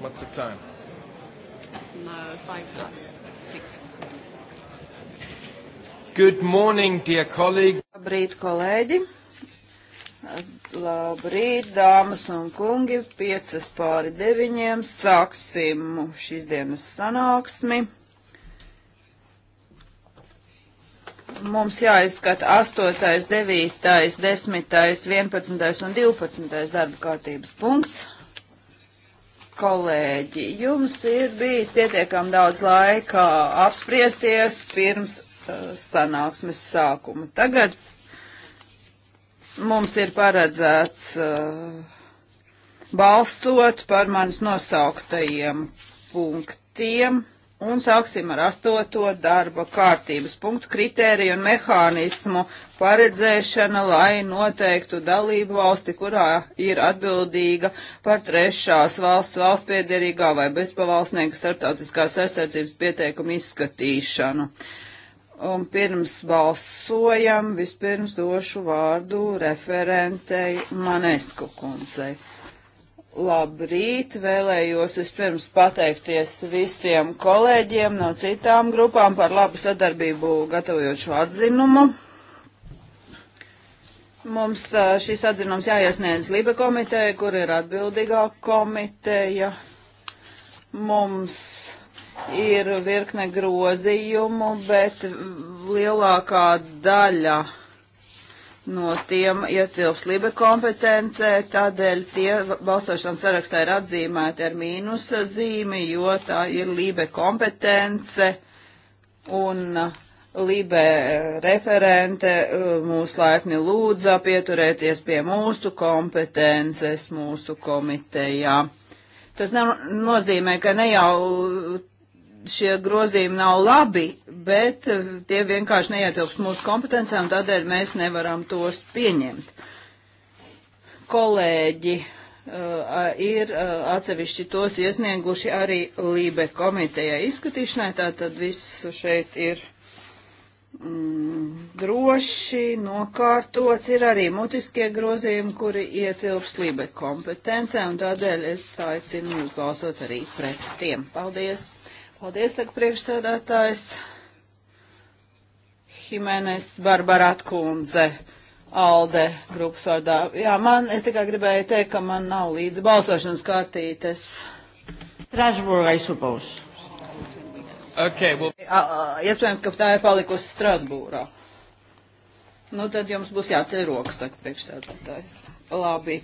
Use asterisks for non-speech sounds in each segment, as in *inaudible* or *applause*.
What's the time? No, five past six. Good morning, dear colleague. Labrīt, kolēģi. Labrīt, dāmas un kungi. Piecas pāri deviņiem. Sāksim šīs dienas sanāksmi. mums jāizskata 8., 9., 10., 11. un 12. darba kārtības punkts kolēģi, jums ir bijis pietiekam daudz laika apspriesties pirms uh, sanāksmes sākuma. Tagad mums ir paredzēts uh, balsot par manis nosauktajiem punktiem. Un sāksim ar astoto darba kārtības punktu kritēriju un mehānismu paredzēšana, lai noteiktu dalību valsti, kurā ir atbildīga par trešās valsts valsts piederīgā vai bezpavalstnieka starptautiskās aizsardzības pieteikumu izskatīšanu. Un pirms balsojam, vispirms došu vārdu referentei Manesku kundzei. Labrīt! Vēlējos vispirms pateikties visiem kolēģiem no citām grupām par labu sadarbību gatavojot šo atzinumu. Mums šis atzinums jāiesniedz Libe komiteja, kur ir atbildīgā komiteja. Mums ir virkne grozījumu, bet lielākā daļa no tiem ietilps Libe kompetencē, tādēļ tie balsošanas sarakstā ir atzīmēti ar mīnusa zīmi, jo tā ir Libe kompetence un Libe referente e, mūs laipni lūdza pieturēties pie mūsu kompetences mūsu komitejā. Tas nenozīmē, ka ne jau šie grozījumi nav labi, bet eh, tie vienkārši neietilpst mūsu kompetencijām, tādēļ mēs nevaram tos pieņemt. Kolēģi uh, ir uh, atsevišķi tos iesnieguši arī Lībe komitejai izskatīšanai, tātad viss šeit ir mm, droši nokārtots, ir arī mutiskie grozījumi, kuri ietilpst Lībe kompetencē, un tādēļ es aicinu jūs balsot arī pret tiem. Paldies! Paldies, saka priekšsēdētājs. Himenes Barbarat kundze, Alde grupas vārdā. Jā, man, es tikai gribēju teikt, ka man nav līdz balsošanas kārtītes. Strasbourg, I suppose. Okay, well... Uh, iespējams, ka tā ir palikusi Strasbūrā. Nu, tad jums būs jāceļ rokas, saka priekšsēdētājs. Labi.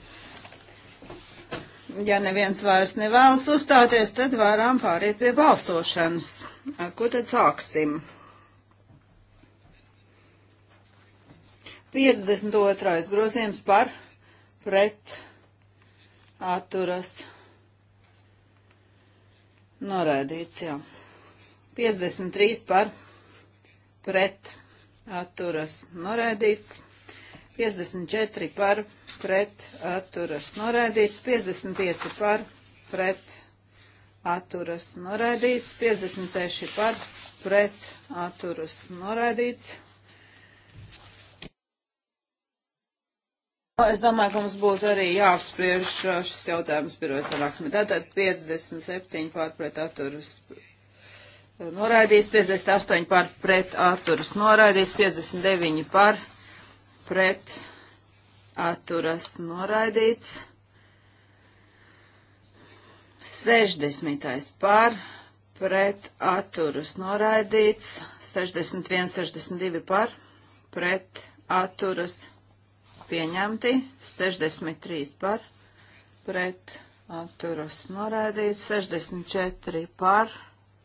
Ja neviens vairs nevēlas uzstāties, tad varam pāriet pie balsošanas. Ar ko tad sāksim? 52. grozījums par pret atturas noraidīts, jā. 53 par pret atturas noraidīts. 54 par pret atturas noraidīts, 55 par pret atturas noraidīts, 56 par pret atturas noraidīts. Nu, es domāju, ka mums būtu arī jāapspriež uh, šis jautājums pirmajā sanāksmē. Tātad 57 uh, par pret atturas noraidīts, 58 par pret atturas noraidīts, 59 par pret pret atturas noraidīts. 60. par pret atturas noraidīts. 61, 62 par pret atturas pieņemti. 63 par pret atturas noraidīts. 64 par pret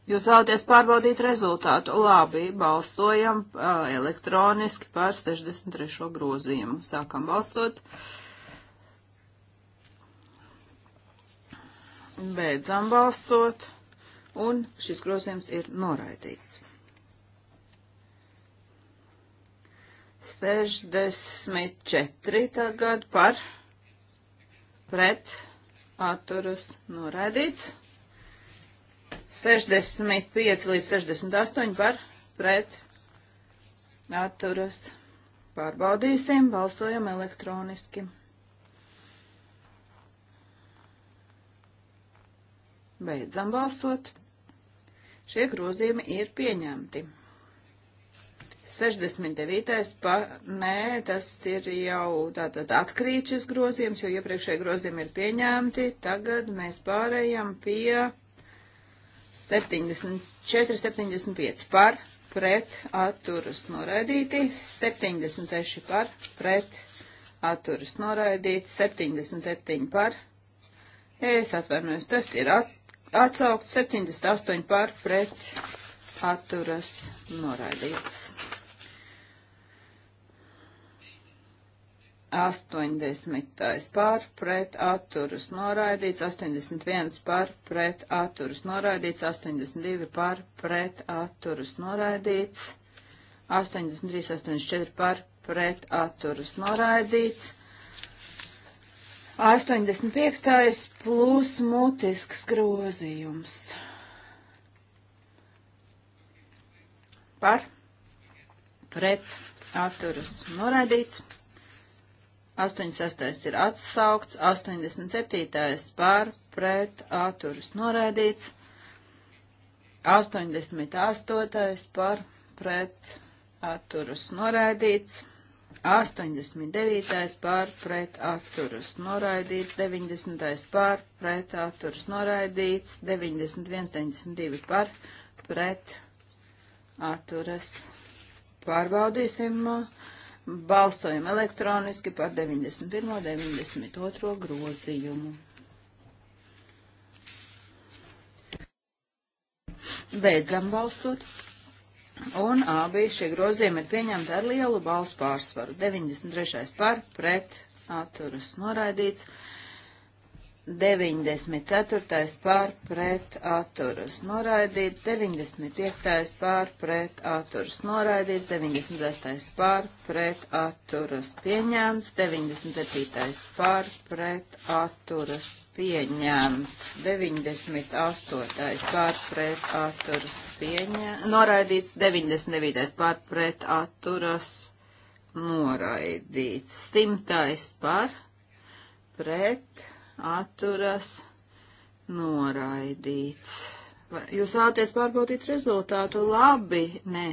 Jūs vēlaties pārbaudīt rezultātu. Labi, balsojam uh, elektroniski par 63. grozījumu. Sākam balsot. Beidzam balsot. Un šis grozījums ir noraidīts. 64 tagad par pret atturus noraidīts. 65 līdz 68 par pret atturas. Pārbaudīsim, balsojam elektroniski. Beidzam balsot. Šie grozījumi ir pieņemti. 69. Pa, nē, tas ir jau tātad atkrīt šis grozījums, jo iepriekšēji grozījumi ir pieņemti. Tagad mēs pārējām pie 74, 75 par, pret atturas noraidīti, 76 par, pret atturas noraidīti, 77 par, es atvainojos, tas ir at, atsaukt, 78 par, pret atturas noraidīts. 80 par pret atturus noraidīts, 81 par pret atturus noraidīts, 82 par pret atturus noraidīts, 83, 84 par pret atturus noraidīts, 85 plus mutisks grozījums. Par pret atturus noraidīts. 86. ir atsaukts, 87. par pret atturus noraidīts, 88. par pret atturus noraidīts, 89. par pret atturus noraidīts, 90. par pret atturus noraidīts, 91, 92 par pret atturas pārbaudīsim. Uh, Balsojam elektroniski par 91. 92. grozījumu. Beidzam balsot. Un abi šie grozījumi ir pieņemti ar lielu balsu pārsvaru. 93. par, pret, atturas noraidīts. 94. pār pret atturus noraidīts, 95. pār pret atturus noraidīts, 96. pār pret atturus pieņemts, 97. pār pret atturus pieņemts, 98. pār pret atturus pieņemts, noraidīts, 99. pār pret atturus noraidīts, 100. pār pret atturus atturas noraidīts. Vai jūs vēlaties pārbaudīt rezultātu? Labi, nē.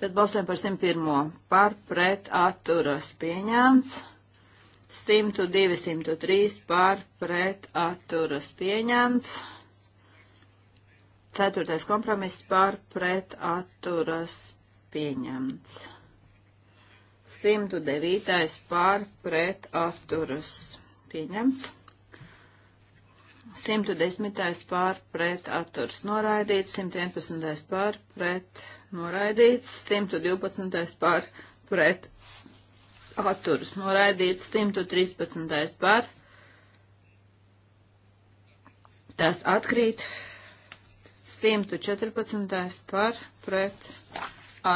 Tad balsojam par 101. Par pret atturas pieņemts. 102, 103 par pret atturas pieņemts. Ceturtais kompromiss par pret atturas pieņemts. 109. par pret atturas pieņemts. 110. pār pret atturs noraidīts, 111. pār pret noraidīts, 112. pār pret atturs noraidīts, 113. pār. Tas atkrīt 114. pār pret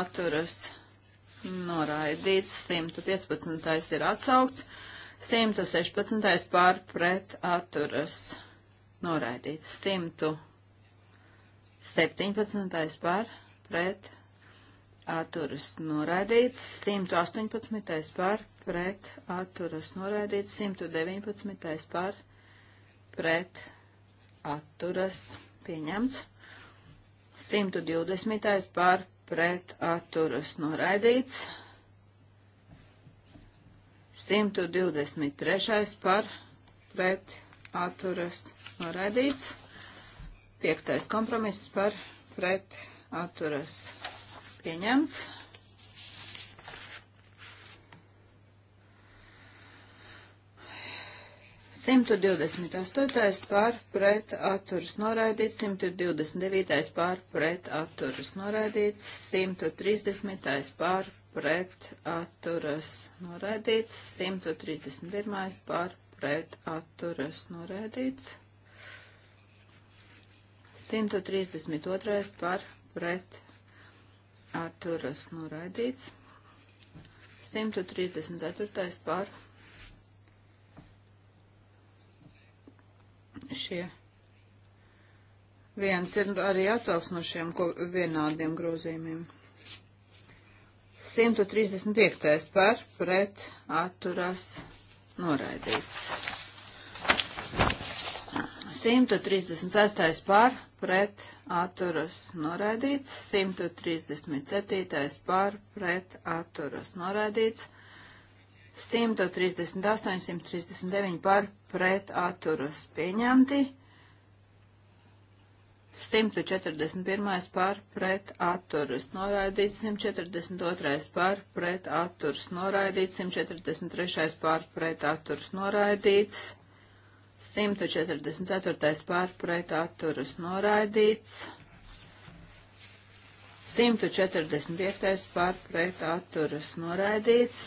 atturas noraidīts, 115. ir atsaukts, 116. pār pret atturas noraidīts noraidīts. 117. par pret atturas noraidīts. 118. par pret atturas noraidīts. 119. par pret atturas pieņemts. 120. par pret atturas noraidīts. 123. par pret atturas noraidīts. 123. par pret atturas noraidīts. Piektais kompromiss par pret atturas pieņemts. Simtu divdesmit astotais pār pret atturas noraidīts, simtu divdesmit devītais pār pret atturas noraidīts, simtu trīsdesmitais pār pret atturas noraidīts, 131. pār pret atturas norēdīts. 132. par pret atturas norēdīts. 134. par šie. Viens ir arī atsauks no šiem vienādiem grozījumiem. 135. par pret atturas norēdīts noraidīts. 136. par pret atturas noraidīts, 137. par pret atturas noraidīts, 138, 139 par pret atturas pieņemti, 141. par pret atturas noraidīts, 142. par pret atturas noraidīts, 143. par pret atturas noraidīts, 144. par pret atturas noraidīts, 145. par pret atturas noraidīts,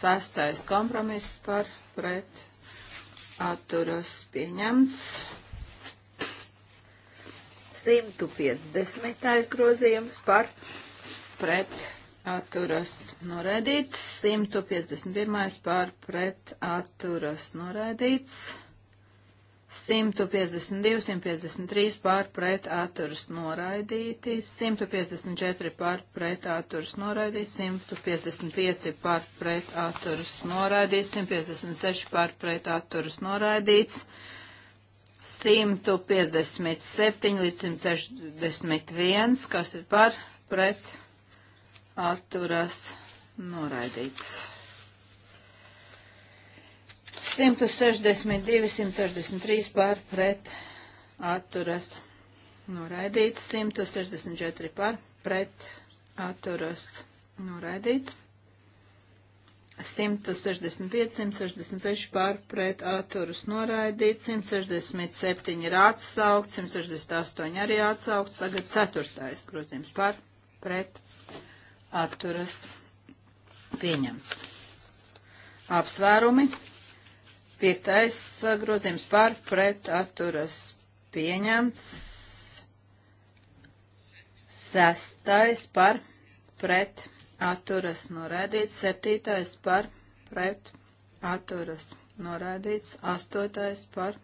6. kompromiss par pret atturas pieņemts. 150. grozījums par pret atturas noraidīts, 151. par pret atturas noraidīts, 152, 153 par pret atturas noraidīti, 154 par pret atturas noraidīti, 155 par pret atturas noraidīti, 156 par pret atturas noraidīts. 156 157 līdz 161, kas ir par pret atturas noraidīts. 162, 163 par pret atturas noraidīts, 164 par pret atturas noraidīts. 165, 166 pār pret atturus noraidīt, 167 ir atsaukt, 168 arī atsaukt, tagad ceturtais grozījums pār pret atturas pieņemts. Apsvērumi. Piektais eh, grozījums pār pret atturas pieņemts. Sestais par pret atturas atturas norādīts, septītais par pret atturas norādīts, astotais par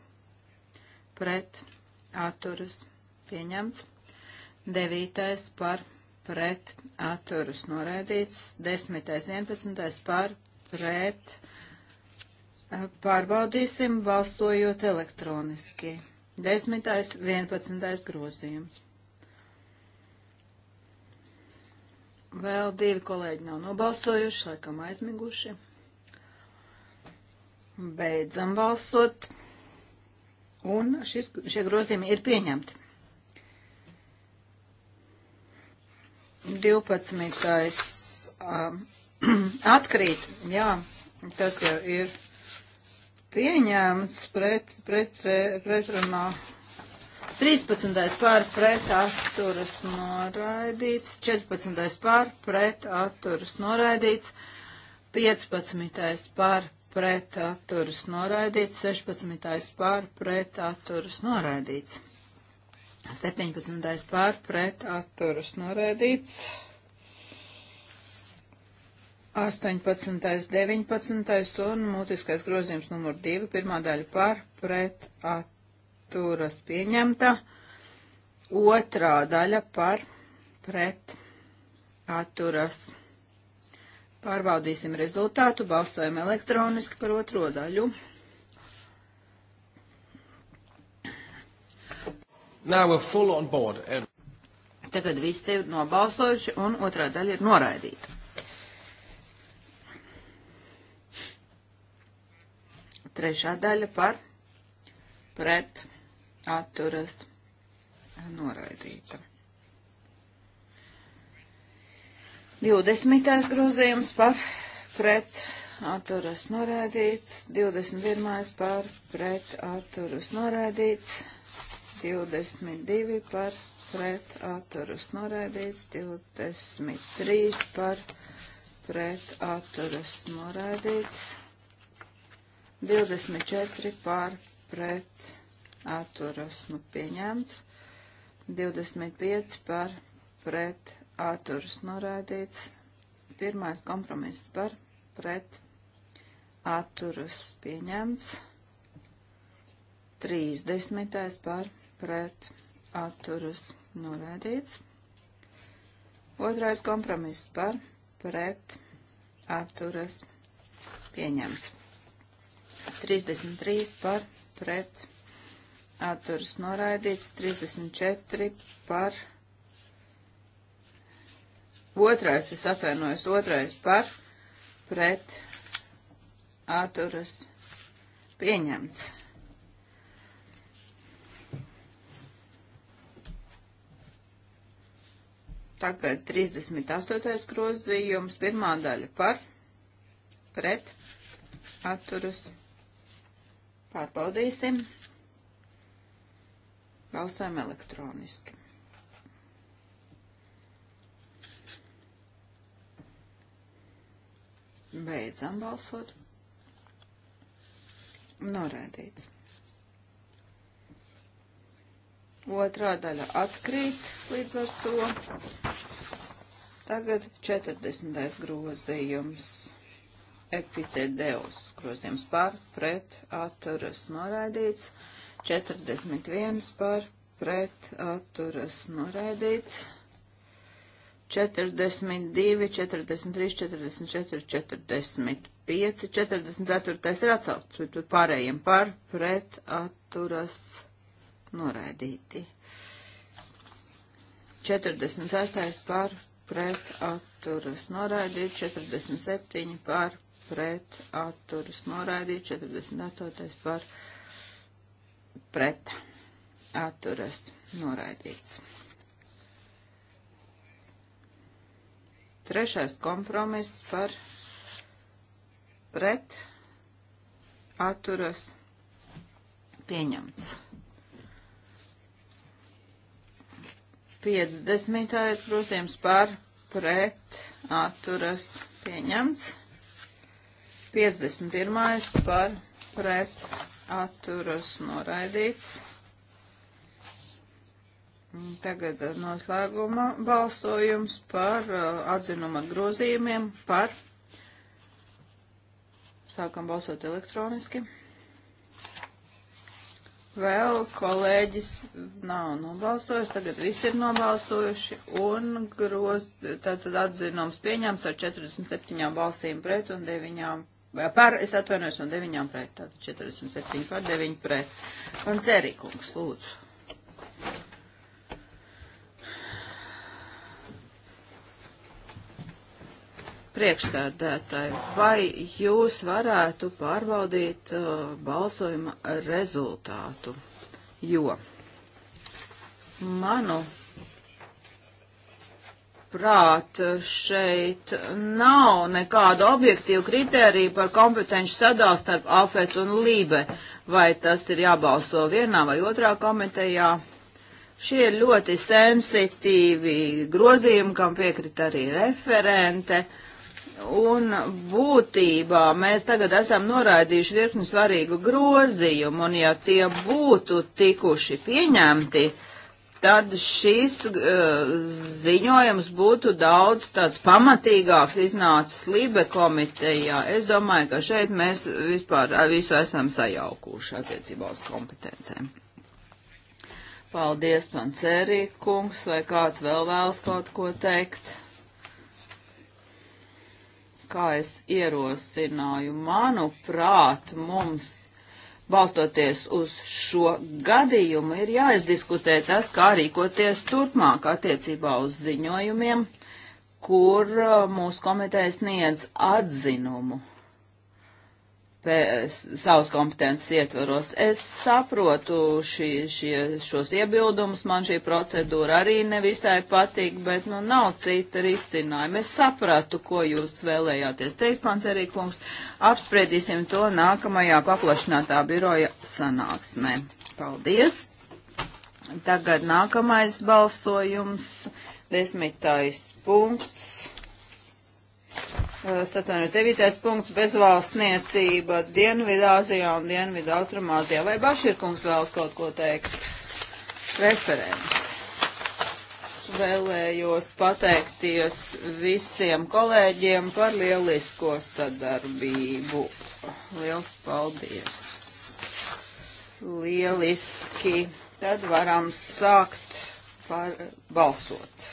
pret atturas pieņemts, devītais par pret atturas norādīts, desmitais, vienpadsmitais par pret pārbaudīsim balsojot elektroniski. Desmitais, vienpadsmitais grozījums. Vēl divi kolēģi nav nobalsojuši, laikam aizmiguši. Beidzam balsot. Un šis, šie grozījumi ir pieņemti. 12. Um, *clears throat* atkrīt, jā, tas jau ir pieņēmts pret, pret, pret, pretrunā. Pret 13. pār pret atturas noraidīts, 14. pār pret atturas noraidīts, 15. pār pret atturas noraidīts, 16. pār pret atturas noraidīts, 17. pār pret atturas noraidīts. 18, 19 un mutiskais grozījums numur 2, pirmā daļa par pret atturas atturas pieņemta. Otrā daļa par pret atturas. Pārbaudīsim rezultātu. Balsojam elektroniski par otro daļu. Now we're full on board. And... Tagad visi ir nobalsojuši un otrā daļa ir noraidīta. Trešā daļa par pret atturas atturas noraidīta. 20. grozījums par pret atturas noraidīts, 21. par pret atturas noraidīts, 22 par pret atturas noraidīts, 23 par pret atturas noraidīts, 24 par pret atturas noraidīts atturas nu pieņemts, 25 par pret atturas norādīts, pirmais kompromiss par pret atturas pieņemts, 30 par pret atturas norādīts, otrais kompromiss par pret atturas pieņemts, 33 par pret atturas atturas noraidīts, 34 par, otrais, es atvainojos, otrais par, pret, atturas pieņemts. Tagad 38. grozījums, pirmā daļa par, pret, atturas, pārbaudīsim. Balsojam elektroniski. Beidzam balsot. Norēdīts. Otrā daļa atkrīt līdz ar to. Tagad 40. grozījums. Epitedeus grozījums par pret atturas norēdīts. 41 par pret atturas noraidīts. 42, 43, 44, 45, 44 ir atsaukts, bet pārējiem par pret atturas noraidīti. 46 par pret atturas noraidīt, 47 par pret atturas noraidīt, 48 par pret pret atturas noraidīts. Trešais kompromiss par pret atturas pieņemts. 50. grozījums par pret atturas pieņemts. 51. par pret atturas noraidīts. Tagad noslēguma balsojums par uh, atzinuma grozījumiem par. Sākam balsot elektroniski. Vēl kolēģis nav nobalsojis, tagad visi ir nobalsojuši un groz, tātad atzinums pieņems ar 47 balsīm pret un 9 Vai par, es atvainojos no 9 pret, tātad 47 par 9 pret. Un cerīkums, lūdzu. Priekšsēdētāji, vai jūs varētu pārbaudīt uh, balsojuma rezultātu? Jo, manu Manuprāt, šeit nav nekāda objektīva kriterija par kompetenci sadalību starp AFET un LIBE, vai tas ir jābalso vienā vai otrā komitejā. Šie ir ļoti sensitīvi grozījumi, kam piekrit arī referente. Un būtībā mēs tagad esam noraidījuši virkni svarīgu grozījumu, un ja tie būtu tikuši pieņemti, uh, tad šis uh, ziņojums būtu daudz tāds pamatīgāks iznācis Lībe komitejā. Es domāju, ka šeit mēs vispār visu esam sajaukuši attiecībā uz kompetencēm. Paldies, Pancerī kungs, vai kāds vēl vēlas kaut ko teikt? Kā es ierosināju, manuprāt, mums balstoties uz šo gadījumu, ir jāizdiskutē tas, kā rīkoties turpmāk attiecībā uz ziņojumiem, kur uh, mūsu komiteja sniedz atzinumu savas kompetences ietvaros. Es saprotu šī, šie, šos iebildumus, man šī procedūra arī nevisai patīk, bet nu nav cita risinājuma. Es sapratu, ko jūs vēlējāties teikt, pants arī kungs. Apspriedīsim to nākamajā paplašinātā biroja sanāksmē. Paldies! Tagad nākamais balsojums, desmitais punkts Satvienos devītais punkts - bezvalstniecība Dienvidāzijā un Dienvidaustrumāzijā. Vai Baširkungs vēlas kaut ko teikt? Referents. Vēlējos pateikties visiem kolēģiem par lielisko sadarbību. Liels paldies! Lieliski! Tad varam sākt par balsot.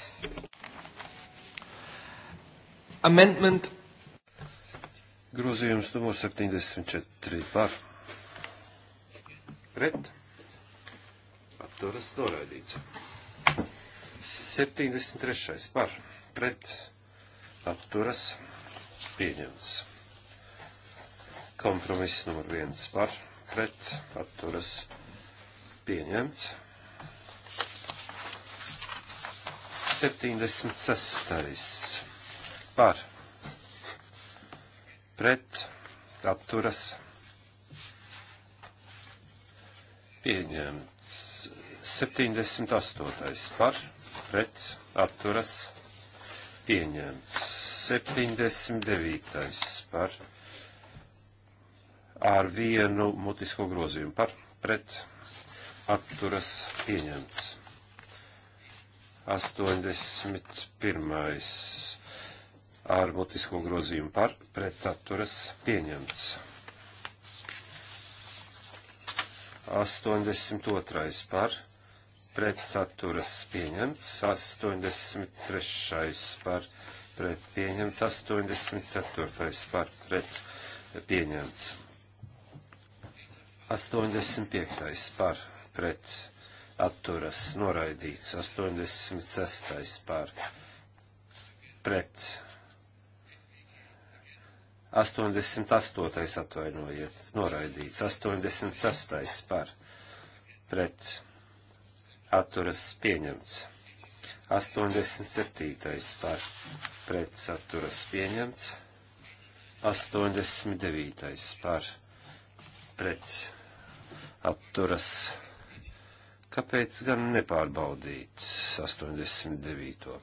Amendment. Grozījums numur 74 par. Pret. Atturas noraidīts. 73 par. Pret. Atturas pieņemts. Kompromiss numur 1 par. Pret. Atturas pieņemts. 76 par pret apturas pieņemts 78. par pret apturas pieņemts 79. par ar vienu mutisko grozījumu par pret apturas pieņemts 81 ar mutisko grozījumu par pretaturas pieņemts. 82. par pretaturas pieņemts, 83. par pret pieņemts, 84. par pret pieņemts, 85. par pret atturas noraidīts, 86. par pret 88. atvainojiet, noraidīts. 86. par pret atturas pieņemts. 87. par pret saturas pieņemts. 89. par pret atturas. Kāpēc gan nepārbaudīt 89.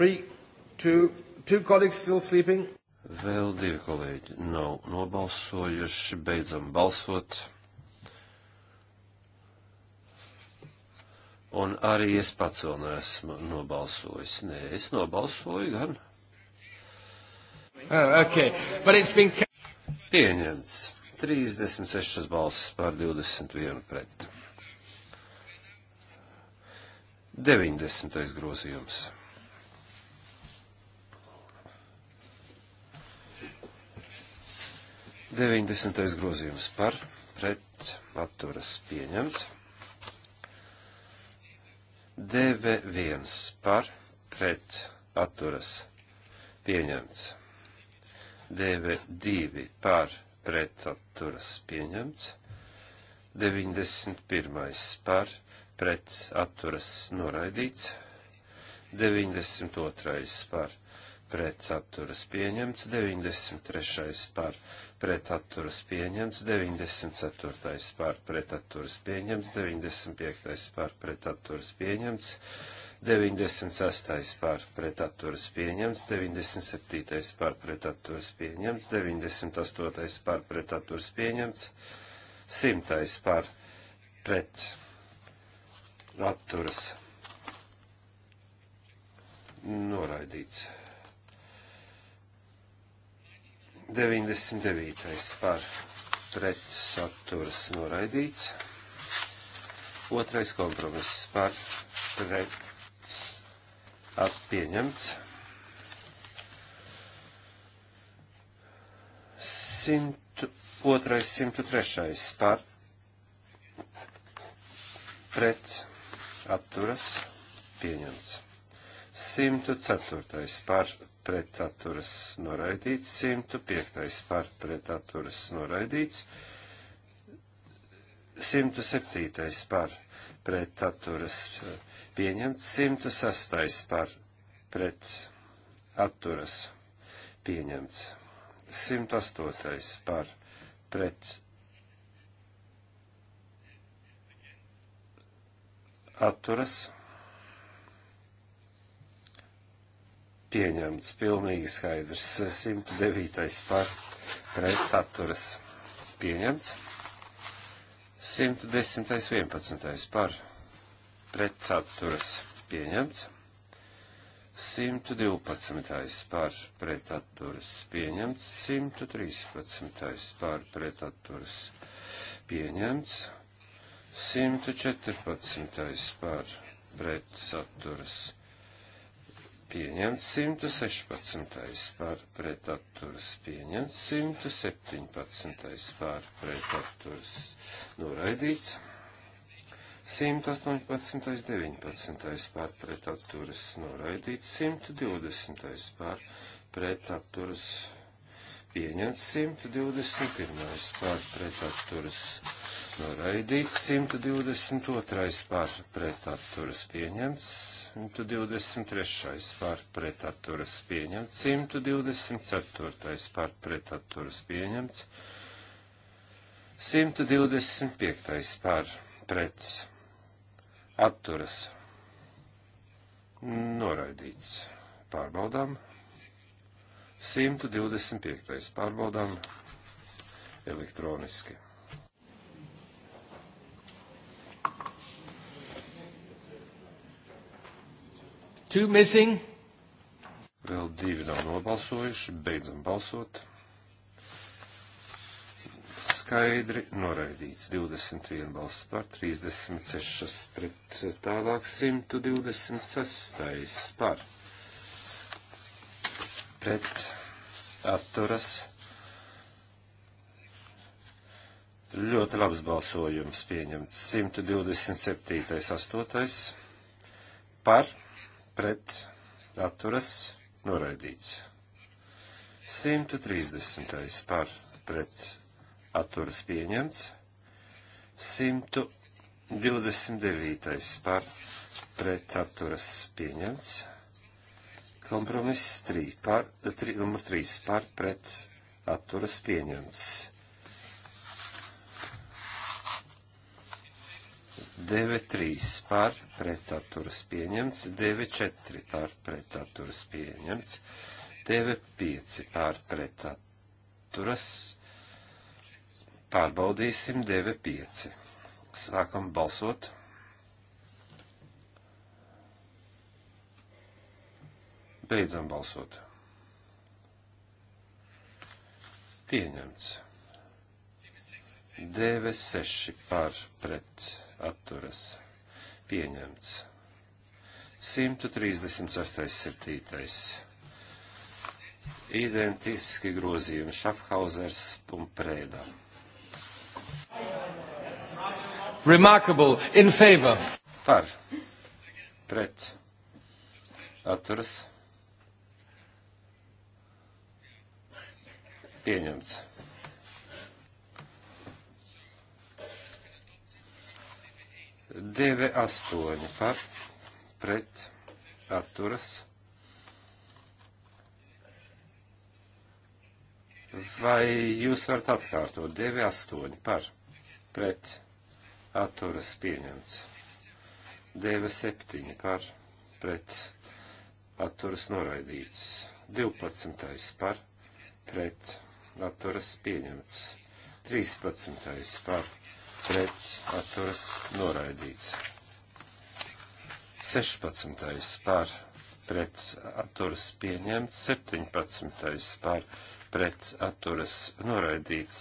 Three, two, two colleagues still sleeping. Vēl divi kolēģi nav nobalsojuši, beidzam balsot. Un arī es pats vēl neesmu nobalsojis. Nē, es nobalsoju gan. Oh, okay. been... Pieņemts. 36 balsis pār 21 pret. 90. grozījums. 90. grozījums par pret atturas pieņemts. DV1 par pret atturas pieņemts. DV2 par pret atturas pieņemts. 91. par pret atturas noraidīts. 92. par pret pretatturas pieņemts, 93. par pretatturas pieņemts, 94. par pretatturas pieņemts, 95. par pretatturas pieņemts, 96. par pretatturas pieņemts, 97. par pretatturas pieņemts, 98. par pretatturas pieņemts, 100. par pretatturas noraidīts. 99. par pret saturas noraidīts. Otrais kompromiss par pret atpieņemts. 102. 103. par pret atturas pieņemts. 104. par pretaturas noraidīts, 105. par pretaturas noraidīts, 107. par pretaturas pieņemts, 106. par pretaturas pieņemts, 108. par pret atturas pieņemts. pieņemts, pilnīgi skaidrs, 109. par pret atturas pieņemts, 110. 11. par pret atturas pieņemts, 112. par pretatturas pieņemts, 113. par pretatturas pieņemts, 114. par pretatturas pieņemts 116. par pretaturas pieņemts 117. par pretaturas noraidīts. 118. 19. par pretaturas noraidīts 120. par pretaturas pieņemts 121. par pretaturas noraidīts noraidīts, 122. par pretaturas pieņemts, 123. par pretaturas pieņemts, 124. par pretaturas pieņemts, 125. par pret atturas noraidīts. Pārbaudām. 125. pārbaudām elektroniski. Two missing. Vēl divi nav nobalsojuši. Beidzam balsot. Skaidri noraidīts. 21 balss par, 36 pret, tālāk 126 par. Pret atturas. Ļoti labs balsojums pieņemts. 127. 8. par pret atturas noraidīts. 130. par pret atturas pieņemts. 129. par pret atturas pieņemts. Kompromiss 3 par, 3, numur 3 par pret atturas pieņemts. 9.3 par pretaturas pieņemts, 9.4 par pretaturas pieņemts, 9.5 par pretaturas pārbaudīsim 9.5. Sākam balsot. Beidzam balsot. Pieņemts. 9.6 par pretaturas atturas pieņemts. 136.7. Identiski grozījumi Šafhauzers Pumprēdā. Remarkable in favor. Par. Pret. Atturas. Pieņemts. DV8 par pret atturas. Vai jūs varat atkārtot? DV8 par pret atturas pieņemts. DV7 par pret atturas noraidīts. 12. par pret atturas pieņemts. 13. par pret atturas noraidīts. 16. par pret atturas pieņemts, 17. par pret atturas noraidīts,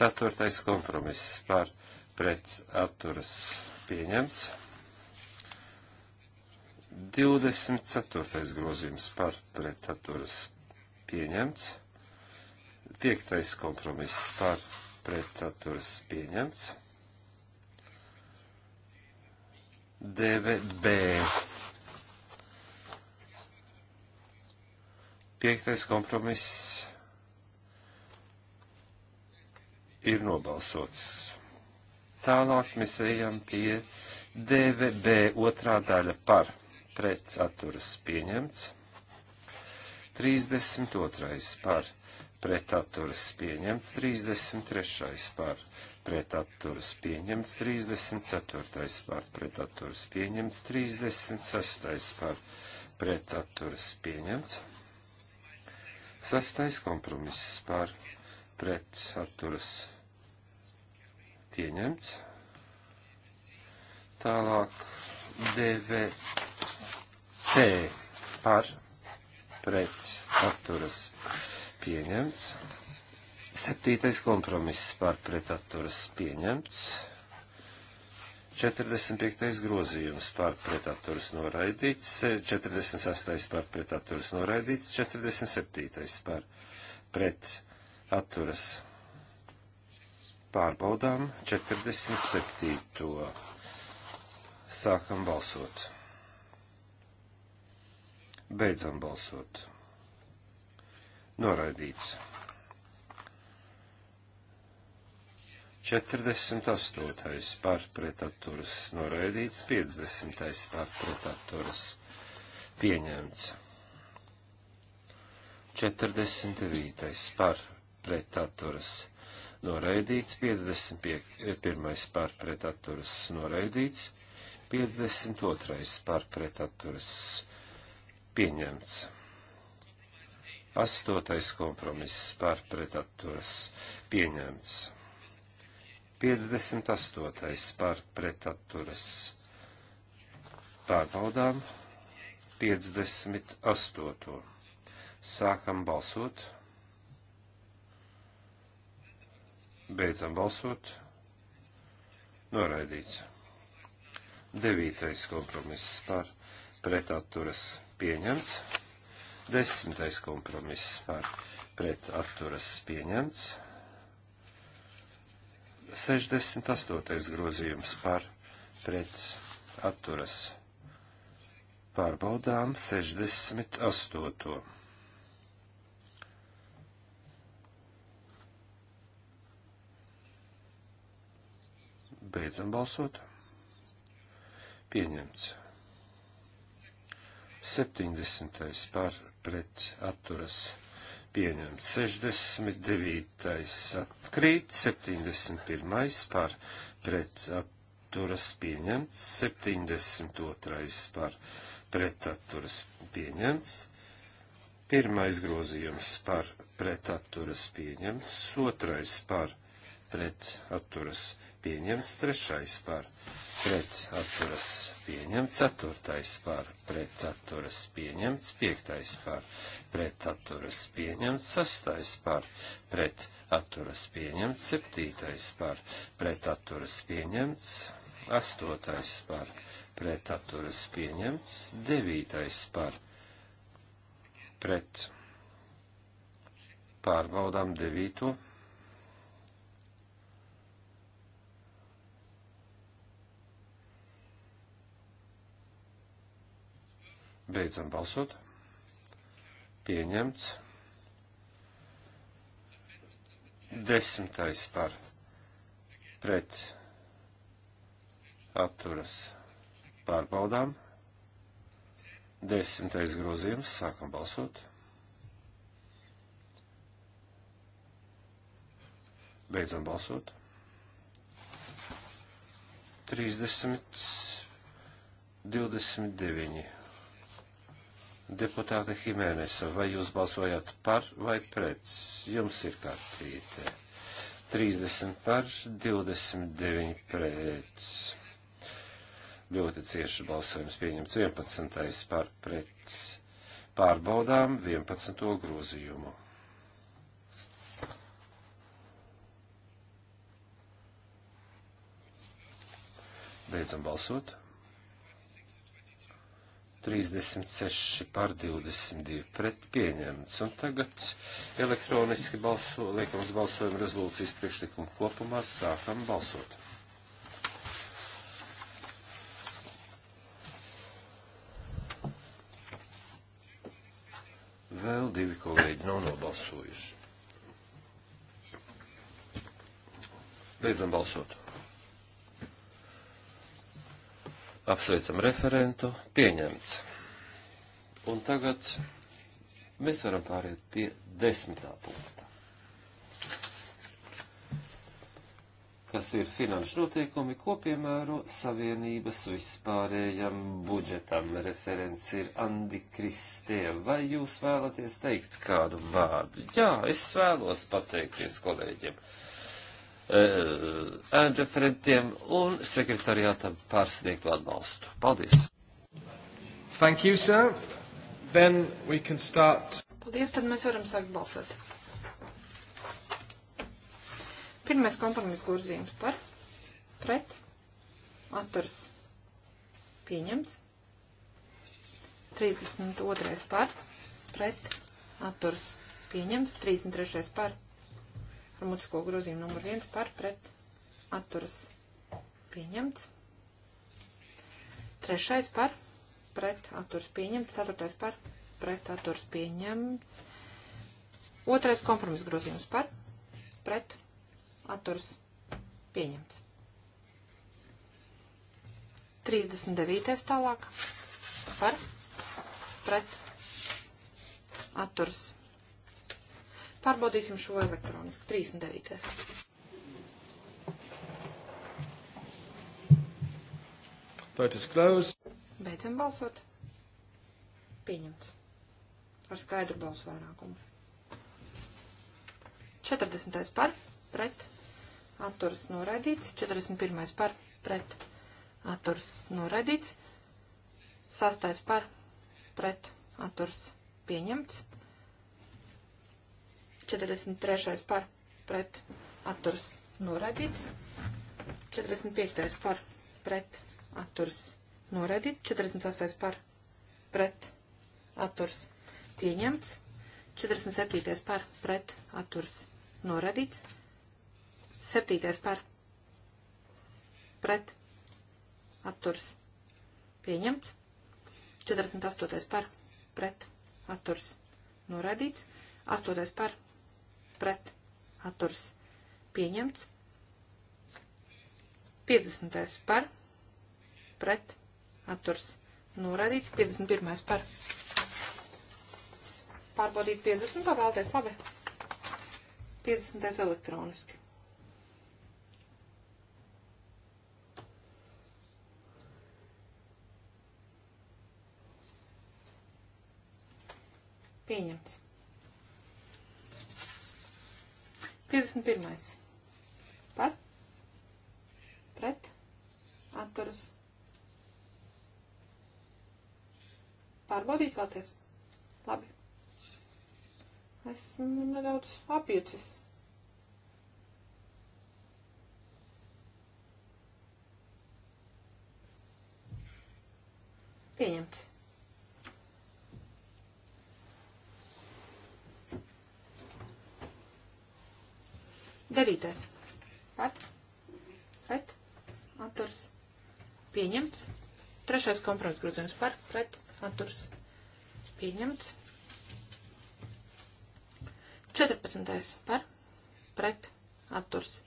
4. kompromiss par pret atturas pieņemts, 24. grozījums par pret atturas pieņemts, 5. kompromiss par pret pretceturas pieņemts. DVB. Piektais kompromiss ir nobalsots. Tālāk mēs ejam pie DVB otrā daļa par pretceturas pieņemts. 32. par pretaturas pieņemts 33. par pretaturas pieņemts 34. par pretaturas pieņemts 36. par pretaturas pieņemts. Sastais kompromiss par pretaturas pieņemts. Tālāk DVC par pretaturas pieņemts pieņemts. Septītais kompromiss par pretaturas pieņemts. 45. grozījums par pretaturas noraidīts, 46. par pretaturas noraidīts, 47. par pretaturas pārbaudām, 47. Sākam balsot. Beidzam balsot noraidīts. 48. pārpretaturas noraidīts, 50. pārpretaturas pieņemts. 49. pārpretaturas noraidīts, 51. pārpretaturas noraidīts, 52. pārpretaturas pieņemts. Astotais kompromiss par pretaturas pieņemts. 58. par pretaturas pārbaudām. 58. Sākam balsot. Beidzam balsot. Noraidīts. Devītais kompromiss par pretaturas pieņemts. Desmitais kompromiss par pret atturas pieņemts. 68. grozījums par pret atturas pārbaudām 68. Beidzam balsot. Pieņemts. 70. par pret atturas pieņemts 69. atkrīt, 71. par pret atturas pieņemts, 72. par pret atturas pieņemts, pirmais grozījums par pret atturas pieņemts, otrais par pret atturas pieņemts, trešais par pret pret atturas pieņemts, 4. par pret atturas pieņemts, 5. par pret atturas pieņemts, 6. par pret atturas pieņemts, 7. par pret atturas pieņemts, 8. par pret atturas pieņemts, 9. par pret pārbaudām 9. Beidzam balsot. Pieņemts. Desmitais par pret atturas pārbaudām. Desmitais grozījums. Sākam balsot. Beidzam balsot. 30, 29 Deputāte Himēnesa, vai jūs balsojat par vai pret? Jums ir kartīte. 30 par, 29 pret. Ļoti cieši balsojums pieņemts 11. par pret. Pārbaudām 11. grozījumu. Beidzam balsot. 36 pār 22 pret pieņemts. Un tagad elektroniski balso, liekam uz balsojumu rezolūcijas priekšlikumu kopumā, sākam balsot. Vēl divi kolēģi nav nobalsojuši. Beidzam balsot. Apsveicam referentu. Pieņemts. Un tagad mēs varam pāriet pie desmitā punkta. kas ir finanšu noteikumi, ko piemēro Savienības vispārējam budžetam. Referents ir Andi Kristē. Vai jūs vēlaties teikt kādu vārdu? Jā, es vēlos pateikties kolēģiem. Uh, Eh, ēnu referentiem un sekretariātam par sniegto atbalstu. Paldies! Thank you, sir. Then we can start. Paldies, tad mēs varam sākt balsot. Pirmais kompromiss grozījums par, pret, atturs pieņemts. 32. par, pret, atturs pieņemts. 33. par, pret ar mutisko grozījumu numur 1 par pret atturas pieņemts. Trešais par pret atturas pieņemts. Ceturtais par pret atturas pieņemts. Otrais kompromiss grozījums par pret atturas pieņemts. 39. tālāk par pret atturas pieņemts Pārbaudīsim šo elektroniski. 39. Vote is closed. Beidzam balsot. Pieņemts. Ar skaidru balsu vairākumu. 40. par, pret, atturas noraidīts. 41. par, pret, atturas noraidīts. 6. par, pret, atturas pieņemts. 43. par pret atturs noraidīts. 45. par pret atturs noraidīts. 48. par pret atturs pieņemts. 47. par pret atturs noraidīts. 7. par pret atturs pieņemts. 48. par pret atturs noraidīts. 8. par pret atturs pieņemts. 50. par pret atturs norādīts. 51. par pārbaudīt 50, kā vēlaties labi. 50. elektroniski. Pieņemts. 51. Par? Pret? Atturas? Pārbaudīt vēlties? Labi. Esmu nedaudz apjucis. Pieņemts. Devītais. Par. Pret. Atturs. Pieņemts. Trešais kompromiss grozījums par. Pret. Atturs. Pieņemts. 14. par. Pret. Atturs.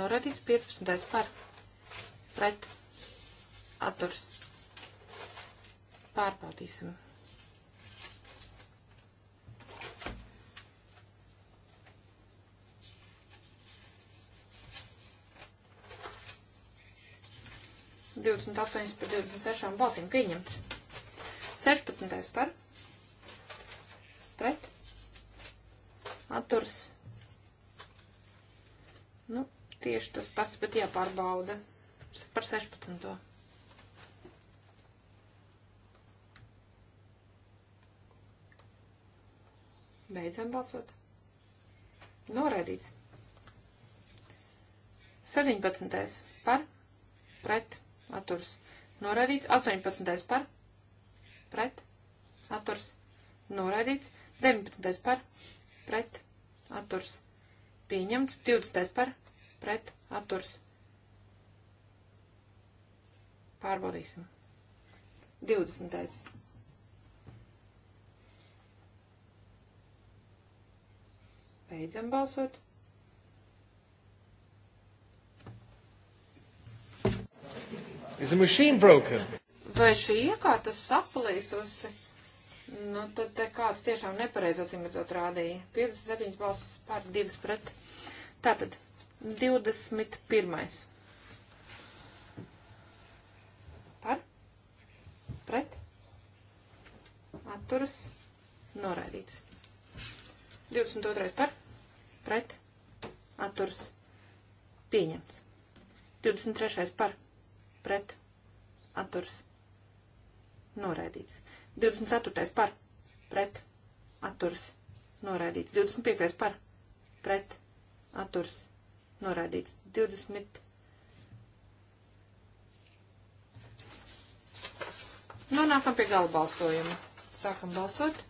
Norādīts 15. par. Pret. Atturs. Pārbaudīsim. 28 par 26 balsīm pieņemts. 16. par. Pret. Atturs. Nu, tieši tas pats, bet jāpārbauda par 16. Beidzam balsot. Noraidīts. 17. par. Pret atturs noraidīts. 18. par pret atturs noraidīts. 19. par pret atturs pieņemts. 20. par pret atturs pārbaudīsim. 20. Beidzam balsot. Is the machine broken? Vai šī iekārta saplīsusi? Nu, tad te kāds tiešām nepareizi atsimtot rādīja. 57 balsis pār 2 pret. Tātad, 21. Par? Pret? Atturas? Noraidīts. 22. par? Pret? Atturas? Pieņemts. 23. par? pret atturs noraidīts. 24. par pret atturs noraidīts. 25. par pret atturs noraidīts. 20. Nonākam pie gala balsojuma. Sākam balsot.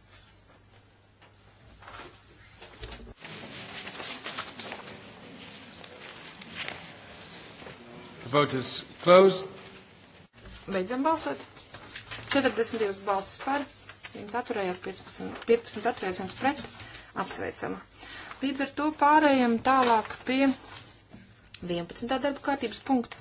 Vote is closed. Beidzam balsot. 42 balsis par, 1 atturējās, 15, 15 atturējās, 1 pret. Apsveicama. Līdz ar to pārējām tālāk pie 11. darba kārtības punkta.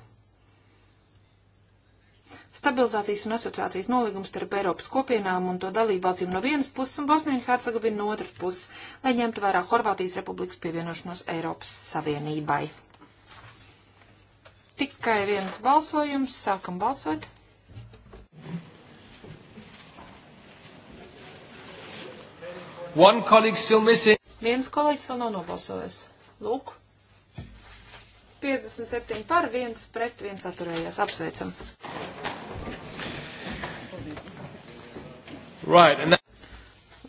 Stabilizācijas un asociācijas nolīgums starp Eiropas kopienām un to dalībvalstīm no vienas puses un Bosniju un Hercegovinu no otras puses, lai ņemtu vērā Horvātijas republikas pievienošanos Eiropas Savienībai. Tikai viens balsojums. Sākam balsot. One colleague still missing. Viens kolēģis vēl nav nobalsojis. Lūk. 57 par, 1 pret, 1 atturējās. Apsveicam. Right, and...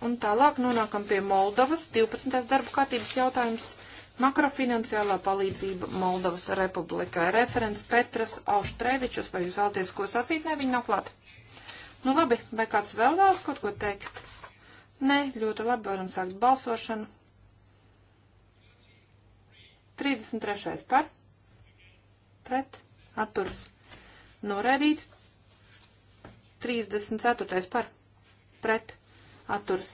Un tālāk nonākam pie Moldovas 12. darba kārtības jautājums. Makrofinanciālā palīdzība Moldovas republikai. Referents Petras Auštrevičus, vai jūs vēlaties ko sacīt? Nē, viņa nav klāt. Nu labi, vai kāds vēl vēlas kaut ko teikt? Nē, ļoti labi, varam sākt balsošanu. 33. par, pret, atturs, noraidīts. 34. par, pret, atturs,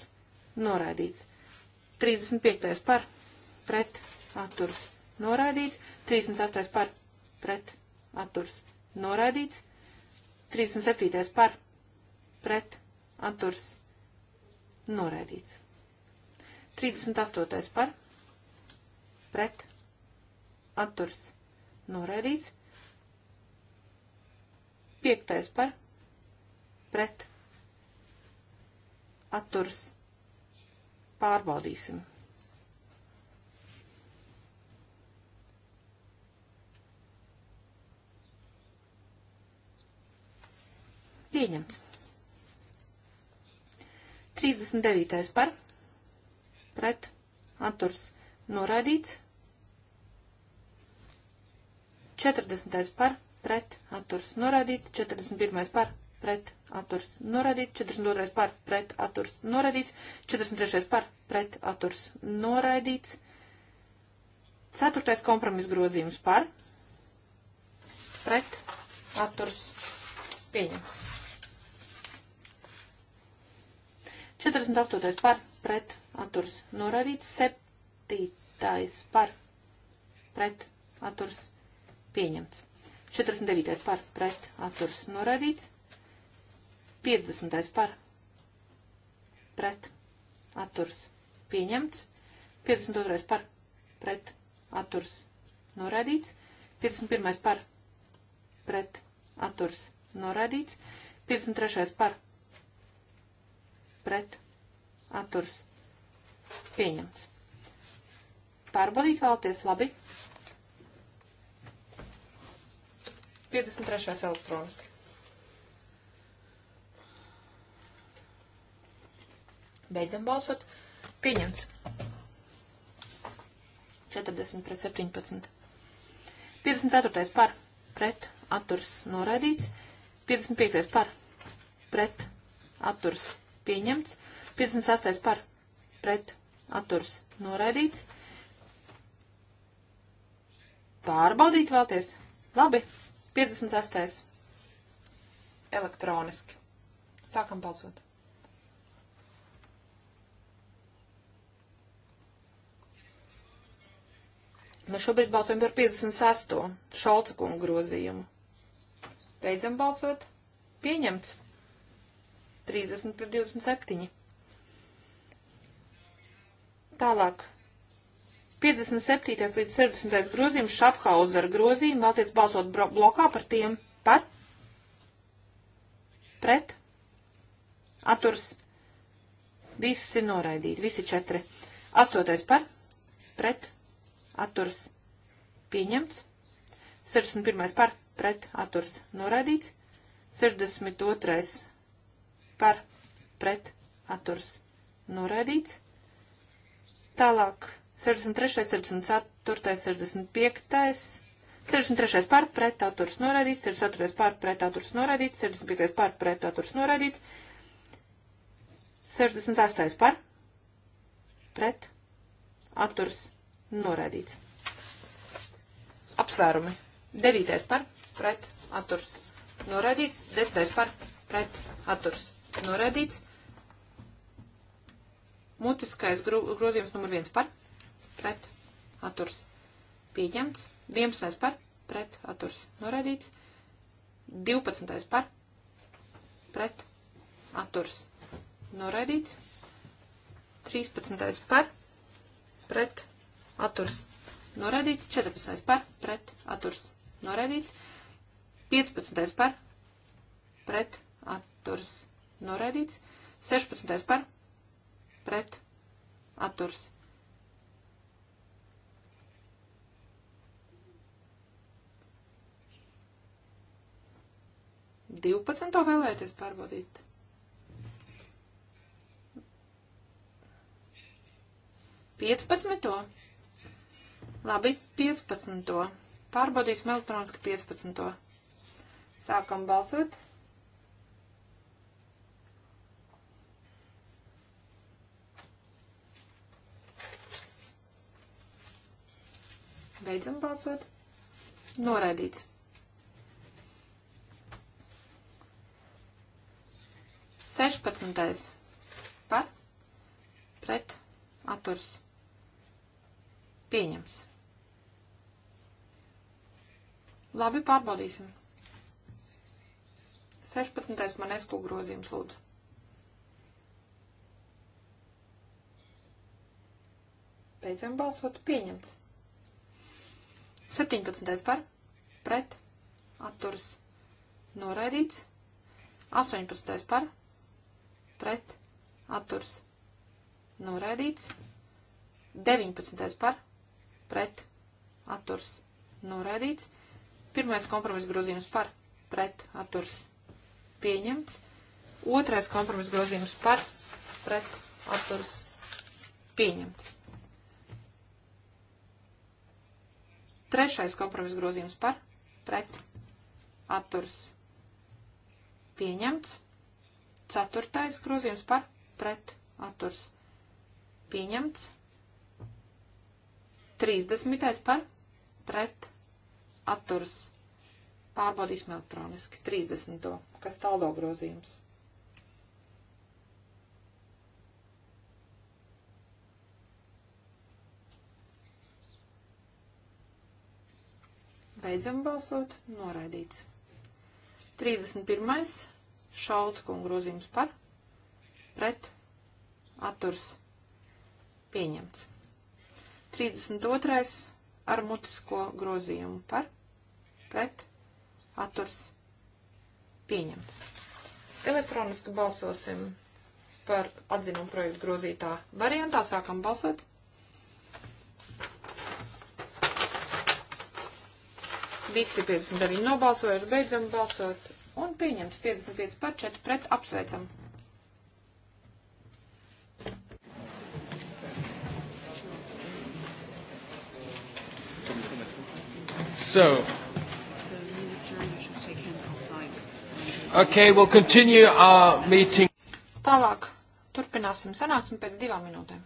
noraidīts. 35. par, pret, atturs atturs noraidīts, 38. par pret atturs noraidīts, 37. par pret atturs noraidīts, 38. par pret atturs noraidīts, 5. par pret atturs pārbaudīsim. Pieņemts. 39. par pret atturs noraidīts. 40. par pret atturs noraidīts. 41. par pret atturs noraidīts. 42. par pret atturs noraidīts. 43. par pret atturs noraidīts. 4. kompromis grozījums par pret atturs pieņems. 48. par pret atturs noraidīts, 7. par pret atturs pieņemts. 49. par pret atturs noraidīts, 50. par pret atturs pieņemts, 52. par pret atturs noraidīts, 51. par pret atturs noraidīts, 53. par pret pret atturs pieņemts. Pārbaudīt vēlaties labi. 53. elektroniski. Beidzam balsot. Pieņemts. 40 pret 17. 54. par pret atturs noraidīts. 55. par pret atturs noraidīts pieņemts. 58. par pret atturs noraidīts. Pārbaudīt vēlties. Labi. 58. Elektroniski. Sākam balsot. Mēs šobrīd balsojam par 56. Šolca kungu grozījumu. Beidzam balsot. Pieņemts. 30 pret 27. Tālāk. 57. līdz 60. grozījums Šafhauser grozījumi vēlties balsot blokā par tiem par, pret, aturs, visas ir noraidīti, visi četri. 8. par, pret, aturs, pieņemts. 61. par, pret, aturs, noraidīts. 62 par pret atturs noraidīts. Tālāk 63, 64, 65. 63. pār pret atturs noraidīts, 64. pār pret atturs noraidīts, 65. pār pret atturs noraidīts, 68. pār pret atturs noraidīts. Apsvērumi. 9. par pret atturs noraidīts, 10. par pret atturs noraidīts. Mutiskais grozījums numur viens par, pret, atturs, pieņemts. 11. par, pret, atturs, noraidīts. 12. par, pret, atturs, noraidīts. 13. par, pret, atturs, noraidīts. 14. par, pret, atturs, noraidīts. 15. par, pret, atturs, noraidīts. 15. par, pret, atturs, noraidīts. 16. par pret atturs. Divpadsmito vēlēties pārbaudīt. Piecpadsmito? Labi, piecpadsmito. Pārbaudīsim elektroniski piecpadsmito. Sākam balsot. Beidzam balsot. Noraidīts. 16. Par, pret, atturs, pieņems. Labi, pārbaudīsim. 16. manesku grozījums lūdzu. Beidzam balsot pieņemts. 17. par pret atturas noraidīts. 18. par pret atturas noraidīts. 19. par pret atturas noraidīts. Pirmais kompromiss grozījums par pret atturas pieņemts. Otrais kompromiss grozījums par pret atturas pieņemts. Trešais kompromiss grozījums par pret atturs pieņemts. Ceturtais grozījums par pret atturs pieņemts. Trīsdesmitais par pret atturs pārbaudīsim elektroniski. Trīsdesmito, kas taldo grozījums. Beidzam balsot. Noraidīts. 31. Šalts kungu grozījums par. Pret. Atturs. Pieņemts. 32. Ar mutisko grozījumu par. Pret. Atturs. Pieņemts. Elektroniski balsosim par atzinumu projektu grozītā variantā. Sākam balsot. Visi 59 nobalsojuši, beidzam balsot un pieņemts 55 par 4 pret apsveicam. So, okay, we'll continue our meeting. Tālāk turpināsim sanāksmi pēc divām minūtēm.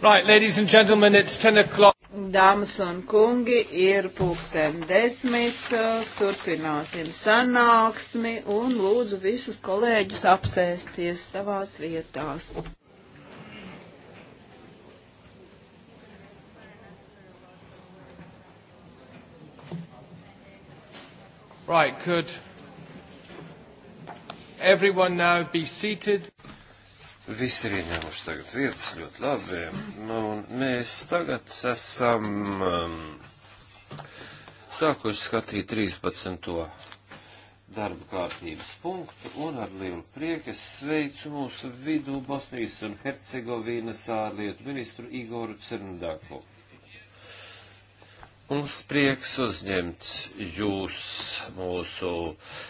Right, ladies and gentlemen, it's 10 o'clock. Dāmas un kungi, ir pulksten desmit, uh, turpināsim sanāksmi un lūdzu visus kolēģus apsēsties savās vietās. Right, could everyone now be seated? Visi ir ieņēmuši tagad vietas ļoti labi. Un mēs tagad esam um, sākuši skatīt 13. darba kārtības punktu un ar lielu prieku es sveicu mūsu vidū Bosnijas un Hercegovīnas ārlietu ministru Igoru Cernudaku. Mums prieks uzņemt jūs mūsu uh,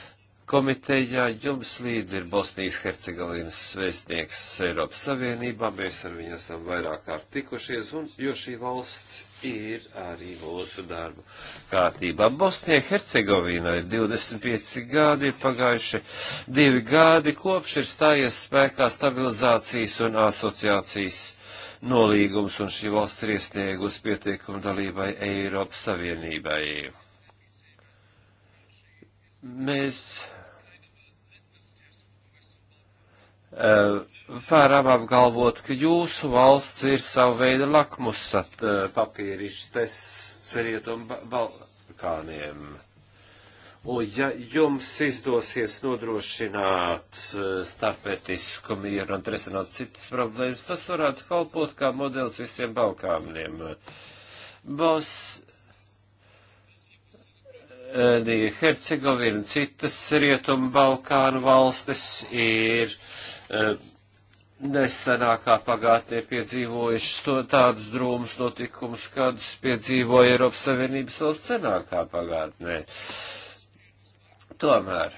komitejā jums līdz ir Bosnijas Hercegovinas vēstnieks Eiropas Savienībā. Mēs ar viņu esam vairāk kārt tikušies, un, jo šī valsts ir arī mūsu darbu kārtībā. Bosnijai Hercegovina ir 25 gadi, ir pagājuši divi gadi, kopš ir stājies spēkā stabilizācijas un asociācijas nolīgums, un šī valsts ir iesniegusi pietiekumu dalībai Eiropas Savienībai. Mēs Eh, varam apgalvot, ka jūsu valsts ir savu veidu lakmusat eh, papīrišķis tests rietumu Balkāniem. Un ja jums izdosies nodrošināt eh, starpētisku mieru un atrisināt citas problēmas, tas varētu kalpot kā modelis visiem Balkāniem. Bos Hercegovina un citas Rietumu Balkānu valstis ir uh, Eh, nesenākā pagātnē piedzīvojušas to, tādus drūmus notikumus, kādus piedzīvoja Eiropas Savienības valsts senākā pagātnē. Tomēr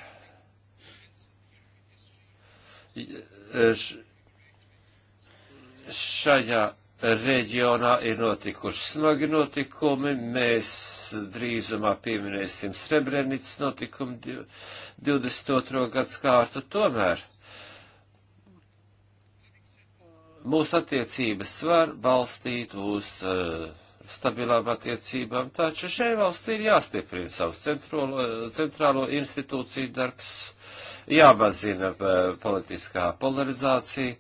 eh, šajā reģionā ir notikuši smagi notikumi. Mēs drīzumā pieminēsim Srebrenicas notikumu 22. gads kārtu. Tomēr mūsu attiecības var balstīt uz uh, stabilām attiecībām, taču šai valstī ir jāstiprina savs centrolo, centrālo institūciju darbs, jāmazina uh, politiskā polarizācija.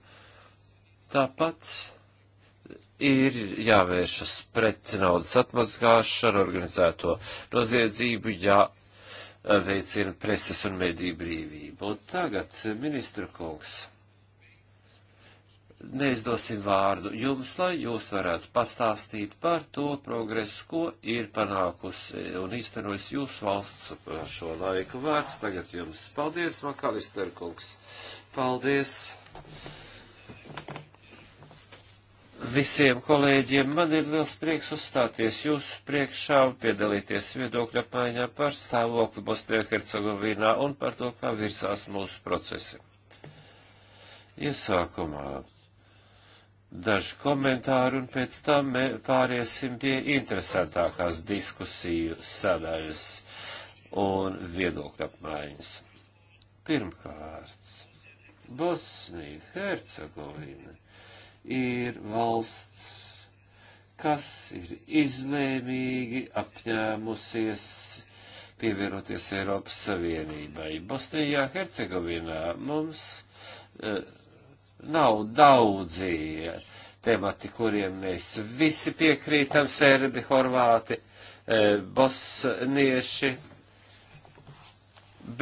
Tāpat ir jāvēršas pret naudas atmazgāšanu, organizēto noziedzību, jāveicina eh, preses un mediju brīvību. Un tagad, ministru kungs mēs dosim vārdu jums, lai jūs varētu pastāstīt par to progresu, ko ir panākusi un īstenojusi jūsu valsts uh, šo laiku vārds. Tagad jums paldies, Makalister kungs. Paldies visiem kolēģiem. Man ir liels prieks uzstāties jūsu priekšā un piedalīties viedokļa apmaiņā par stāvokli Bosnijā Hercegovinā un par to, kā virsās mūsu procesi. Iesākumā dažu komentāru un pēc tam pāriesim pie interesantākās diskusiju sadaļas un viedokļu apmaiņas. Pirmkārt, Bosnija, Hercegovina ir valsts, kas ir izlēmīgi apņēmusies pievienoties Eiropas Savienībai. Bosnijā, Hercegovinā mums uh, nav daudzi temati, kuriem mēs visi piekrītam, serbi, horvāti, e, bosnieši,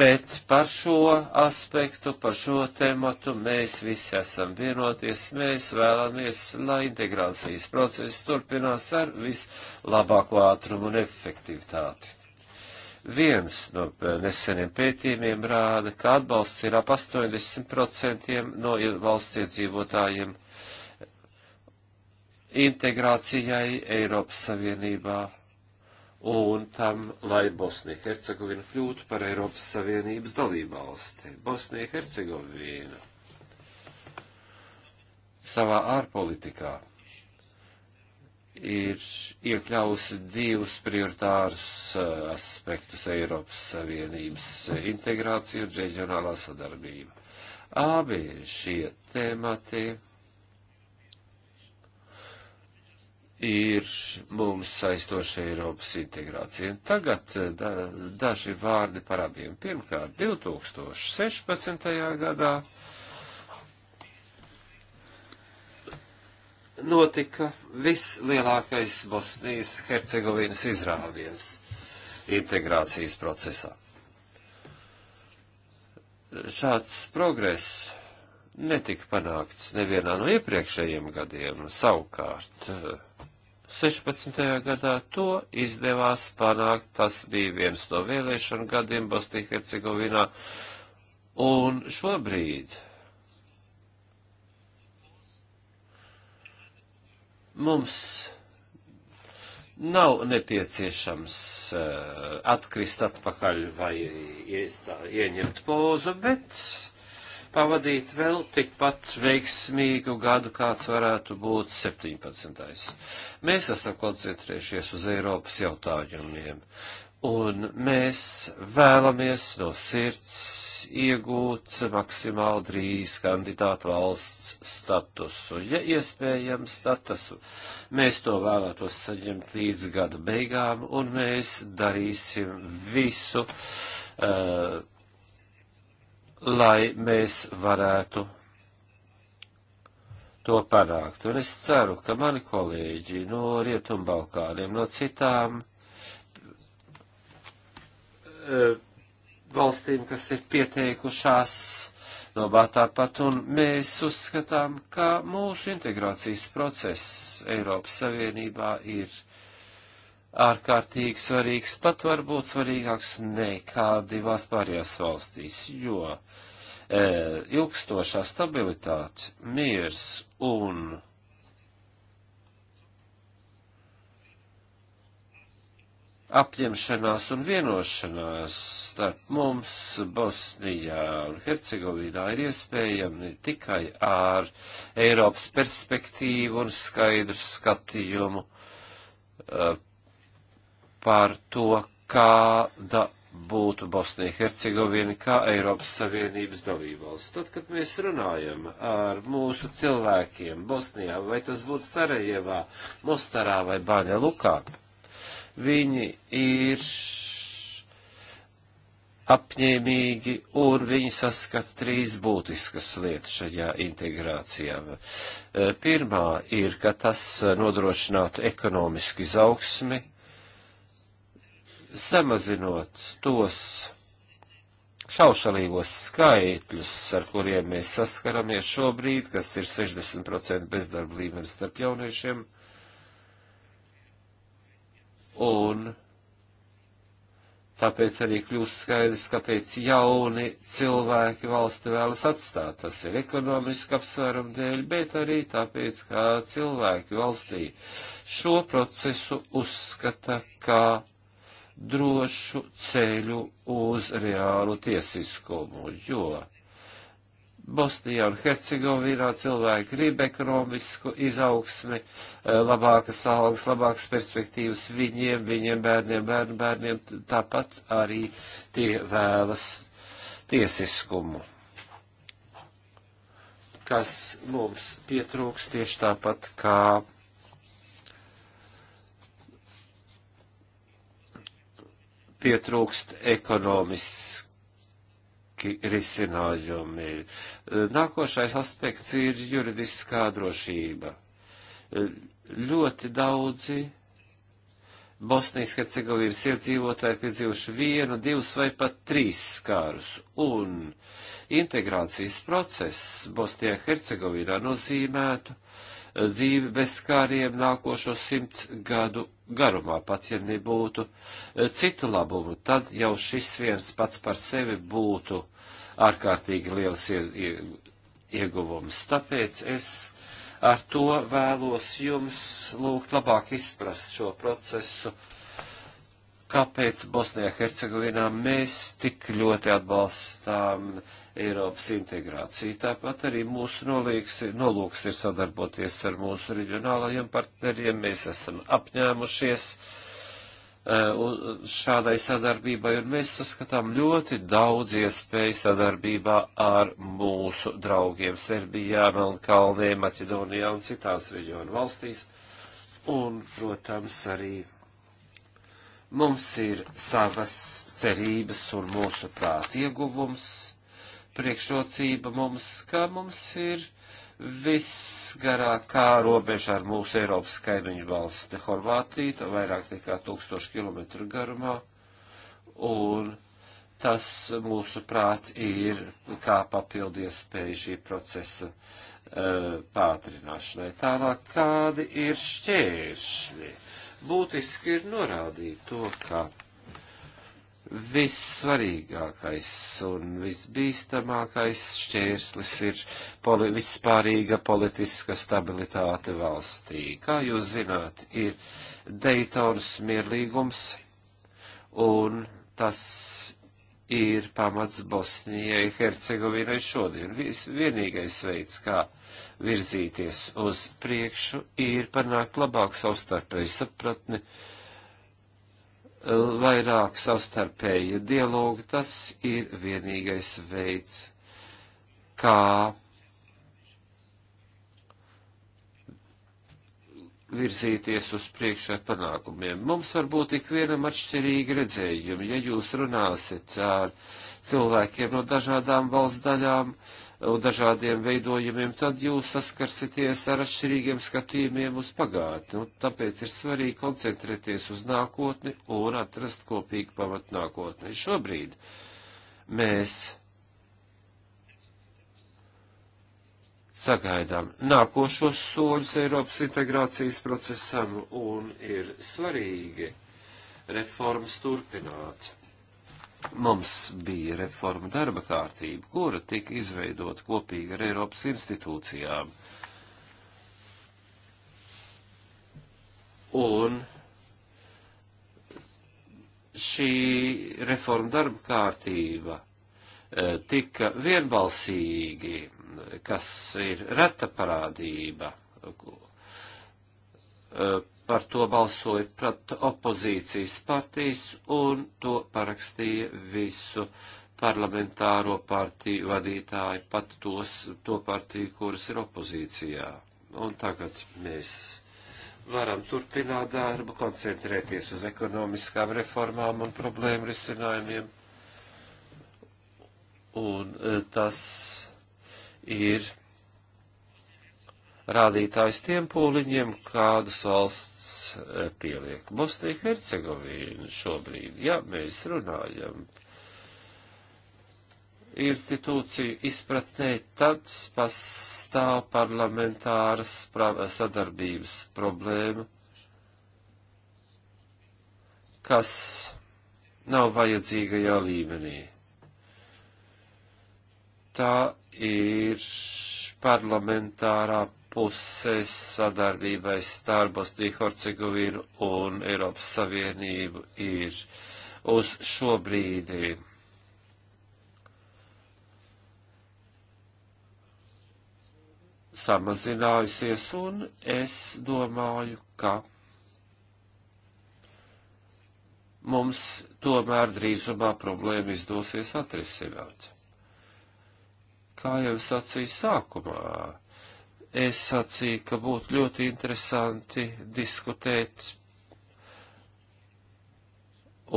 bet par šo aspektu, par šo tematu mēs visi esam vienoties, mēs vēlamies, lai integrācijas process turpinās ar vislabāko ātrumu un efektivitāti. Viens no neseniem pētījumiem rāda, ka atbalsts ir ap 80% no valsts iedzīvotājiem integrācijai Eiropas Savienībā un tam, lai Bosnija Hercegovina kļūtu par Eiropas Savienības dalībvalsti. Bosnija Hercegovina savā ārpolitikā ir iekļausi divus prioritārus eh, aspektus Eiropas Savienības eh, integrācija un reģionālā sadarbība. Abi šie temati ir mums saistoša Eiropas integrācija. Un tagad eh, da, daži vārdi par abiem. Pirmkārt, 2016. gadā notika vislielākais Bosnijas Hercegovinas izrāviens integrācijas procesā. Šāds progress netika panākts nevienā no iepriekšējiem gadiem, savukārt 16. gadā to izdevās panākt, tas bija viens no vēlēšanu gadiem Bosnijā Hercegovinā, un šobrīd Mums nav nepieciešams uh, atkrist atpakaļ vai iestā, ieņemt pozu, bet pavadīt vēl tikpat veiksmīgu gadu, kāds varētu būt 17. Mēs esam koncentrējušies uz Eiropas jautājumiem, un mēs vēlamies no sirds iegūts maksimāli drīz kandidātu valsts statusu. Ja iespējams, tad tas mēs to vēlētos saņemt līdz gada beigām, un mēs darīsim visu, uh, lai mēs varētu to panākt. Un es ceru, ka mani kolēģi no Rietumbalkāniem, no citām. Uh, valstīm, kas ir pieteikušās domāt tāpat, un mēs uzskatām, ka mūsu integrācijas process Eiropas Savienībā ir ārkārtīgi svarīgs, pat varbūt svarīgāks nekā divās pārējās valstīs, jo e, ilgstošā stabilitāte, miers un apņemšanās un vienošanās starp mums Bosnijā un Hercegovīnā ir iespējami tikai ar Eiropas perspektīvu un skaidru skatījumu uh, par to, kāda būtu Bosnija Hercegovina kā Eiropas Savienības dalībvalsts. Tad, kad mēs runājam ar mūsu cilvēkiem Bosnijā, vai tas būtu Sarajevā, Mostarā vai Bāņa Lukā, Viņi ir apņēmīgi un viņi saskata trīs būtiskas lietas šajā integrācijā. E, pirmā ir, ka tas nodrošinātu ekonomisku izaugsmi, samazinot tos šaušalīgos skaitļus, ar kuriem mēs saskaramies šobrīd, kas ir 60% bezdarba līmenis starp jauniešiem un Tāpēc arī kļūst skaidrs, kāpēc jauni cilvēki valsti vēlas atstāt. Tas ir ekonomiski apsvērumu dēļ, bet arī tāpēc, ka cilvēki valstī šo procesu uzskata kā drošu ceļu uz reālu tiesiskumu, jo Bosnijā un Hercegovinā cilvēki grib ekonomisku izaugsmi, eh, labākas algas, labākas perspektīvas viņiem, viņiem bērniem, bērnu bērniem, tāpat arī tie vēlas tiesiskumu, kas mums pietrūks tieši tāpat kā pietrūkst ekonomiski lieliski risinājumi. Nākošais aspekts ir juridiskā drošība. Ļoti daudzi Bosnijas Hercegovīnas iedzīvotāji piedzīvoši vienu, divus vai pat trīs skārus, un integrācijas process Bosnijā Hercegovīnā nozīmētu, uh, dzīvi bez kāriem nākošo simts gadu garumā, pat ja nebūtu e, citu labumu, tad jau šis viens pats par sevi būtu ārkārtīgi liels ieguvums. Tāpēc es ar to vēlos jums lūgt labāk izprast šo procesu kāpēc Bosnijā Hercegovinā mēs tik ļoti atbalstām Eiropas integrāciju. Tāpat arī mūsu nolīgs, nolūks ir sadarboties ar mūsu reģionālajiem partneriem. Mēs esam apņēmušies uh, šādai sadarbībai, un mēs saskatām ļoti daudz iespēju sadarbībā ar mūsu draugiem Serbijā, Melnkalnē, Maķedonijā un citās reģionu valstīs. Un, protams, arī Mums ir savas cerības un mūsu prāta ieguvums, priekšrocība mums, ka mums ir visgarākā robeža ar mūsu Eiropas kaimiņu valsti Horvātiju, to vairāk nekā tūkstošu kilometru garumā, un tas, mūsuprāt, ir kā papildu iespēja šī procesa uh, pātrināšanai. Tālāk, kādi ir šķēršļi? Uh, būtiski ir norādīt to, ka vissvarīgākais un visbīstamākais šķērslis ir poli vispārīga politiska stabilitāte valstī. Kā jūs zināt, ir Deitonas mierlīgums, un tas ir pamats Bosnijai, Hercegovinai šodien. Vis, vienīgais veids, kā virzīties uz priekšu, ir panākt labāku savstarpēju sapratni, vairāk savstarpēju dialogu. Tas ir vienīgais veids, kā virzīties uz priekšu ar panākumiem. Mums var būt ik vienam atšķirīgi redzējumi, ja jūs runāsiet ar cilvēkiem no dažādām valsts daļām, uh, un dažādiem veidojumiem, tad jūs saskarsieties ar atšķirīgiem skatījumiem uz pagātni, un tāpēc ir svarīgi koncentrēties uz nākotni un atrast kopīgu pamatu nākotnē. Šobrīd mēs sagaidām nākošos soļus Eiropas integrācijas procesam, un ir svarīgi reformas turpināt Mums bija reforma darba kārtība, kura tika izveidota kopīgi ar Eiropas institūcijām. Un šī reforma darba kārtība e, tika vienbalsīgi, kas ir reta parādība, e, par to balsoja pret opozīcijas partijas un to parakstīja visu parlamentāro partiju vadītāji, pat tos, to partiju, kuras ir opozīcijā. Un tagad mēs varam turpināt darbu, koncentrēties uz ekonomiskām reformām un problēmu risinājumiem. Un eh, tas ir rādītājs tiem pūliņiem, kādus valsts e, pieliek. Bosnija Hercegovina šobrīd, ja mēs runājam institūciju izpratnē, tad pastāv parlamentāras sadarbības problēma, kas nav vajadzīgajā līmenī. Tā ir parlamentārā puses sadarbībai starp Bosniju Hercegovinu un Eiropas Savienību ir uz šo brīdi. samazinājusies, un es domāju, ka mums tomēr drīzumā problēma izdosies atrisināt. Kā jau sacīju sākumā, es sacīju, ka būtu ļoti interesanti diskutēt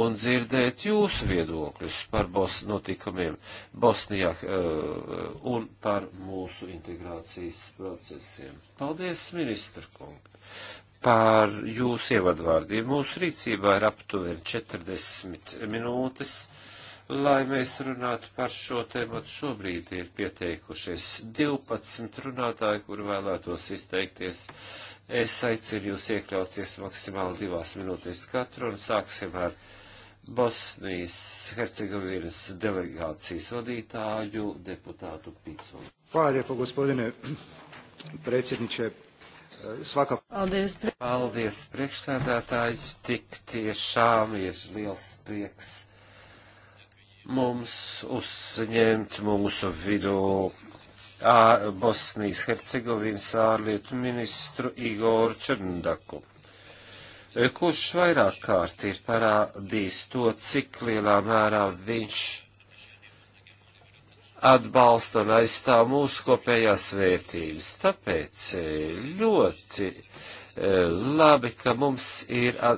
un dzirdēt jūsu viedokļus par Bos notikumiem Bosnijā uh, un par mūsu integrācijas procesiem. Paldies, ministra kungi, par jūsu ievadvārdiem. Mūsu rīcībā ir aptuveni 40 minūtes lai mēs runātu par šo tēmu. Šobrīd ir pieteikušies 12 runātāji, kur vēlētos izteikties. Es aicinu jūs iekļauties maksimāli divās minūtēs katru un sāksim ar Bosnijas Hercegovinas delegācijas vadītāju deputātu Pīconu. Pārējo, gospodine, predsjedniče, svakā. Paldies, pre... Paldies priekšsēdētāji, tik tiešām ir liels prieks mums uzņemt mūsu vidū Bosnijas Hercegovinas ārlietu ministru Igoru Černdaku, kurš vairāk kārt ir parādījis to, cik lielā mērā viņš atbalsta un aizstāv mūsu kopējās vērtības. Tāpēc eh, ļoti E, labi, ka mums ir e,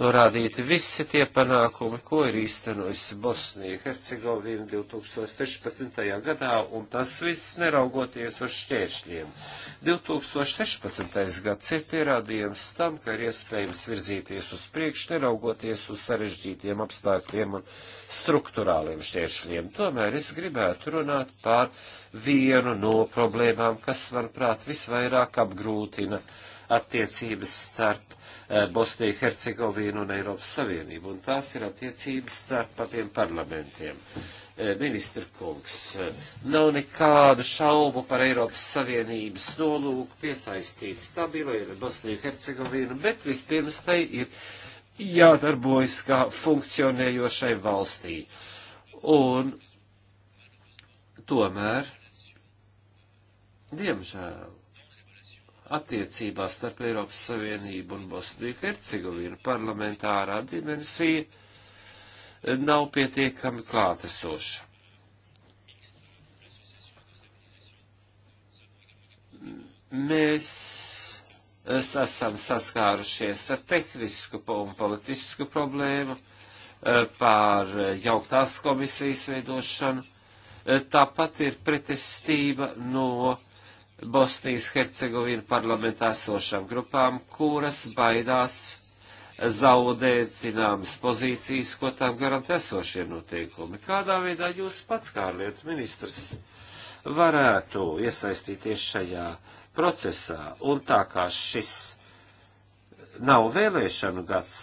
norādīti visi tie panākumi, ko ir īstenojusi Bosnija Hercegovina 2016. gadā, un tas viss neraugoties uz šķēršļiem. 2016. gads ir pierādījums tam, ka ir iespējams virzīties uz priekšu, neraugoties uz sarežģītiem apstākļiem un struktūrāliem šķēršļiem. Tomēr es gribētu runāt par vienu no problēmām, kas, manuprāt, visvairāk apgrūtina uh, attiecības starp eh, Bosniju, Hercegovinu un Eiropas Savienību, un tās ir attiecības starp abiem parlamentiem. Eh, ministra kungs, eh, nav nekādu šaubu par Eiropas Savienības nolūku piesaistīt stabilu Bosniju, Hercegovinu, bet vispirms tai ir jādarbojas kā funkcionējošai valstī. Un tomēr, diemžēl, attiecībās starp Eiropas Savienību un Bosniju Hercegovinu parlamentārā dimensija nav pietiekami klātesoša. Mēs esam saskārušies ar tehnisku un politisku problēmu eh, pār jauktās komisijas veidošanu. Eh, tāpat ir pretestība no Bosnijas Hercegovina parlamentā esošām grupām, kuras baidās zaudēt zināmas pozīcijas, ko tām garantē esošie noteikumi. Kādā veidā jūs pats, kā lietu ministrs, varētu iesaistīties šajā procesā? Un tā kā šis nav vēlēšanu gads,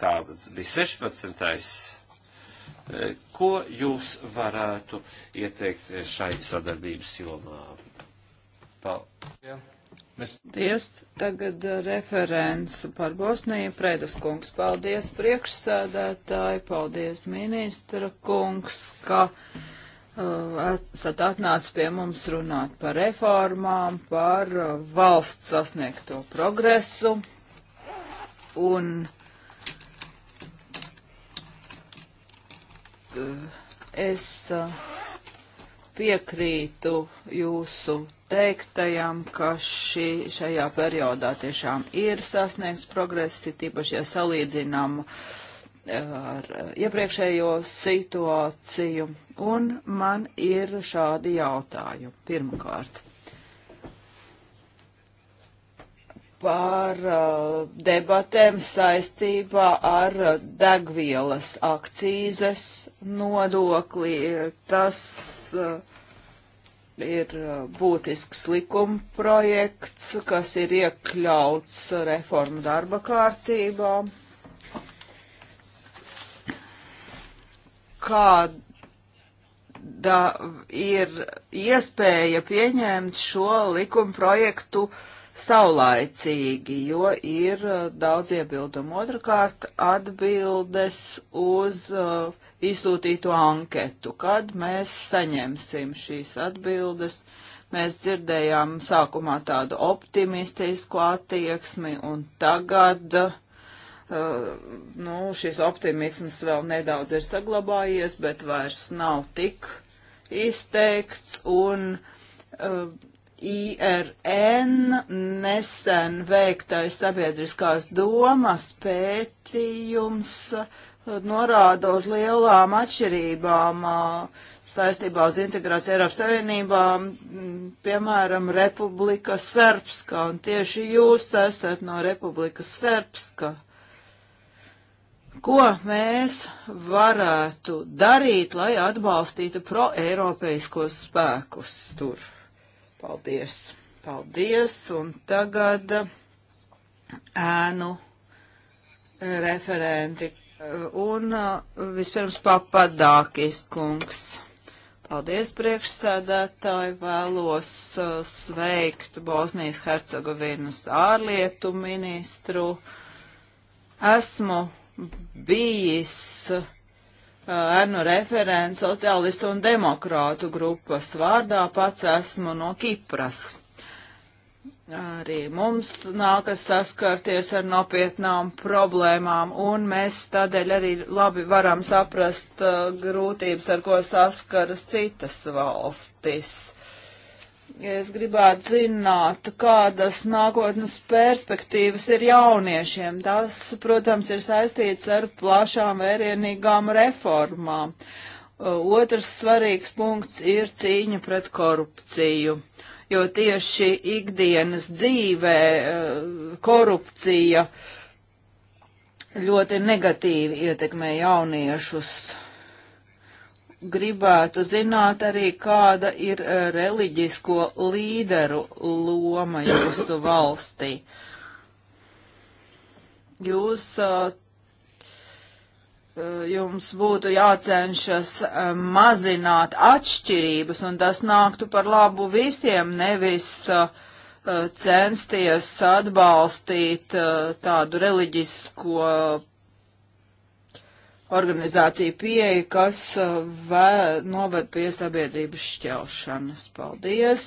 kā bija 16. Eh, ko jūs varētu ieteikt šai sadarbības jomā? Paldies. Mēs... Tagad uh, referents par Bosniju. Prēdas kungs, paldies priekšsēdētāji, paldies ministra kungs, ka uh, esat atnācis pie mums runāt par reformām, par uh, valsts sasniegto progresu. Un uh, es. Uh, piekrītu jūsu teiktajam, ka šī, šajā periodā tiešām ir sasniegts progress, ir tīpaši, ja salīdzinām eh, ar iepriekšējo situāciju. Un man ir šādi jautājumi. Pirmkārt. par uh, debatēm saistībā ar degvielas akcīzes nodokli. Tas uh, ir uh, būtisks likuma projekts, kas ir iekļauts reformu darba kārtībā. Kāda ir iespēja pieņemt šo likuma projektu uh, saulaicīgi, jo ir uh, daudz iebildumu. Otrakārt, atbildes uz uh, izsūtīto anketu. Kad mēs saņemsim šīs atbildes, mēs dzirdējām sākumā tādu optimistisku attieksmi, un tagad uh, nu, šis optimisms vēl nedaudz ir saglabājies, bet vairs nav tik izteikts. Un, uh, IRN nesen veiktais sabiedriskās domas pētījums uh, norāda uz lielām atšķirībām uh, saistībā uz integrāciju Eiropas Savienībā, mm, piemēram, Republika Serbska, un tieši jūs esat no Republikas Serbska. Ko mēs varētu darīt, lai atbalstītu pro-eiropeiskos spēkus tur? Paldies! Paldies! Un tagad eh, ēnu eh, referenti. Eh, un vispirms papadākis kungs. Paldies, priekšsēdētāji! Vēlos sveikt Bosnijas Hercegovinas ārlietu ministru. Esmu bijis uh, ēnu referents sociālistu un demokrātu grupas vārdā pats esmu no Kipras. Arī mums nākas saskarties ar nopietnām problēmām, un mēs tādēļ arī labi varam saprast uh, grūtības, ar ko saskaras citas valstis. Es gribētu zināt, kādas nākotnes perspektīvas ir jauniešiem. Tas, protams, ir saistīts ar plašām vērienīgām reformām. Uh, otrs svarīgs punkts ir cīņa pret korupciju, jo tieši ikdienas dzīvē uh, korupcija ļoti negatīvi ietekmē jauniešus gribētu zināt arī, kāda ir eh, reliģisko līderu loma jūsu valstī. Jūs, eh, eh, jums būtu jācenšas mazināt atšķirības, un tas nāktu par labu visiem, nevis censties atbalstīt tādu reliģisko organizāciju pieeja, kas uh, vē, noved pie sabiedrības šķelšanas. Paldies!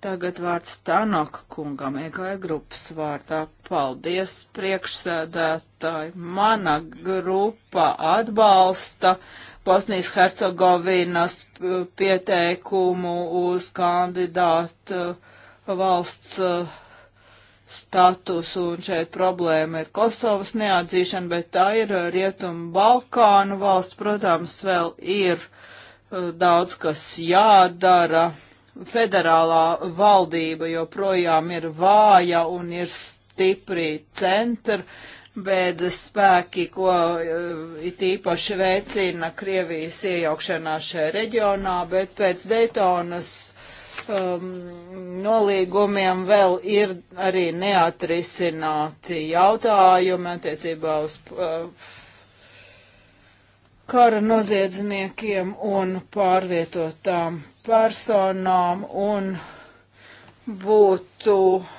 Tagad vārds Tanok kungam, EKR grupas vārdā. Paldies, priekšsēdētāji. Mana grupa atbalsta Bosnijas Hercegovinas pieteikumu uz kandidātu valsts uh, statusu, un šeit problēma ir Kosovas neatzīšana, bet tā ir Rietumu Balkānu valsts, protams, vēl ir uh, daudz, kas jādara. Federālā valdība joprojām ir vāja un ir stipri centri, bēdas spēki, ko uh, it īpaši veicina Krievijas iejaukšanā šajā reģionā, bet pēc Daytonas um, nolīgumiem vēl ir arī neatrisināti jautājumi attiecībā uz uh, kara noziedzniekiem un pārvietotām personām un būtu uh,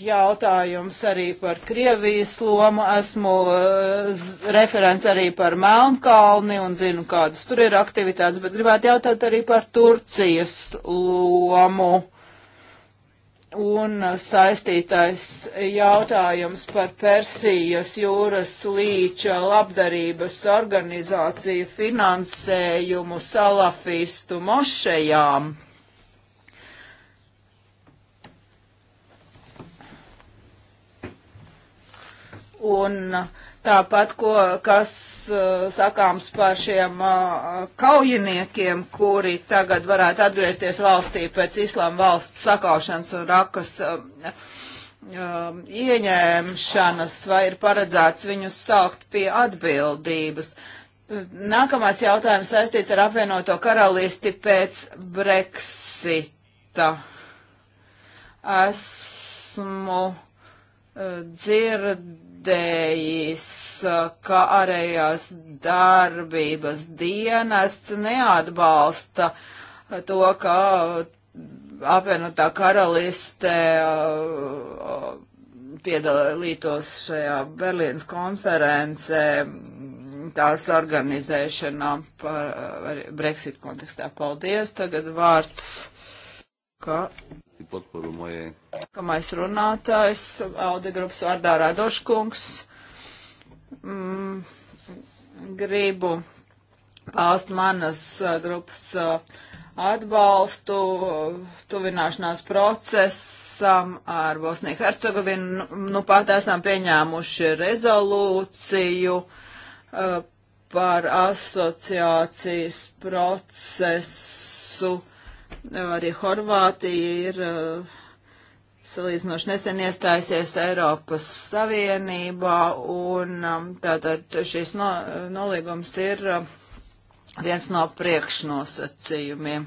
jautājums arī par Krievijas lomu. Esmu uh, referents arī par Melnkalni un zinu, kādas tur ir aktivitātes, bet gribētu jautāt arī par Turcijas lomu. Un eh, saistītais jautājums par Persijas jūras līča labdarības organizāciju finansējumu salafistu mošejām. un tāpat, ko, kas uh, sakāms par šiem uh, kaujiniekiem, kuri tagad varētu atgriezties valstī pēc islām valsts sakaušanas un rakas uh, ieņēmšanas, vai ir paredzēts viņus saukt pie atbildības. Nākamais jautājums saistīts ar apvienoto karalisti pēc Brexita. Esmu dzirdējis dzirdējis, ka arējās darbības dienests neatbalsta to, ka apvienotā karaliste piedalītos šajā Berlīnas konferencē tās organizēšanā par Brexit kontekstā. Paldies. Tagad vārds. Kā? tik podporu mojej. Kamais runātājs, Alde grupas vārdā Radoškungs. Mm, gribu paust manas uh, grupas uh, atbalstu uh, tuvināšanās procesam ar Bosniju Hercegovinu. Nu, nu, pat esam pieņēmuši rezolūciju par asociācijas procesu Arī Horvātija ir eh, salīdzinoši nesen iestājusies Eiropas Savienībā, un um, tātad šis no, nolīgums ir um, viens no priekšnosacījumiem.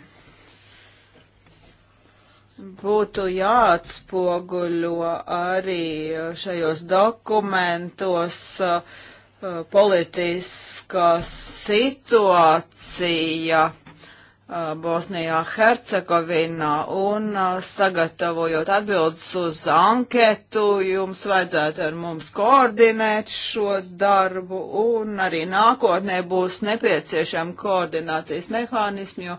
Būtu jāatspoguļo arī šajos dokumentos uh, uh, politiskā situācija Bosnijā, Hercegovinā un sagatavojot atbildes uz anketu, jums vajadzētu ar mums koordinēt šo darbu un arī nākotnē būs nepieciešama koordinācijas mehānismi, jo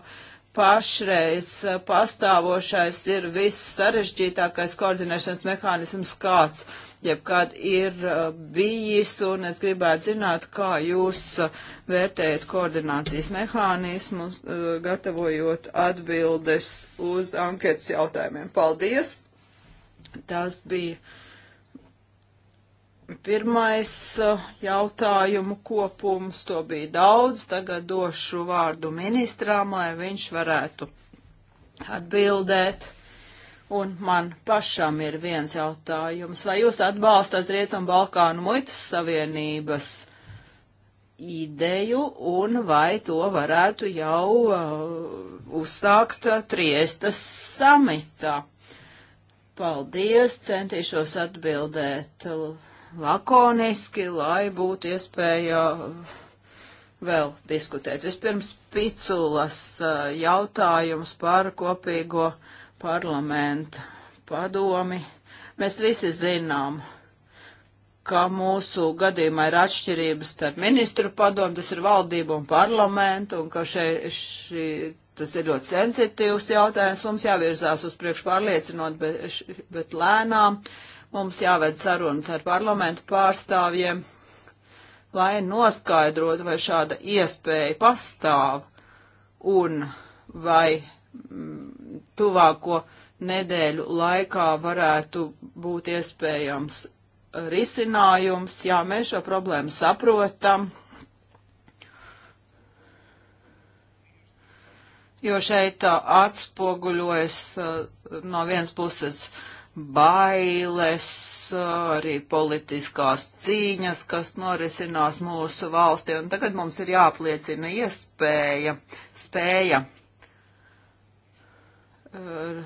pašreiz pastāvošais ir viss sarežģītākais koordinēšanas mehānisms kāds jebkad ir uh, bijis, un es gribētu zināt, kā jūs uh, vērtējat koordinācijas mehānismu, uh, gatavojot atbildes uz anketas jautājumiem. Paldies! Tas bija pirmais jautājumu kopums, to bija daudz. Tagad došu vārdu ministrām, lai viņš varētu atbildēt Un man pašam ir viens jautājums. Vai jūs atbalstat Rietumu Balkānu muitas savienības ideju un vai to varētu jau uh, uzsākt Triestas samitā? Paldies, centīšos atbildēt lakoniski, lai būtu iespēja vēl diskutēt. Vispirms piculas uh, jautājums par kopīgo uh, parlamenta padomi. Mēs visi zinām, ka mūsu gadījumā ir atšķirības starp ministru padomu, tas ir valdību un parlamentu, un ka šeit šī tas ir ļoti sensitīvs jautājums. Mums jāvirzās uz priekšu pārliecinot, bet, bet lēnām. Mums jāved sarunas ar parlamentu pārstāvjiem, lai noskaidrotu, vai šāda iespēja pastāv un vai tuvāko nedēļu laikā varētu būt iespējams risinājums. Jā, mēs šo problēmu saprotam, jo šeit uh, atspoguļojas uh, no vienas puses bailes, uh, arī politiskās cīņas, kas norisinās mūsu valstī, un tagad mums ir jāpliecina iespēja, spēja Eh,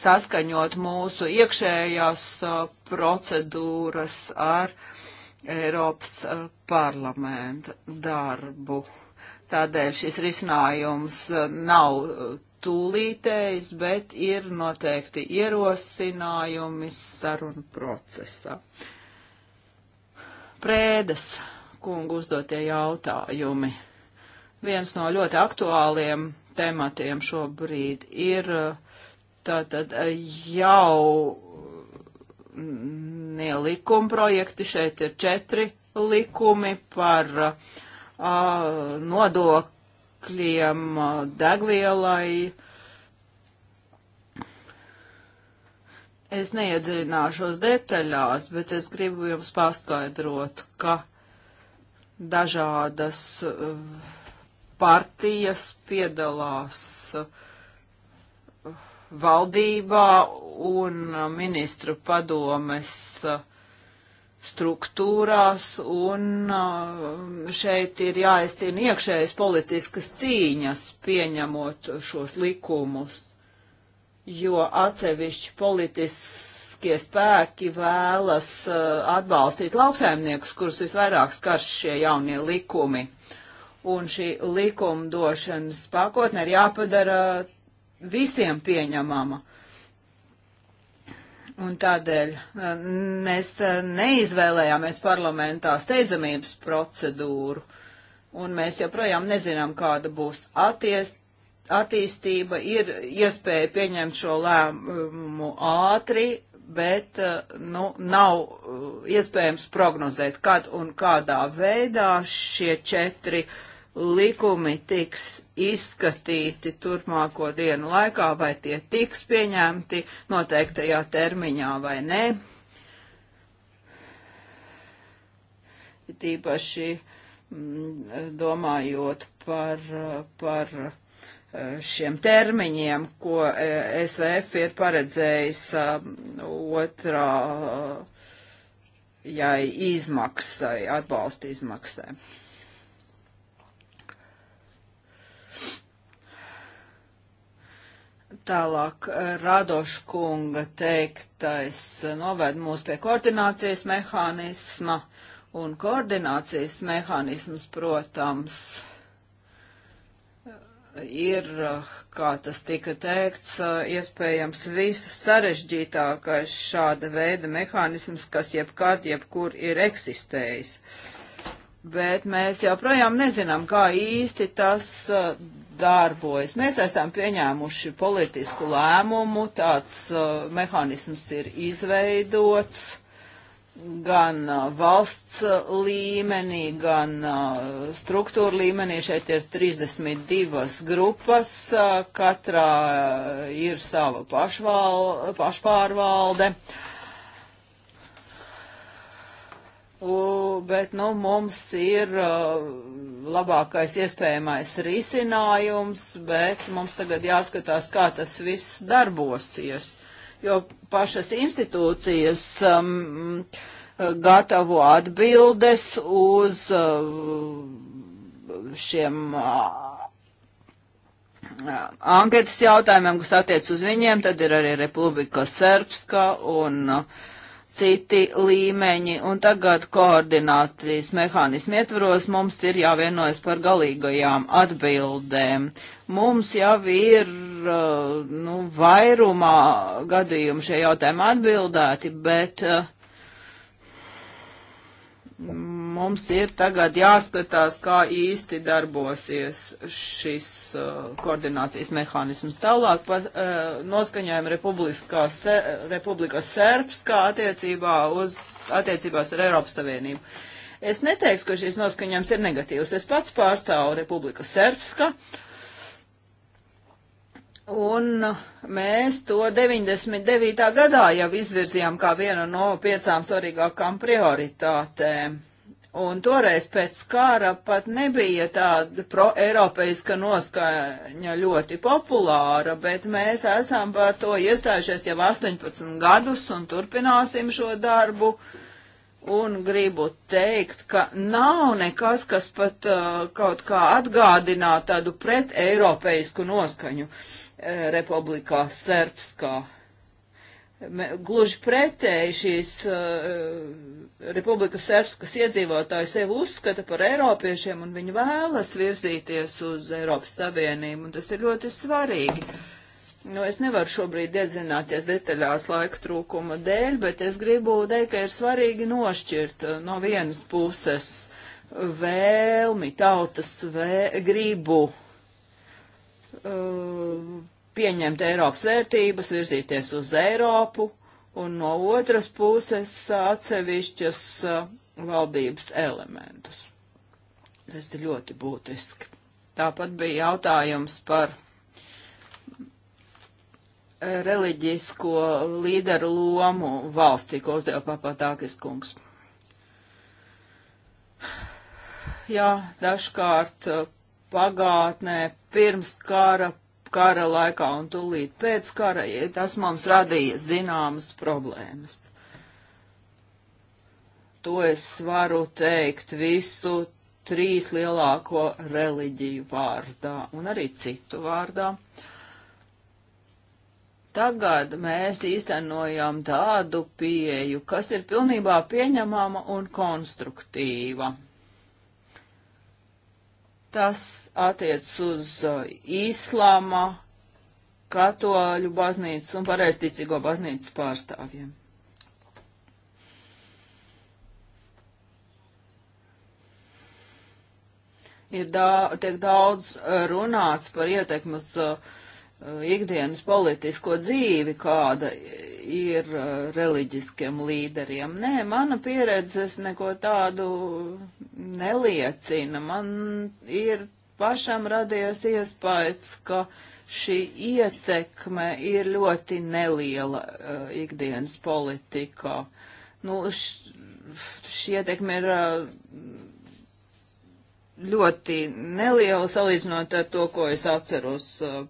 saskaņot mūsu iekšējās eh, procedūras ar Eiropas eh, parlamenta darbu. Tādēļ šis risinājums nav tūlītējs, bet ir noteikti ierosinājumi sarunu procesā. Prēdas kungu uzdotie jautājumi. Viens no ļoti aktuāliem tematiem šobrīd ir eh, tātad eh, jau ne likuma projekti, šeit ir četri likumi par a, eh, nodokļiem degvielai. Es neiedziļināšos detaļās, bet es gribu jums paskaidrot, ka dažādas partijas piedalās uh, valdībā un uh, ministru padomes uh, struktūrās, un šeit ir jāizcīna iekšējas politiskas cīņas, pieņemot šos likumus, jo atsevišķi politiskie spēki vēlas atbalstīt lauksaimniekus, kurus visvairāk skars šie jaunie likumi. Uh, un šī likumdošanas pakotne ir jāpadara visiem pieņemama. Un tādēļ eh, mēs eh, neizvēlējāmies parlamentā steidzamības procedūru, un mēs joprojām nezinām, kāda būs attiest, attīstība, ir iespēja pieņemt šo lēmumu ātri, bet eh, nu, nav iespējams prognozēt, kad un kādā veidā šie četri uh, likumi tiks izskatīti turpmāko dienu laikā, vai tie tiks pieņemti noteiktajā termiņā vai nē. Tīpaši mm, domājot par, par eh, šiem termiņiem, ko eh, SVF ir paredzējis eh, otrā jai izmaksai, atbalsta izmaksai. Tālāk eh, Radoškunga teiktais eh, noved mūs pie koordinācijas mehānisma, un koordinācijas mehānisms, protams, ir, eh, kā tas tika teikts, iespējams viss sarežģītākais šāda veida mehānisms, kas jebkad, jebkur ir eksistējis. Bet mēs joprojām nezinām, kā īsti tas darbojas. Mēs esam pieņēmuši politisku lēmumu, tāds uh, mehānisms ir izveidots gan uh, valsts uh, līmenī, gan uh, struktūra līmenī. Šeit ir 32 grupas, uh, katrā uh, ir sava pašval, pašpārvalde. U, bet, nu, mums ir uh, labākais iespējamais risinājums, bet mums tagad jāskatās, kā tas viss darbosies, jo pašas institūcijas um, gatavo atbildes uz uh, šiem uh, anketas jautājumiem, kas attiec uz viņiem, tad ir arī Republika Serbska un uh, citi līmeņi, un tagad koordinācijas mehānismu ietvaros mums ir jāvienojas par galīgajām atbildēm. Mums jau ir uh, nu, vairumā gadījumu šie jautājumi atbildēti, bet uh, mums ir tagad jāskatās, kā īsti darbosies šis uh, koordinācijas mehānisms. Tālāk par uh, noskaņojumu se, Republikas Serbskā attiecībā uz, attiecībās ar Eiropas Savienību. Es neteiktu, ka šis noskaņojums ir negatīvs. Es pats pārstāvu Republikas Serbska. Un mēs to 99. gadā jau izvirzījām kā vienu no piecām svarīgākām prioritātēm. Un toreiz pēc kara pat nebija tāda pro-eiropeiska noskaņa ļoti populāra, bet mēs esam par to iestājušies jau 18 gadus un turpināsim šo darbu. Un gribu teikt, ka nav nekas, kas pat uh, kaut kā atgādinātu tādu pret-eiropeisku noskaņu uh, Republikā Serbskā. Uh, Gluži pretēji šīs uh, Republikas Serbskas iedzīvotāji sevi uzskata par Eiropiešiem un viņi vēlas virzīties uz Eiropas Savienību, un tas ir ļoti svarīgi. Nu, es nevaru šobrīd iedzināties detaļās laika trūkuma dēļ, bet es gribu teikt, ka ir svarīgi nošķirt uh, no vienas puses vēlmi, tautas vē, gribu. Uh, pieņemt Eiropas vērtības, virzīties uz Eiropu, un no otras puses atsevišķas valdības elementus. Tas ir ļoti būtiski. Tāpat bija jautājums par reliģisko līderu lomu valstī, ko uzdeva papatākis kungs. Jā, dažkārt pagātnē pirms kara kara laikā un tūlīt pēc kara, ja tas mums radīja zināmas problēmas. To es varu teikt visu trīs lielāko reliģiju vārdā un arī citu vārdā. Tagad mēs īstenojam tādu pieju, kas ir pilnībā pieņemama un konstruktīva Tas attiec uz īslāma, uh, katoļu baznīcas un pareisticīgo baznīcas pārstāvjiem. ir da tiek daudz uh, runāts par ietekmes uh, uh, ikdienas politisko dzīvi, kāda ir uh, reliģiskiem līderiem. Nē, mana pieredzes neko tādu neliecina. Man ir pašam radies iespējas, ka šī ietekme ir ļoti neliela uh, ikdienas politikā. Nu, š, šī ietekme ir uh, ļoti neliela salīdzinot ar to, ko es atceros uh,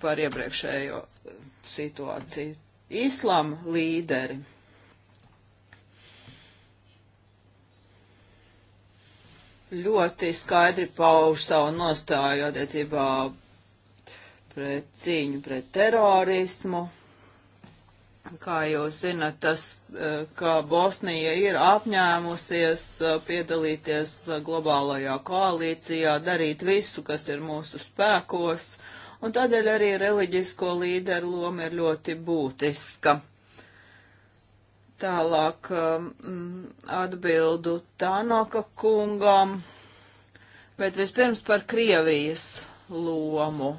par iepriekšējo situāciju islama līderi. Ļoti skaidri pauž savu nostāju attiecībā pret cīņu pret terorismu. Kā jūs zinat, tas, eh, ka Bosnija ir apņēmusies eh, piedalīties globālajā koalīcijā, darīt visu, kas ir mūsu spēkos, uh, un tādēļ arī reliģisko līderu loma ir ļoti būtiska. Tālāk um, atbildu Tānaka kungam, bet vispirms par Krievijas lomu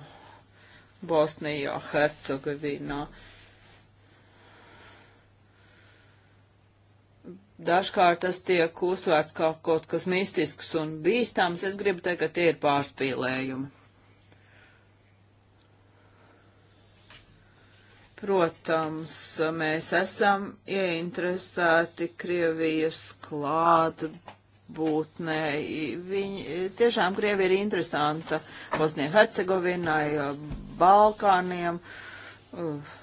Bosnijā, Hercegovinā. Dažkārt tas tiek uzsvērts kā kaut kas mistisks un bīstams. Es gribu teikt, ka tie ir pārspīlējumi. Protams, mēs esam ieinteresēti Krievijas klātbūtnē. Viņi, tiešām Krievija ir interesanta Bosnijai Hercegovinai, Balkāniem, uh,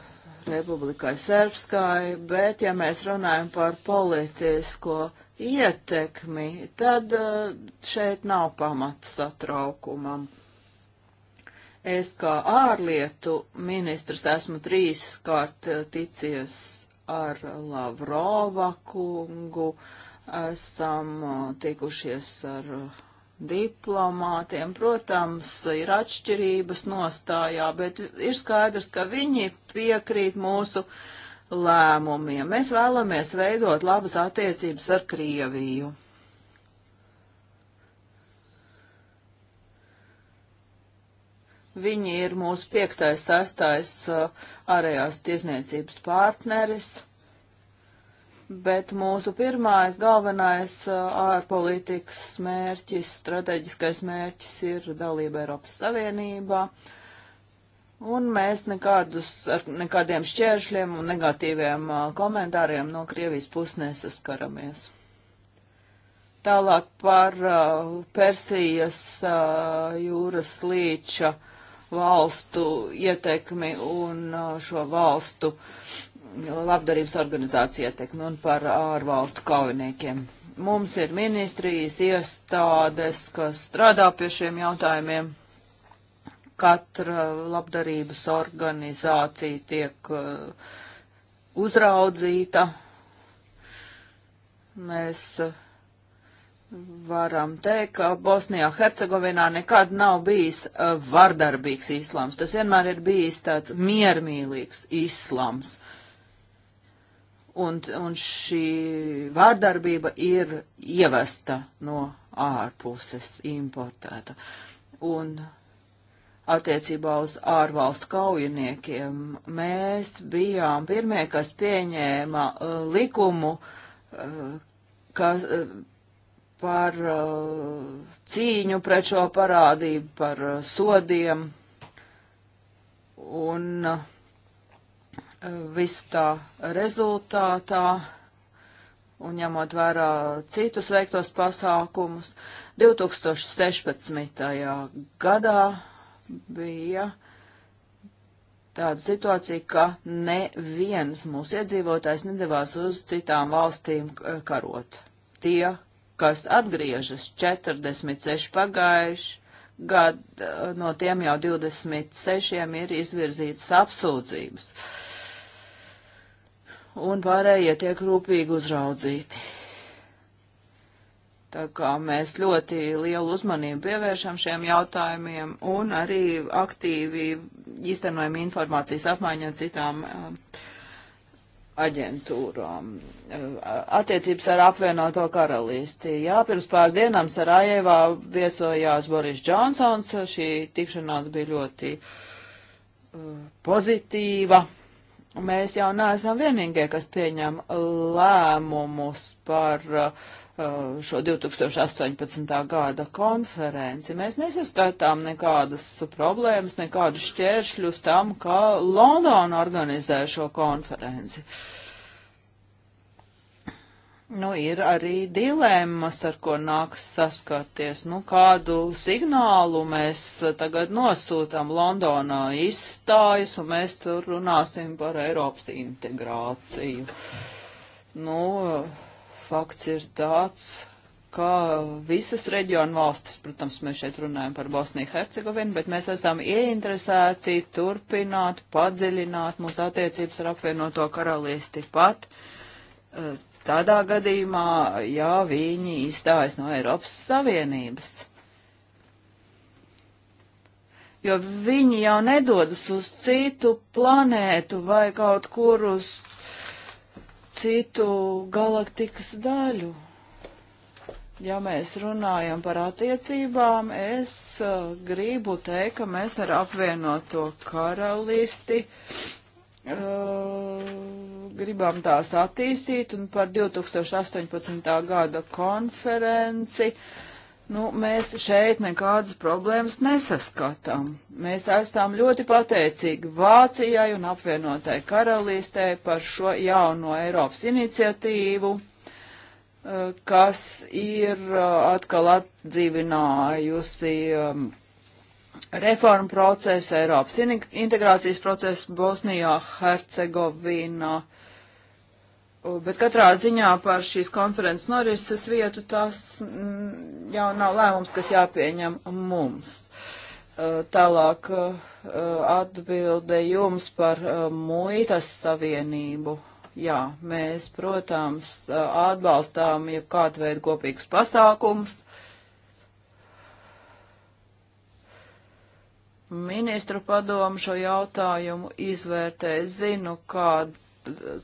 Republikai Serbskai, bet ja mēs runājam par politisko ietekmi, tad uh, šeit nav pamata satraukumam. Es kā ārlietu ministrs esmu trīs kārt eh, ticies ar Lavrova kungu, esam eh, tikušies ar eh, diplomātiem. Protams, ir atšķirības nostājā, bet ir skaidrs, ka viņi piekrīt mūsu lēmumiem. Mēs vēlamies veidot labas attiecības ar Krieviju. Viņi ir mūsu piektais, sastais uh, ārējās tiesniecības partneris, bet mūsu pirmais, galvenais uh, ārpolitikas mērķis, strateģiskais mērķis ir dalība Eiropas Savienībā. Un mēs nekādus, ar nekādiem šķēršļiem un negatīviem uh, komentāriem no Krievijas puses nesaskaramies. Tālāk par Persijas jūras līča uh, valstu ietekmi un uh, šo valstu labdarības organizāciju ietekmi un par ārvalstu kaujiniekiem. Mums ir ministrijas iestādes, kas strādā pie šiem jautājumiem. Katra labdarības organizācija tiek uh, uzraudzīta. Mēs uh, varam teikt, ka Bosnijā Hercegovinā nekad nav bijis uh, vardarbīgs islams. Tas vienmēr ir bijis tāds miermīlīgs islams. Un, un šī vārdarbība ir ievesta no ārpuses, importēta. Un attiecībā uz ārvalstu kaujiniekiem mēs bijām pirmie, kas pieņēma uh, likumu, uh, ka par uh, cīņu pret šo parādību, par uh, sodiem un uh, viss tā rezultātā un ņemot vērā citus veiktos pasākumus, 2016. gadā bija tāda situācija, ka neviens mūsu iedzīvotājs nedavās uz citām valstīm karot. Tie, kas atgriežas 46 pagājuši gadu, eh, no tiem jau 26 ir izvirzītas apsūdzības. Un pārējie tiek rūpīgi uzraudzīti. Tā kā mēs ļoti lielu uzmanību pievēršam šiem jautājumiem un arī aktīvi īstenojam informācijas apmaiņu ar citām uh, aģentūrām. Eh, attiecības ar apvienoto karalisti. Jā, pirms pāris dienām Sarajevā viesojās Boris Džonsons. Šī tikšanās bija ļoti uh, pozitīva. Mēs jau neesam vienīgie, kas pieņem lēmumus par uh, Uh, šo 2018. gada konferenci. Mēs nesaskatām nekādas problēmas, nekādus šķēršļus tam, kā Londona organizē šo konferenci. Nu, ir arī dilemmas, ar ko nāks saskarties. Nu, kādu signālu mēs tagad nosūtām Londonā izstājas, un mēs tur runāsim par Eiropas integrāciju. Nu, uh, fakts ir tāds, ka visas reģionu valstis, protams, mēs šeit runājam par Bosniju Hercegovinu, bet mēs esam ieinteresēti turpināt, padziļināt mūsu attiecības ar apvienoto karalisti pat eh, tādā gadījumā, ja viņi izstājas no Eiropas Savienības. Jo viņi jau nedodas uz citu planētu vai kaut kur uz citu galaktikas daļu. Ja mēs runājam par attiecībām, es uh, gribu teikt, ka mēs ar apvienoto karalisti uh, gribam tās attīstīt un par 2018. gada konferenci uh, Nu, mēs šeit nekādas problēmas nesaskatām. Mēs esam ļoti pateicīgi Vācijai un apvienotai karalistē par šo jauno Eiropas iniciatīvu, eh, kas ir eh, atkal atdzīvinājusi eh, reformu procesu, Eiropas integrācijas procesu Bosnijā, Hercegovinā. Bet katrā ziņā par šīs konferences norises vietu tas mm, jau nav lēmums, kas jāpieņem mums. Uh, tālāk uh, atbilde jums par uh, muitas savienību. Jā, mēs, protams, atbalstām jau kādu veidu kopīgus pasākumus. Ministru padomu šo jautājumu izvērtē. Es zinu, kāda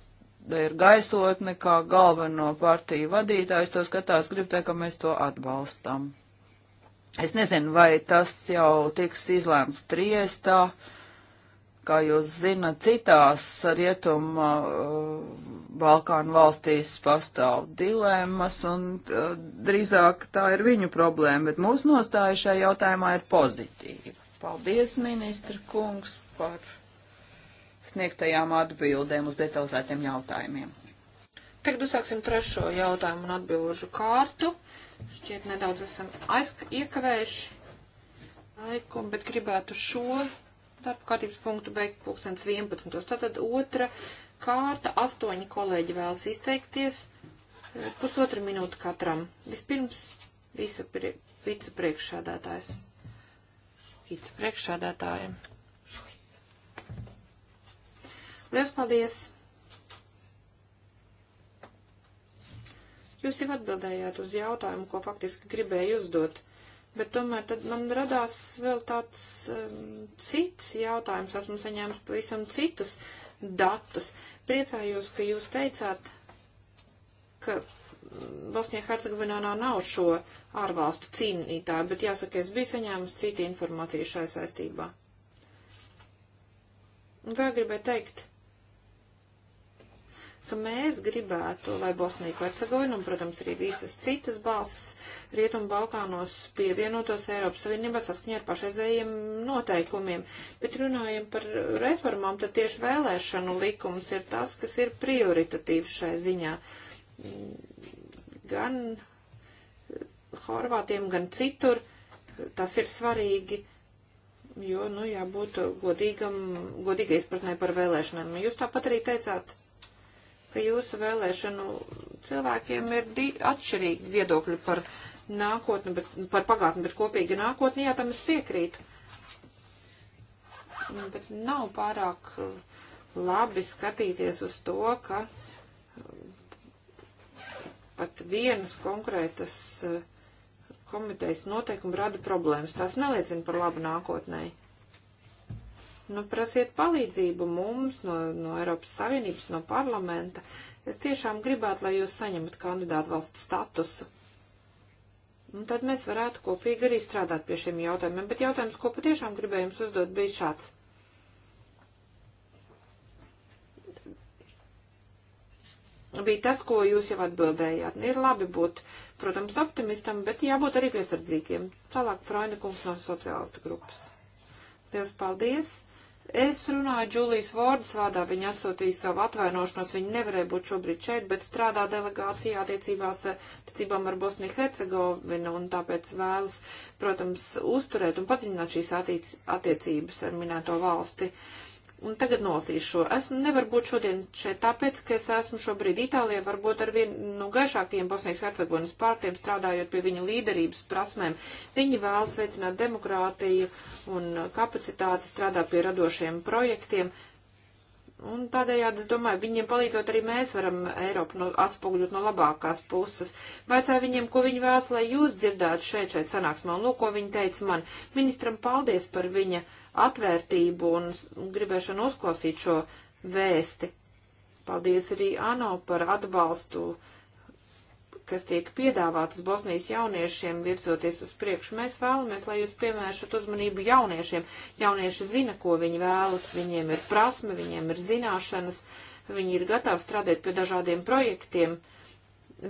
ir gaisotne, kā galveno partiju vadītājs to skatās, grib teikt, ka mēs to atbalstam. Es nezinu, vai tas jau tiks izlēmts triestā, kā jūs zinat, citās rietuma uh, Balkānu valstīs pastāv dilemmas, un uh, drīzāk tā ir viņu problēma, bet mūsu nostāja šajā jautājumā ir pozitīva. Paldies, ministra kungs, par sniegtajām atbildēm uz detalizētiem jautājumiem. Tagad uzsāksim trešo jautājumu un atbilžu kārtu. Šķiet, nedaudz esam iekavējuši laiku, bet gribētu šo darba kārtības punktu beigt 2011. Tātad otra kārta, astoņi kolēģi vēlas izteikties, pusotra minūte katram. Vispirms vicepriekšādātājs, vicepriekšādātājiem. Liels paldies! Jūs jau atbildējāt uz jautājumu, ko faktiski gribēju uzdot, bet tomēr tad man radās vēl tāds um, cits jautājums, esmu saņēmis pavisam citus datus. Priecājos, ka jūs teicāt, ka Bosnijā Hercegovinā nav šo ārvalstu cīnītāju, bet jāsaka, es biju saņēmis citu informāciju šai saistībā. Un vēl gribēju teikt, ka mēs gribētu, lai Bosnija Hercegovina un, protams, arī visas citas balsis Rietumu Balkānos pievienotos Eiropas Savienībā saskaņā ar pašreizējiem noteikumiem. Bet runājam par reformām, tad tieši vēlēšanu likums ir tas, kas ir prioritatīvs šai ziņā. Gan Horvātiem, gan citur tas ir svarīgi jo, nu, jābūt godīgam, godīgai izpratnē par vēlēšanām. Jūs tāpat arī teicāt, ka jūsu vēlēšanu cilvēkiem ir atšķirīgi viedokļi par nākotni, bet, par pagātni, bet kopīgi nākotni, jā, tam es piekrītu. Mm, bet nav pārāk uh, labi skatīties uz to, ka uh, pat vienas konkrētas uh, komitejas noteikumi rada problēmas. Tās neliecina par labu nākotnēji nu, prasiet palīdzību mums no, no Eiropas Savienības, no parlamenta. Es tiešām gribētu, lai jūs saņemat kandidātu valsts statusu. Un tad mēs varētu kopīgi arī strādāt pie šiem jautājumiem, bet jautājums, ko patiešām gribēju jums uzdot, bija šāds. Bija tas, ko jūs jau atbildējāt. Nu, ir labi būt, protams, optimistam, bet jābūt arī piesardzīgiem. Tālāk Freina kungs no sociālistu grupas. Liels paldies! Es runāju Džulijas Vordas vārdā, viņa atsūtīja savu atvainošanos, viņa nevarēja būt šobrīd šeit, bet strādā delegācijā attiecībās, eh, attiecībām ar Bosniju Hercegovinu un tāpēc vēlas, protams, uzturēt un padziļināt šīs attiecības ar minēto valsti. Uh, Un tagad nolasīšu šo. Esmu nevar būt šodien šeit tāpēc, ka es esmu šobrīd Itālijā, varbūt ar vien nu, gaišākiem Bosnijas Hercegovinas pārtiem strādājot pie viņu līderības prasmēm. Viņi vēlas veicināt demokrātiju un kapacitāti strādāt pie radošiem projektiem. Un tādējādi, es domāju, viņiem palīdzot arī mēs varam Eiropu no, atspoguļot no labākās puses. Vaicāju viņiem, ko viņi vēlas, lai jūs dzirdētu šeit, šeit sanāksmā, un lūk, ko viņi teica man. Ministram paldies par viņa uh, atvērtību un gribēšanu uzklausīt šo vēsti. Paldies arī ANO par atbalstu, kas tiek piedāvātas Bosnijas jauniešiem virzoties uz priekšu. Mēs vēlamies, lai jūs pievēršat uzmanību jauniešiem. Jaunieši zina, ko viņi vēlas, viņiem ir prasme, viņiem ir zināšanas, viņi ir gatavi strādāt pie dažādiem projektiem. Uh,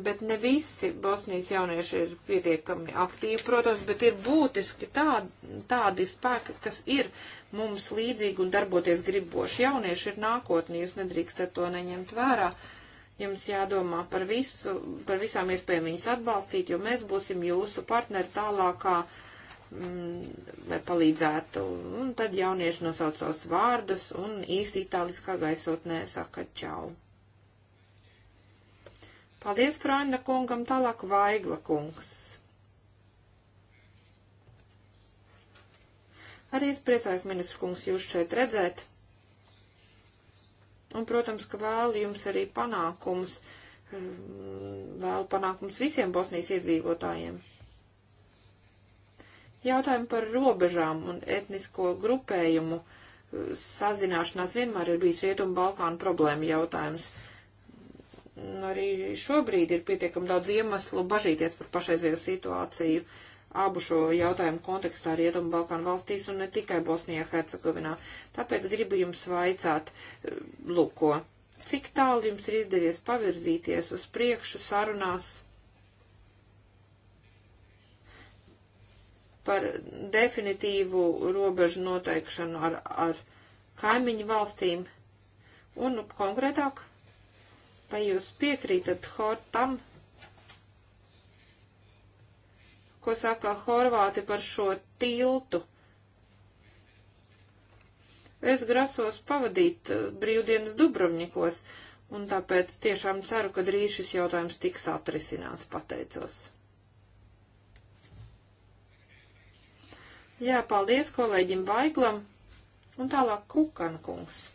bet ne visi Bosnijas jaunieši ir pietiekami aktīvi, protams, bet ir būtiski tādi, tādi spēki, kas ir mums līdzīgi un darboties griboši. Jaunieši ir nākotnē, jūs nedrīkstat to neņemt vērā. Jums jādomā par, visu, par visām iespējām viņus atbalstīt, jo mēs būsim jūsu partneri tālākā, mm, lai palīdzētu. Un tad jaunieši nosauc savus vārdus un īsti itāliskā gaisotnē saka čau. Paldies Fraina kungam, tālāk Vaigla kungs. Arī es priecājos, ministru kungs, jūs šeit redzēt. Un, protams, ka vēlu jums arī panākums, mm, vēlu panākums visiem Bosnijas iedzīvotājiem. Jautājumi par robežām un etnisko grupējumu mm, sazināšanās vienmēr ir bijis Rietumu Balkānu problēma jautājums arī šobrīd ir pietiekami daudz iemeslu bažīties par pašreizējo situāciju abu šo jautājumu kontekstā Rietumu Balkānu valstīs un ne tikai Bosnijā, Hercegovinā. Tāpēc gribu jums vaicāt, eh, lūko, cik tālu jums ir izdevies pavirzīties uz priekšu sarunās par definitīvu robežu noteikšanu ar, ar kaimiņu valstīm un nu, konkrētāk Vai jūs piekrītat tam, ko saka Horvāti par šo tiltu? Es grasos pavadīt eh, brīvdienas Dubrovnikos, un tāpēc tiešām ceru, ka drīz šis jautājums tiks atrisināts, pateicos. Jā, paldies kolēģim Vaiglam, un tālāk Kukan kungs.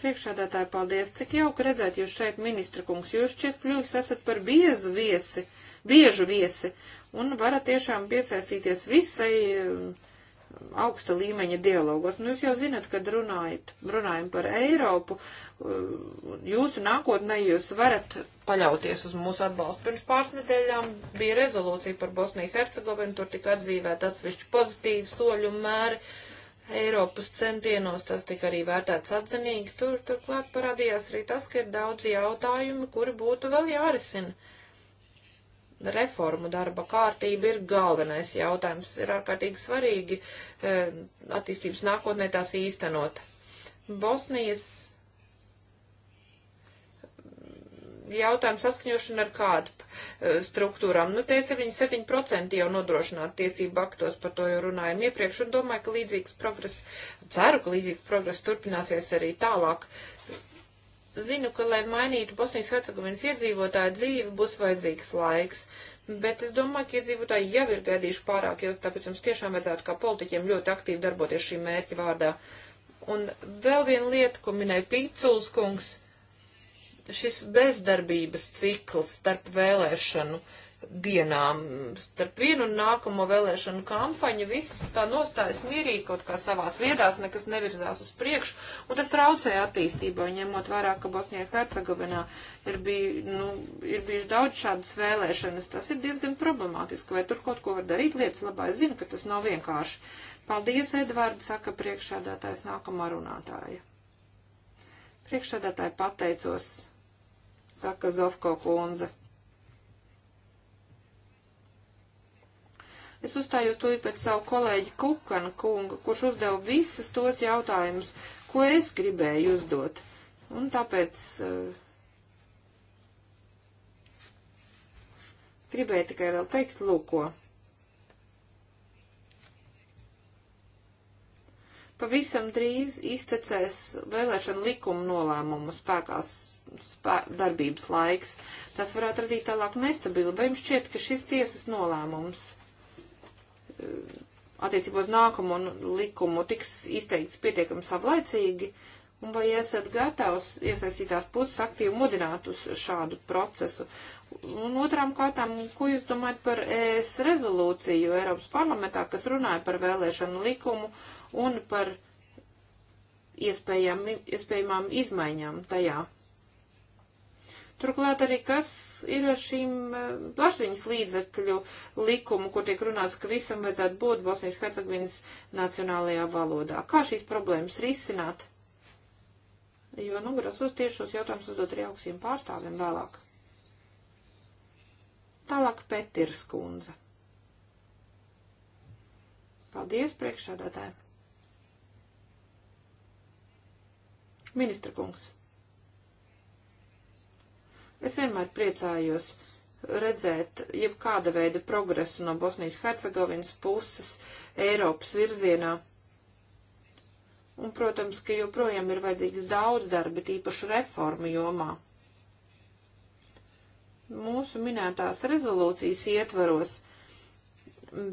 Priekšādātāji, paldies, cik jauki redzēt jūs šeit, ministra kungs, jūs šķiet kļuvis esat par biezu viesi, biežu viesi, un varat tiešām piesaistīties visai um, augsta līmeņa dialogos. Nu, jūs jau zinat, kad runājat, runājam par Eiropu, um, jūsu nākotnē jūs varat paļauties uz mūsu atbalstu. Pirms pāris nedēļām bija rezolūcija par Bosniju Hercegovinu, tur tika atzīvēt atsevišķi pozitīvi soļu mēri. Uh, Eiropas centienos tas tika arī vērtēts atzinīgi. Tur, turklāt parādījās arī tas, ka ir daudz jautājumu, kuri būtu vēl jārisina. Reformu darba kārtība ir galvenais jautājums. Ir ārkārtīgi svarīgi e, attīstības nākotnē tās īstenot. Bosnijas jautājumu saskaņošanu ar kādu eh, struktūrām. Nu, tie 77% jau nodrošināt tiesību aktos, par to jau runājam iepriekš, un domāju, ka līdzīgs progress, ceru, ka līdzīgs progress turpināsies arī tālāk. Zinu, ka, lai mainītu Bosnijas Hercegovinas iedzīvotāju dzīvi, būs vajadzīgs laiks. Bet es domāju, ka iedzīvotāji jau ir gaidījuši pārāk ilgi, tāpēc mums tiešām vajadzētu kā politiķiem ļoti aktīvi darboties šī mērķa vārdā. Un vēl viena lieta, ko minēja Pīculs kungs, šis bezdarbības cikls starp vēlēšanu dienām, starp vienu un nākamo vēlēšanu kampaņu, viss tā nostājas mierīgi kaut kā savās viedās, nekas nevirzās uz priekšu, un tas traucēja attīstībai, ņemot vērā, ka Bosnijā Hercegovinā ir, bij, nu, ir bijuši daudz šādas vēlēšanas, tas ir diezgan problemātiski, vai tur kaut ko var darīt lietas labā, es zinu, ka tas nav vienkārši. Paldies, Edvards, saka priekšādātājs nākamā runātāja. Priekšādātāji pateicos saka Zofko kundze. Es uzstājos tūlīt pēc savu kolēģi Kukana kunga, kurš uzdeva visus tos jautājumus, ko es gribēju uzdot. Un tāpēc uh, gribēju tikai vēl teikt, lūko. Pavisam drīz iztecēs vēlēšana likuma nolēmumu spēkās darbības laiks. Tas varētu radīt tālāk nestabilu. Vai jums šķiet, ka šis tiesas nolēmums eh, attiecībā uz nākamo nu, likumu tiks izteikts pietiekami savlaicīgi? Un vai esat gatavs iesaistītās puses aktīvi mudināt uz šādu procesu? Un otrām kārtām, ko jūs domājat par ES rezolūciju Eiropas parlamentā, kas runāja par vēlēšanu likumu un par iespējām, iespējamām izmaiņām tajā? Turklāt arī kas ir ar šīm eh, plašsaziņas līdzekļu likumu, kur tiek runāts, ka visam vajadzētu būt Bosnijas Hercegovinas nacionālajā valodā. Kā šīs problēmas risināt? Jo, nu, grasos tieši šos jautājumus uzdot arī augstiem pārstāvjiem vēlāk. Tālāk Petirs kundze. Paldies priekšādātājiem. Ministra kungs. Es vienmēr priecājos redzēt jebkāda veida progresu no Bosnijas Hercegovinas puses Eiropas virzienā. Un, protams, ka joprojām ir vajadzīgs daudz darba, tīpaši reformu jomā. Mūsu minētās rezolūcijas ietvaros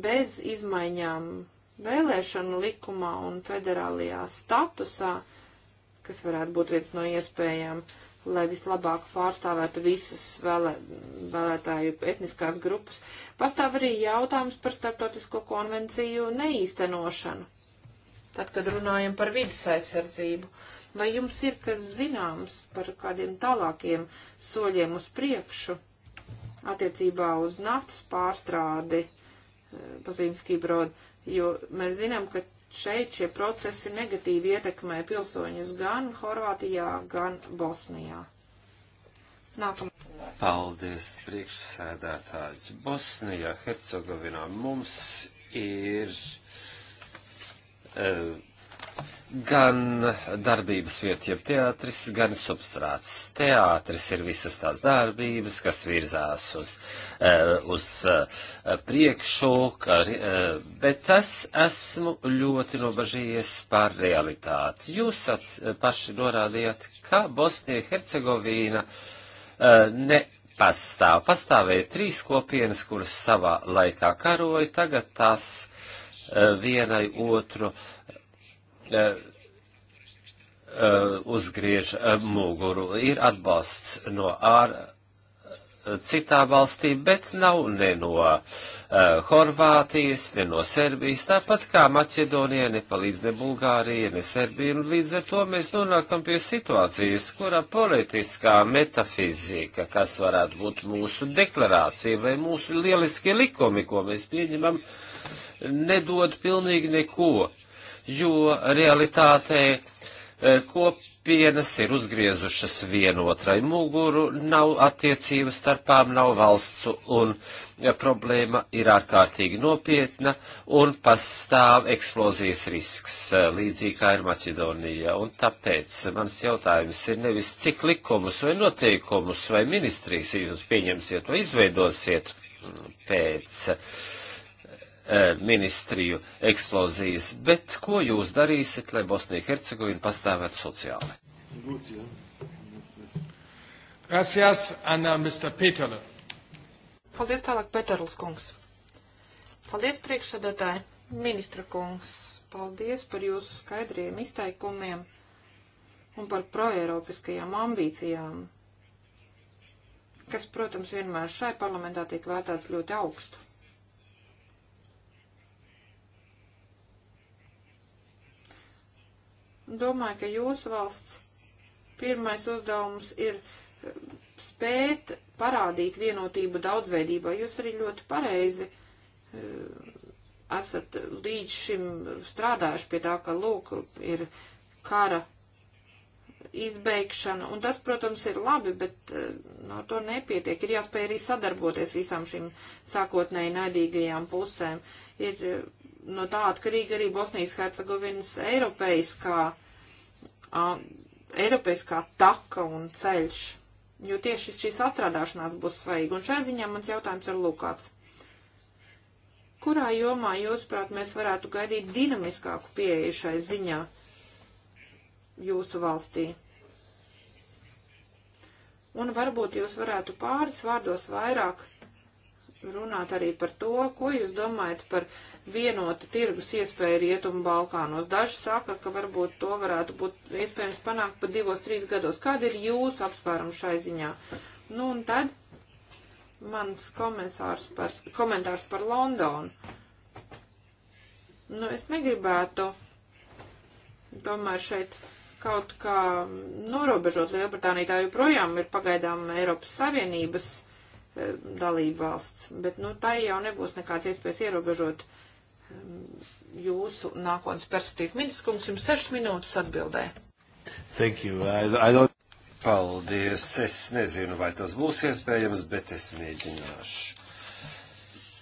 bez izmaiņām vēlēšanu likumā un federālajā statusā, kas varētu būt viens no iespējām, lai vislabāk pārstāvētu visas vēlē, vēlētāju etniskās grupas. Pastāv arī jautājums par starptautisko konvenciju neīstenošanu. Tad, kad runājam par vidas aizsardzību, vai jums ir kas zināms par kādiem tālākiem soļiem uz priekšu attiecībā uz naftas pārstrādi, eh, pazīmes kībrod, jo mēs zinām, ka šeit šie procesi negatīvi ietekmē pilsoņus gan Horvātijā, gan Bosnijā. Nākamā. Paldies, priekšsēdētāji. Bosnijā, Hercegovinā mums ir. Uh, gan darbības vieta, jeb teātris, gan substrāts. Teātris ir visas tās darbības, kas virzās uz, eh, uz eh, priekšu, eh, bet es esmu ļoti nobažījies par realitāti. Jūs ats, paši norādījāt, ka Bosnija Hercegovīna ne pastāv. Pastāvēja trīs kopienas, kuras savā laikā karoja, tagad tās vienai otru uzgriež muguru. Ir atbalsts no ārā citām valstīm, bet nav ne no uh, Horvātijas, ne no Serbijas, tāpat kā Maķedonija, ne palīdz ne Bulgārija, ne Serbija, un līdz ar to mēs nonākam pie situācijas, kurā politiskā metafizika, kas varētu būt mūsu deklarācija vai mūsu lieliskie likumi, ko mēs pieņemam, nedod pilnīgi neko. Uh, jo realitātē e, kopienas ir uzgriezušas vienotrai muguru, nav attiecību starpām, nav valsts, un ja e, problēma ir ārkārtīgi nopietna, un pastāv eksplozijas risks, e, līdzīgi kā ir Maķedonija. Un tāpēc mans jautājums ir nevis, cik likumus vai noteikumus vai ministrijas jūs pieņemsiet vai izveidosiet pēc uh, E, ministriju eksplozijas, bet ko jūs darīsiet, lai Bosnija Hercegovina pastāvētu sociāli? Gracias, Anna, Mr. Peterle. Paldies tālāk, Peterls kungs. Paldies, priekšsēdētāji, ministra kungs. Paldies par jūsu skaidriem izteikumiem un par proeiropiskajām ambīcijām, kas, protams, vienmēr šai parlamentā tiek vērtēts ļoti augstu. Domāju, ka jūsu valsts pirmais uzdevums ir eh, spēt parādīt vienotību daudzveidībā. Jūs arī ļoti pareizi eh, esat līdz šim strādājuši pie tā, ka, lūk, ir kara izbeigšana, un tas, protams, ir labi, bet eh, no to nepietiek. Ir jāspēj arī sadarboties visām šīm sākotnēji naidīgajām pusēm. Ir no tā atkarīga arī Bosnijas Hercegovinas eiropeiskā, a, eiropeiskā taka un ceļš, jo tieši šī sastrādāšanās būs svarīga. Un šai ziņā mans jautājums ir lūkāts. Kurā jomā, jūsuprāt, mēs varētu gaidīt dinamiskāku pieeju šai ziņā jūsu valstī? Un varbūt jūs varētu pāris vārdos vairāk runāt arī par to, ko jūs domājat par vienotu tirgus iespēju Rietumu Balkānos. Daži saka, ka varbūt to varētu būt iespējams panākt pat divos, trīs gados. Kāda ir jūsu apsvēruma šai ziņā? Nu un tad mans komentārs par, komentārs par Londonu. Nu, es negribētu tomēr šeit kaut kā norobežot Lielbritāniju, tā joprojām ir pagaidām Eiropas Savienības dalību valsts, bet nu, tai jau nebūs nekāds iespējas ierobežot um, jūsu nākotnes perspektīvu. Ministrs kungs, jums sešas minūtes atbildē. Thank you. I, I don't... Paldies. Es nezinu, vai tas būs iespējams, bet es mēģināšu.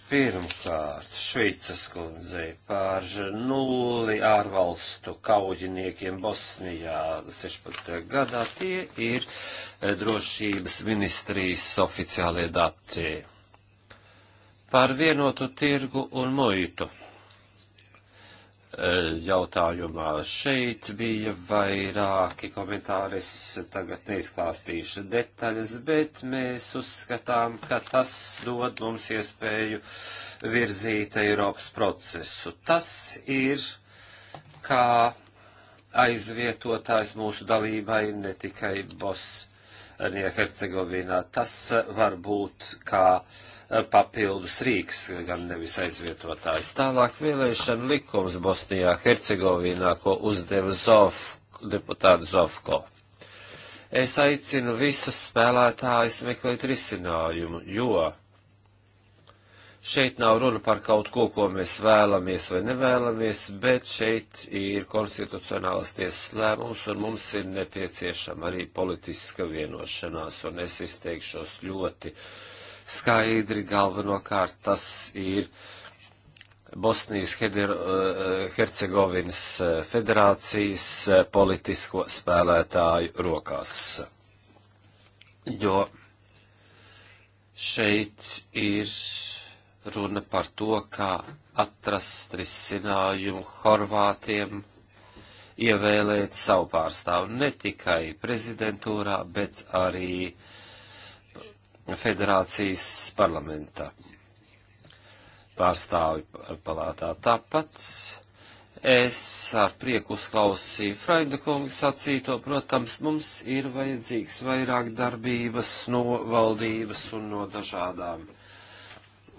Pirmkārt, Šveicas kundzei par nulli ārvalstu kauģiniekiem Bosnijā 16. gadā tie ir eh, drošības ministrijas oficiālie dati par vienotu tirgu un muitu jautājumā. Šeit bija vairāki komentāri, es tagad neizklāstīšu detaļas, bet mēs uzskatām, ka tas dod mums iespēju virzīt Eiropas procesu. Tas ir kā aizvietotājs mūsu dalībai ne tikai Bosnijā, Hercegovinā. Tas var būt kā uh, Eh, papildus rīks, gan nevis aizvietotājs. Tālāk vēlēšana likums Bosnijā, Hercegovīnā, ko uzdeva Zof, deputāta Zofko. Es aicinu visus spēlētājus meklēt risinājumu, jo šeit nav runa par kaut ko, ko mēs vēlamies vai nevēlamies, bet šeit ir konstitucionālas tiesas lēmums, un mums ir nepieciešama arī politiska vienošanās, un es izteikšos ļoti uh, skaidri, galvenokārt tas ir Bosnijas eh, Hercegovinas eh, federācijas eh, politisko spēlētāju rokās. Jo šeit ir runa par to, kā atrast risinājumu Horvātiem ievēlēt savu pārstāvu ne tikai prezidentūrā, bet arī uh, federācijas parlamentā pārstāvi palātā. Tāpat es ar prieku uzklausīju Fraida kungu sacīto, protams, mums ir vajadzīgs vairāk darbības no valdības un no dažādām uh,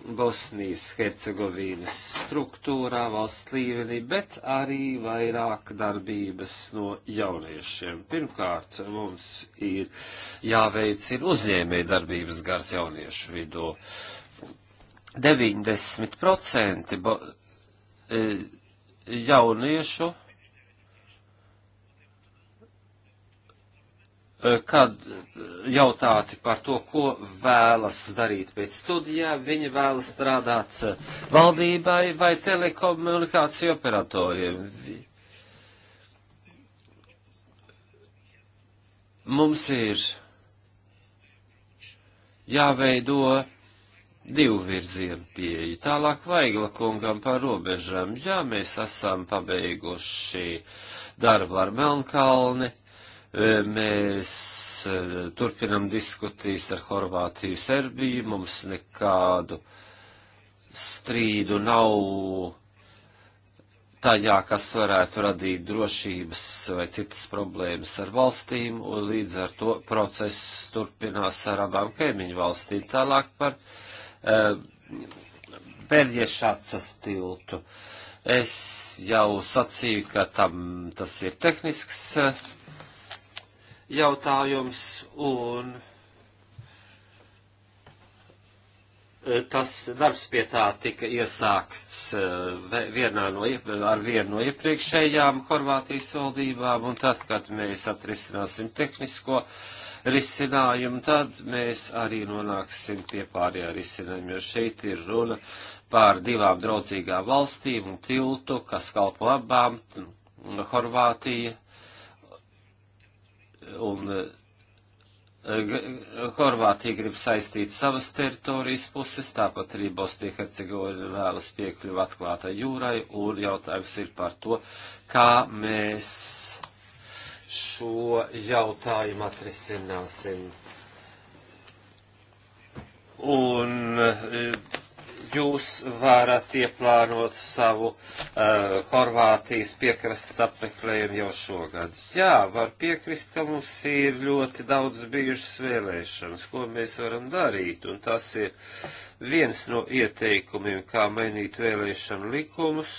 Bosnijas Hercegovīnas struktūrā valsts līmenī, bet arī vairāk darbības no jauniešiem. Pirmkārt, mums ir jāveicina uzņēmē darbības gars jauniešu vidū. 90% bo, e, jauniešu Eh, kad jautāti par to, ko vēlas darīt pēc studijām, viņi vēlas strādāt eh, valdībai vai telekomunikāciju operatoriem. Mums ir jāveido divu virzienu pieeja. Tālāk vaigla kungam par robežām. Jā, mēs esam pabeiguši darbu ar Melnkalni Mēs eh, turpinam diskutīs ar Horvātiju, Serbiju, mums nekādu strīdu nav tajā, kas varētu radīt drošības vai citas problēmas ar valstīm, un līdz ar to process turpinās ar abām kaimiņu valstīm. Tālāk par eh, Berģiešācas uh, tiltu. Es jau sacīju, ka tam tas ir tehnisks. Uh, jautājums un e, tas darbs pie tā tika iesākts e, vienā no, ar vienu no iepriekšējām Horvātijas valdībām, un tad, kad mēs atrisināsim tehnisko risinājumu, tad mēs arī nonāksim pie pārējā risinājuma, jo šeit ir runa par divām draudzīgām valstīm un tiltu, kas kalpo abām, Horvātija un eh, Horvātija grib saistīt savas teritorijas puses, tāpat arī Bosnija Hercegovina vēlas piekļuvi atklātai jūrai, un jautājums ir par to, kā mēs šo jautājumu atrisināsim. Un eh, jūs varat ieplānot savu uh, Horvātijas piekrastes apmeklējumu jau šogad. Jā, var piekrist, ka mums ir ļoti daudz bijušas vēlēšanas, ko mēs varam darīt, un tas ir viens no ieteikumiem, kā mainīt vēlēšanu likumus,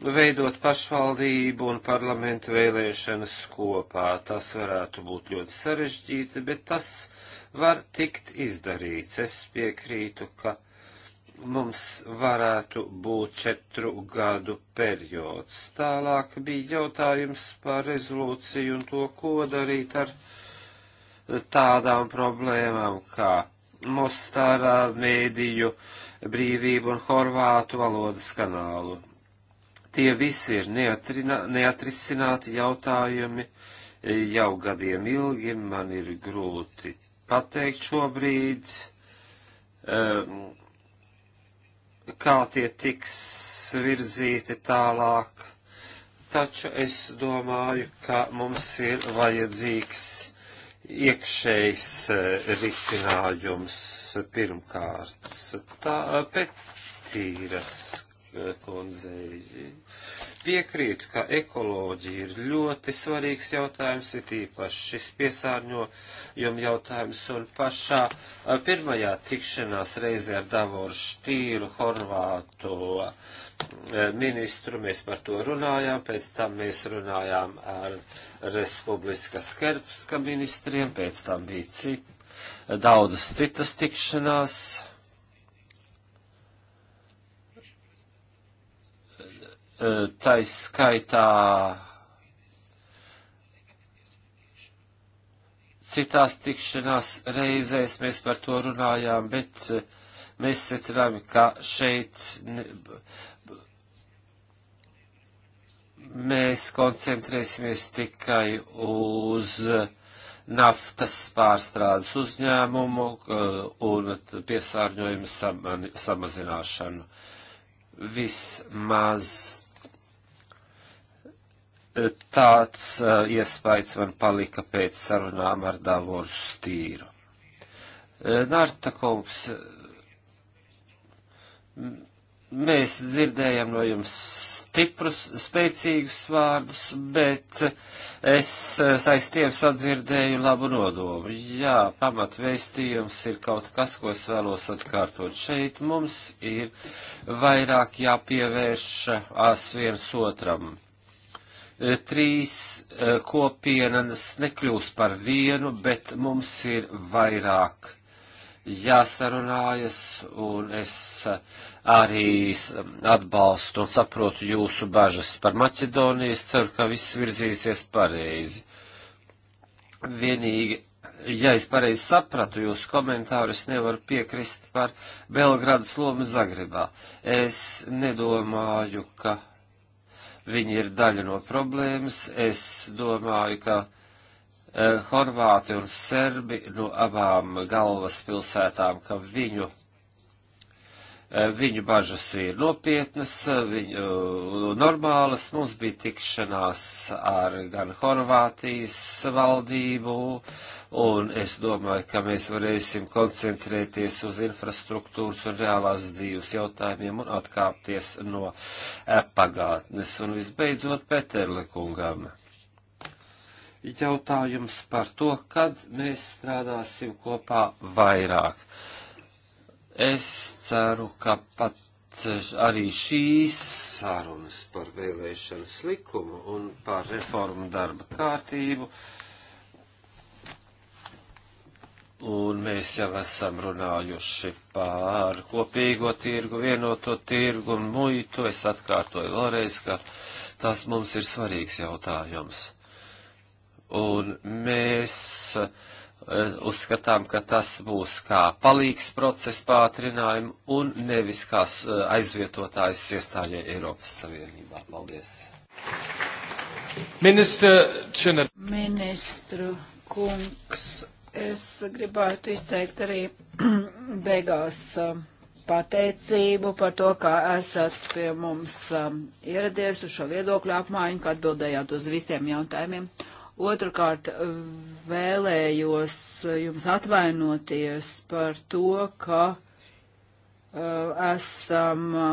veidot pašvaldību un parlamentu vēlēšanas kopā. Tas varētu būt ļoti sarežģīti, bet tas var tikt izdarīts. Es piekrītu, ka mums varētu būt četru gadu periods. Tālāk bija jautājums par rezolūciju un to, ko darīt ar tādām problēmām kā Mostarā, mēdīju brīvību un horvātu valodas kanālu. Tie visi ir neatrina, neatrisināti jautājumi jau gadiem ilgi, man ir grūti pateikt šobrīd. Um, kā tie tiks virzīti tālāk. Taču es domāju, ka mums ir vajadzīgs iekšējs eh, risinājums pirmkārt. Tā eh, petīras kundzei. Piekrītu, ka ekoloģija ir ļoti svarīgs jautājums, ir īpaši šis piesārņojuma jautājums, un pašā pirmajā tikšanās reizē ar Davoru Štīru, Horvātu ministru, mēs par to runājām, pēc tam mēs runājām ar Respubliskas Skerpska ministriem, pēc tam bija cit, daudzas citas tikšanās tais skaitā citās tikšanās reizēs mēs par to runājām, bet eh, mēs secinām, ka šeit ne, mēs koncentrēsimies tikai uz eh, naftas pārstrādes uzņēmumu eh, un piesārņojumu samazināšanu. Vismaz Tāds uh, iespējas man palika pēc sarunām ar Davoru Stīru. Eh, Nārta kungs, mēs dzirdējam no jums stiprus, spēcīgus vārdus, bet es eh, saistiem sadzirdēju labu nodomu. Jā, pamatveistījums ir kaut kas, ko es vēlos atkārtot. Šeit mums ir vairāk jāpievērš as viens otram trīs eh, kopienas nekļūs par vienu, bet mums ir vairāk jāsarunājas, un es arī atbalstu un saprotu jūsu bažas par Maķedoniju. Es ceru, ka viss virzīsies pareizi. Vienīgi, ja es pareizi sapratu jūsu komentāru, es nevaru piekrist par Belgrādas lomu Zagrebā. Es nedomāju, ka Viņi ir daļa no problēmas. Es domāju, ka eh, Horvāti un Serbi no abām galvaspilsētām, ka viņu Eh, viņu bažas ir nopietnas, eh, viņu eh, normālas. Mums bija tikšanās ar gan Horvātijas valdību, un es domāju, ka mēs varēsim koncentrēties uz infrastruktūras un reālās dzīves jautājumiem un atkāpties no pagātnes. Un visbeidzot, Peterle kungam. Jautājums par to, kad mēs strādāsim kopā vairāk Es ceru, ka pat arī šīs sarunas par vēlēšanas likumu un par reformu darba kārtību, un mēs jau esam runājuši par kopīgo tirgu, vienoto tirgu un muitu, es atkārtoju vēlreiz, ka tas mums ir svarīgs jautājums. Un mēs uh, Eh, uzskatām, ka tas būs kā palīgs process pātrinājumu un nevis kā eh, aizvietotājs iestājai Eiropas Savienībā. Paldies! Ministra Ministru kungs, es gribētu izteikt arī *clears throat* beigās eh, pateicību par to, ka esat pie mums ieradies uz šo viedokļu apmaiņu, ka atbildējāt uz visiem jautājumiem. Otrakārt, vēlējos jums atvainoties par to, ka uh, esam uh,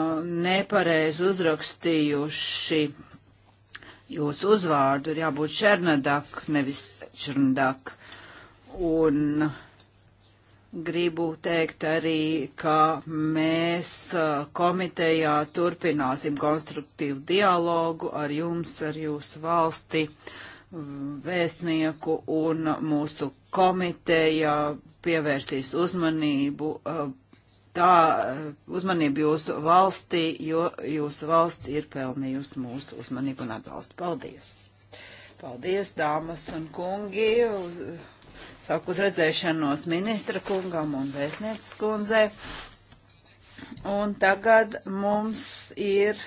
nepareizi uzrakstījuši jūsu uzvārdu. Ir jābūt Černadak, nevis Černadak. Un gribu teikt arī, ka mēs uh, komitejā turpināsim konstruktīvu dialogu ar jums, ar jūsu valsti. Uh, vēstnieku un mūsu komiteja pievērsīs uzmanību, eh, tā eh, uzmanību jūsu valstī, jo jūsu valsts ir pelnījusi mūsu uzmanību un atbalstu. Paldies! Paldies, dāmas un kungi! Saku uz redzēšanos ministra kungam un vēstnieces kundzei. Un tagad mums ir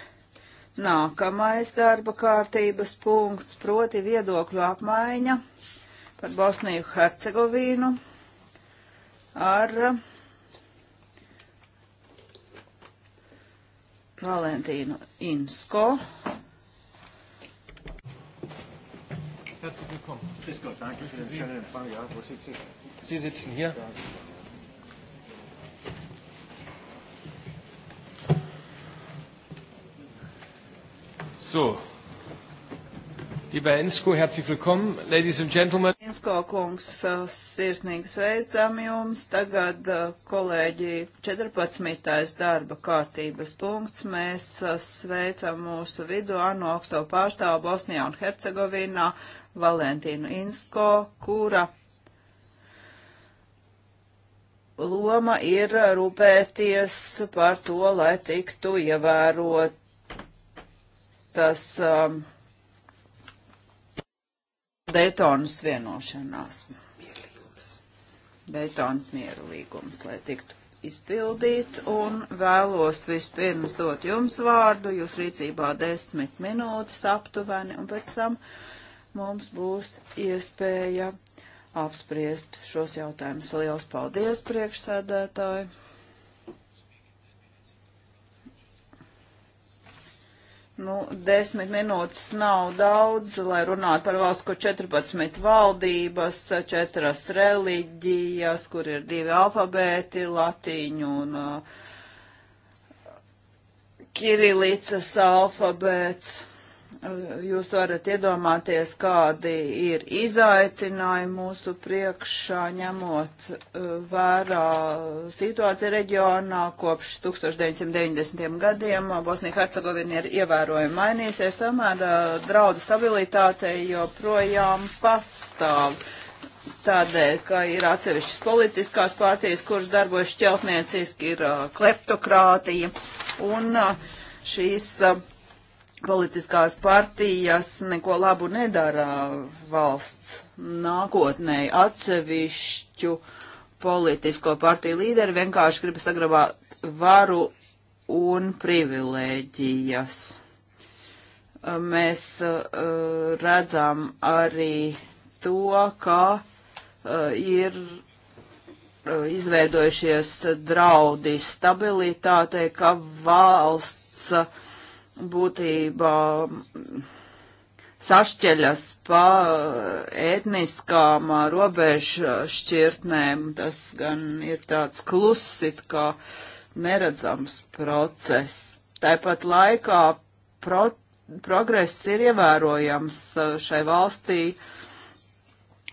Nākamais darba kārtības punkts, proti viedokļu apmaiņa par Bosniju Hercegovīnu ar Valentīnu Insko. Herzlich willkommen. Grüß Gott. Danke für den schönen Empfang. Ja, wo sitzt Sie? Sie sitzen hier. Ja. So. Lieber Ensko, herzlich willkommen, ladies and gentlemen. Ensko kungs, uh, sirsnīgi sveicam jums. Tagad, uh, kolēģi, 14. darba kārtības punkts. Mēs uh, sveicam mūsu vidu ANO augsto pārstāvu Bosnijā un Hercegovinā Valentīnu Insko, kura loma ir rūpēties par to, lai tiktu ievērot tas um, Daytonas vienošanās. Daytonas miera līgums, lai tiktu izpildīts, un vēlos vispirms dot jums vārdu, jūs rīcībā desmit minūtes aptuveni, un pēc tam mums būs iespēja apspriest šos jautājumus. Liels paldies, priekšsēdētāji! Nu, desmit minūtes nav daudz, lai runātu par valsts, kur 14 valdības, četras reliģijas, kur ir divi alfabēti, latīņu un uh, kirilīcas alfabēts. Jūs varat iedomāties, kādi ir izaicinājumi mūsu priekšā, ņemot uh, vērā situāciju reģionā kopš 1990. gadiem. Bosnija Hercegovina ir ievērojami mainīsies, tomēr uh, draudu stabilitātei joprojām pastāv tādēļ, ka ir atsevišķas politiskās partijas, kuras darbojas šķeltnieciski, ir uh, kleptokrātija, un uh, šīs uh, politiskās partijas neko labu nedara valsts nākotnē. Atsevišķu politisko partiju līderi vienkārši grib sagrabāt varu un privilēģijas. Mēs uh, redzam arī to, ka uh, ir uh, izveidojušies draudi stabilitātei, ka valsts uh, būtībā sašķeļas pa etniskām robežu šķirtnēm. Tas gan ir tāds klusit, kā neredzams process. Tāpat laikā pro, progress ir ievērojams šai valstī.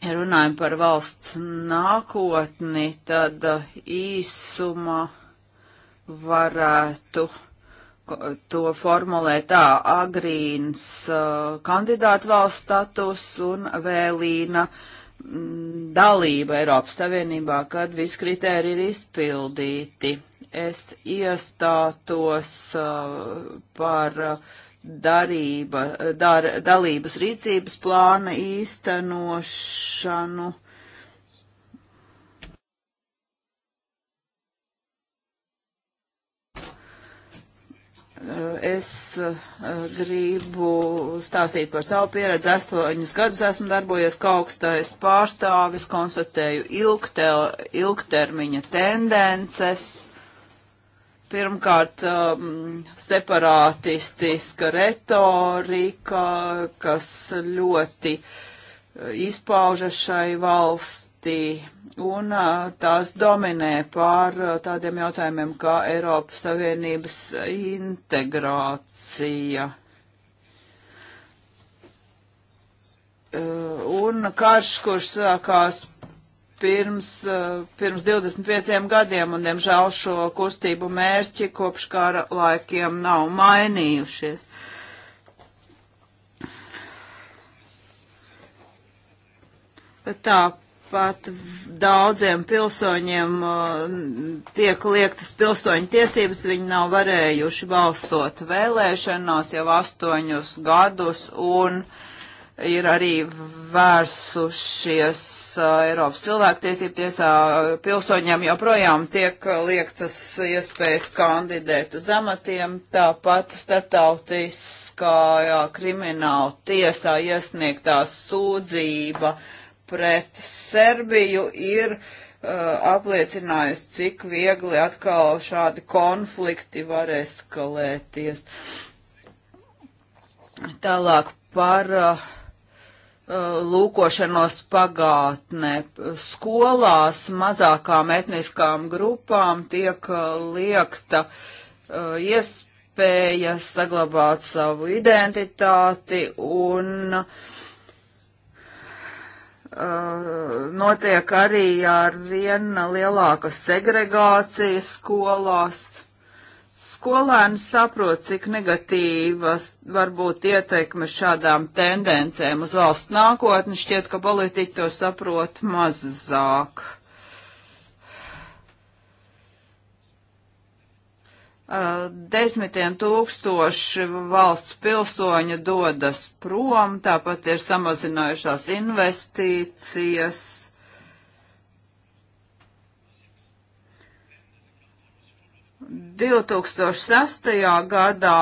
Ja runājam par valsts nākotni, tad īsuma varētu uh, to formulē tā agrīns uh, kandidātu valsts status un vēlīna mm, dalība Eiropas Savienībā, kad visi kritēri ir izpildīti. Es iestātos uh, par uh, darība, dar, dalības rīcības plāna īstenošanu Es eh, gribu stāstīt par savu pieredzi. Astoņus gadus esmu darbojies kā augstais pārstāvis, konstatēju ilgte, ilgtermiņa tendences. Pirmkārt, um, separātistiska retorika, kas ļoti eh, izpaužas šai valsts valstī, un tās dominē pār tādiem jautājumiem kā Eiropas Savienības integrācija. Un karš, kurš sākās pirms, pirms 25 gadiem, un diemžēl šo kustību mērķi kopš kara laikiem nav mainījušies. Tāpēc pat daudziem pilsoņiem tiek liektas pilsoņu tiesības, viņi nav varējuši balsot vēlēšanos jau astoņus gadus un ir arī vērsušies Eiropas cilvēktiesību tiesā. Pilsoņiem joprojām tiek liektas iespējas kandidēt uz amatiem, tāpat starptautiskā krimināla tiesā iesniegtā sūdzība pret Serbiju ir uh, apliecinājusi, cik viegli atkal šādi konflikti var eskalēties. Tālāk par uh, uh lūkošanos pagātnē. Skolās mazākām etniskām grupām tiek uh, liekta uh, iespēja saglabāt savu identitāti un uh, Uh, notiek arī ar vien lielāka segregācija skolās. Skolēni saprot, cik negatīvas var būt ieteikme šādām tendencēm uz valsts nākotni, šķiet, ka politiķi to saprot mazāk. Desmitiem tūkstoši valsts pilsoņu dodas prom, tāpat ir samazinājušās investīcijas 2006. gadā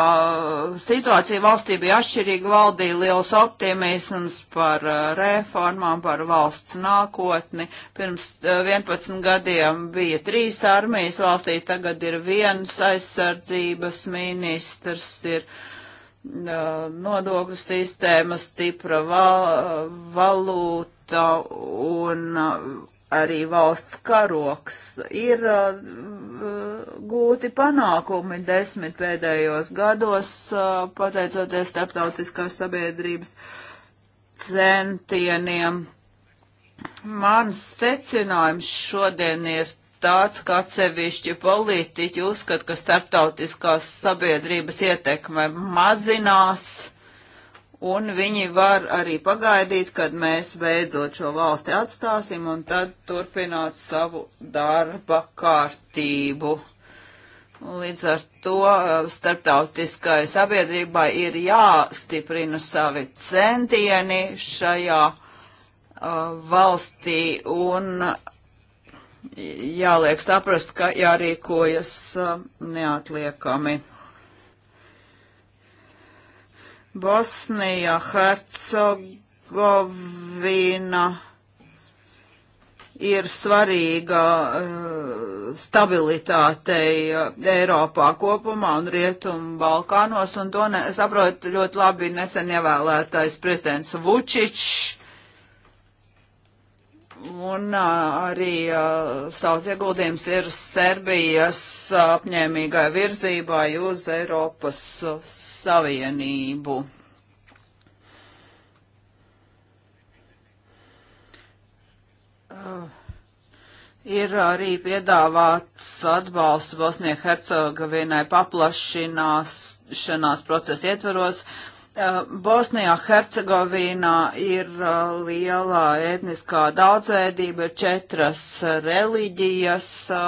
situācija valstī bija atšķirīga, valdīja liels optimisms par uh, reformām, par valsts nākotni. Pirms 11 uh, gadiem bija trīs armijas valstī, tagad ir viens aizsardzības ministrs, ir uh, nodokļu sistēma, stipra val valūta un arī valsts karoks, ir uh, gūti panākumi desmit pēdējos gados, uh, pateicoties starptautiskās sabiedrības centieniem. Mans secinājums šodien ir tāds, ka atsevišķi politiķi uzskata, ka starptautiskās sabiedrības ietekme mazinās un viņi var arī pagaidīt, kad mēs beidzot šo valsti atstāsim un tad turpināt savu darba kārtību. Līdz ar to uh, starptautiskai sabiedrībai ir jāstiprina savi centieni šajā uh, valstī un jāliek saprast, ka jārīkojas uh, neatliekami. Bosnija, Hercegovina ir svarīga uh, stabilitātei eh, Eiropā kopumā un Rietumu Balkānos, un to ne, saprot ļoti labi nesen ievēlētais prezidents Vučičs. Un uh, arī uh, savs ieguldījums ir Serbijas apņēmīgai virzībai uz Eiropas Savienību. Uh, ir arī piedāvāts atbalsts Bosnijai Hercegovinai paplašināšanās procesa ietvaros. Uh, Bosnijā Hercegovīnā ir uh, lielā etniskā daudzveidība, ir četras reliģijas, uh,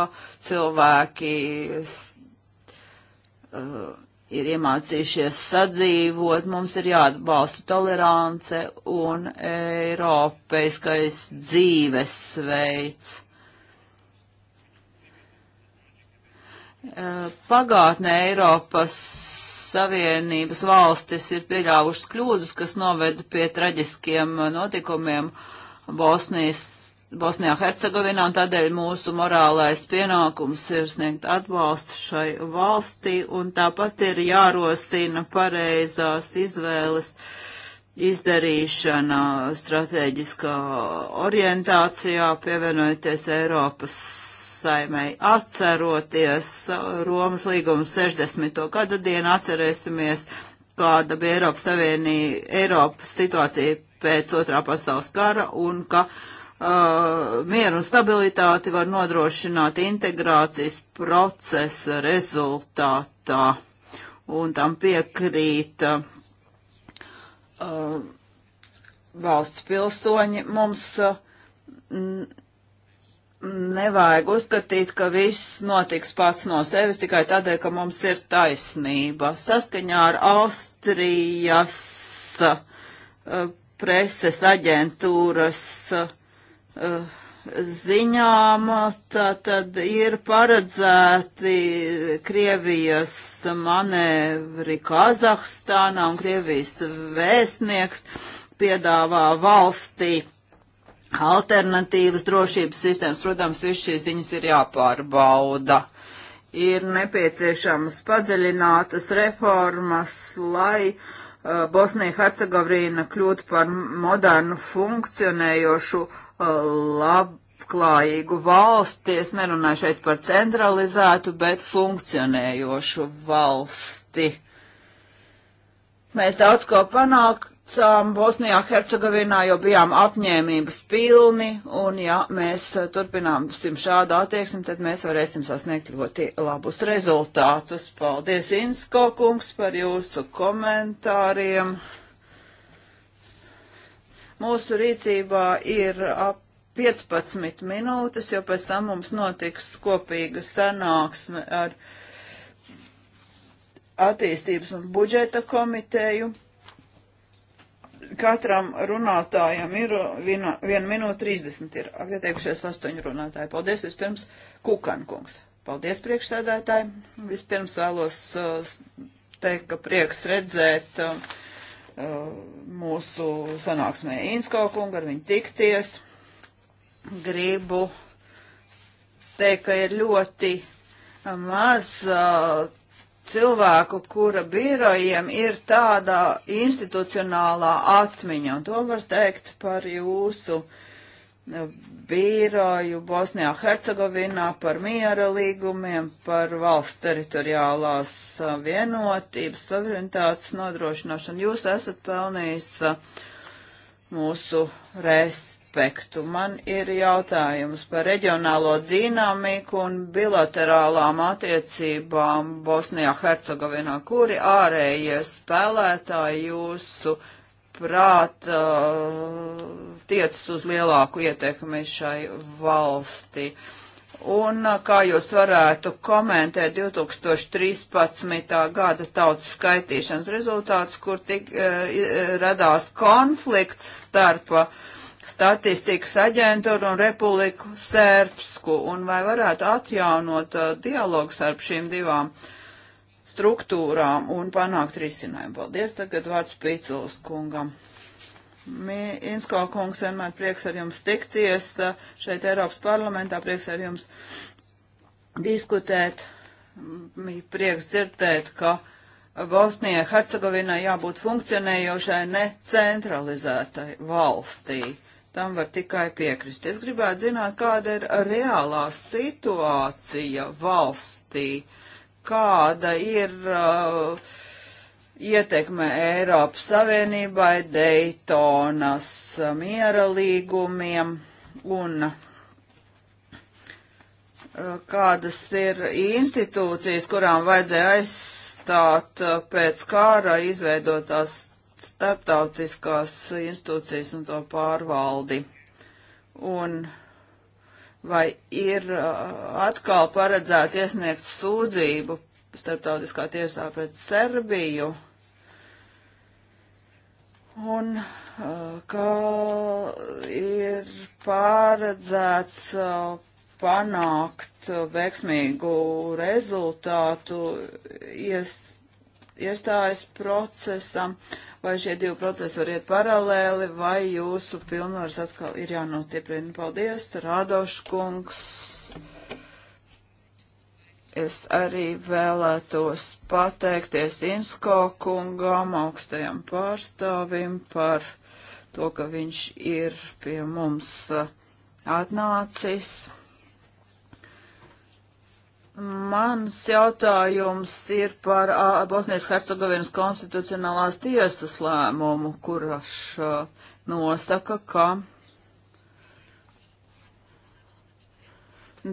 cilvēki uh, ir iemācījušies sadzīvot, mums ir jāatbalsta tolerance un eiropeiskais dzīvesveids. Eh, pagātnē Eiropas Savienības valstis ir pieļāvušas kļūdas, kas noveda pie traģiskiem notikumiem Bosnijas Bosnijā Hercegovinā, un tādēļ mūsu morālais pienākums ir sniegt atbalstu šai valstī, un tāpat ir jārosina pareizās izvēles izdarīšana strateģiskā orientācijā, pievienojoties Eiropas saimai, atceroties Romas līguma 60. gada dienu, atcerēsimies, kāda bija Eiropas Savienība, Eiropas situācija pēc otrā pasaules kara, un ka uh, Uh, mieru un stabilitāti var nodrošināt integrācijas procesa rezultātā. Un tam piekrīt uh, uh valsts pilsoņi. Mums uh, nevajag uzskatīt, ka viss notiks pats no sevis tikai tādēļ, ka mums ir taisnība. Saskaņā ar Austrijas uh, preses aģentūras uh, ziņām, tātad ir paredzēti Krievijas manevri Kazahstānā un Krievijas vēstnieks piedāvā valstī alternatīvas drošības sistēmas. Protams, viss šīs ziņas ir jāpārbauda. Ir nepieciešamas padziļinātas reformas, lai uh, Bosnija-Hercegovina kļūtu par modernu funkcionējošu uh, labklājīgu valsti. Es nerunāju šeit par centralizētu, bet funkcionējošu valsti. Mēs daudz ko panākam sākām Bosnijā, Hercegovinā, jo bijām apņēmības pilni, un ja mēs turpināsim šādu attieksmi, tad mēs varēsim sasniegt ļoti labus rezultātus. Paldies, Insko kungs, par jūsu komentāriem. Mūsu rīcībā ir ap 15 minūtes, jo pēc tam mums notiks kopīga sanāksme ar attīstības un budžeta komiteju. Katram runātājam ir 1 uh, minūte 30. Ir ieteikušies 8 runātāji. Paldies vispirms Kukankungs. Paldies priekšsēdētāji. Vispirms vēlos uh, teikt, ka prieks redzēt. Uh, mūsu sanāksmē Insko kungu, ar viņu tikties. Gribu teikt, ka ir ļoti maz uh, cilvēku, kura birojiem ir tāda institucionālā atmiņa, un to var teikt par jūsu uh, bīroju Bosnijā, Hercegovinā par miera līgumiem, par valsts teritoriālās vienotības, suverenitātes nodrošināšanu. Jūs esat pelnījis mūsu respektu. Man ir jautājums par reģionālo dinamiku un bilaterālām attiecībām Bosnijā, Hercegovinā. Kuri ārējie spēlētāji jūsu? Uh, manuprāt, tiecas uz lielāku ietekmi šai valsti. Un kā jūs varētu komentēt 2013. gada tautas skaitīšanas rezultātus, kur tik radās konflikts starp statistikas aģentūru un republiku sērpsku, un vai varētu atjaunot dialogu starp šīm divām uh, struktūrām un panākt risinājumu. Paldies, tagad vārds Pīculs kungam. Insko kungs, vienmēr prieks ar jums tikties uh, šeit Eiropas parlamentā, prieks ar jums diskutēt, prieks dzirdēt, ka Bosnijai Hercegovinai jābūt funkcionējošai, ne centralizētai valstī. Tam var tikai piekrist. Es gribētu zināt, kāda ir reālā situācija valstī. Uh, kāda ir uh, ietekme Eiropas Savienībai, Daytonas uh, miera līgumiem un uh, kādas ir institūcijas, kurām vajadzēja aizstāt uh, pēc kāra izveidotās starptautiskās institūcijas un to pārvaldi. Un uh, vai ir uh, atkal paredzēts iesniegt sūdzību starptautiskā tiesā pret Serbiju. Un uh, kā ir paredzēts uh, panākt veiksmīgu rezultātu ies, iestājas procesam vai šie divi procesi var iet paralēli, vai jūsu pilnvaras atkal ir jānostiprina. Paldies, Rādoškungs. Es arī vēlētos pateikties Insko kungam, augstajam pārstāvim par to, ka viņš ir pie mums uh, atnācis. Mans jautājums ir par Bosnijas Hercegovinas konstitucionālās tiesas lēmumu, kurš nosaka, ka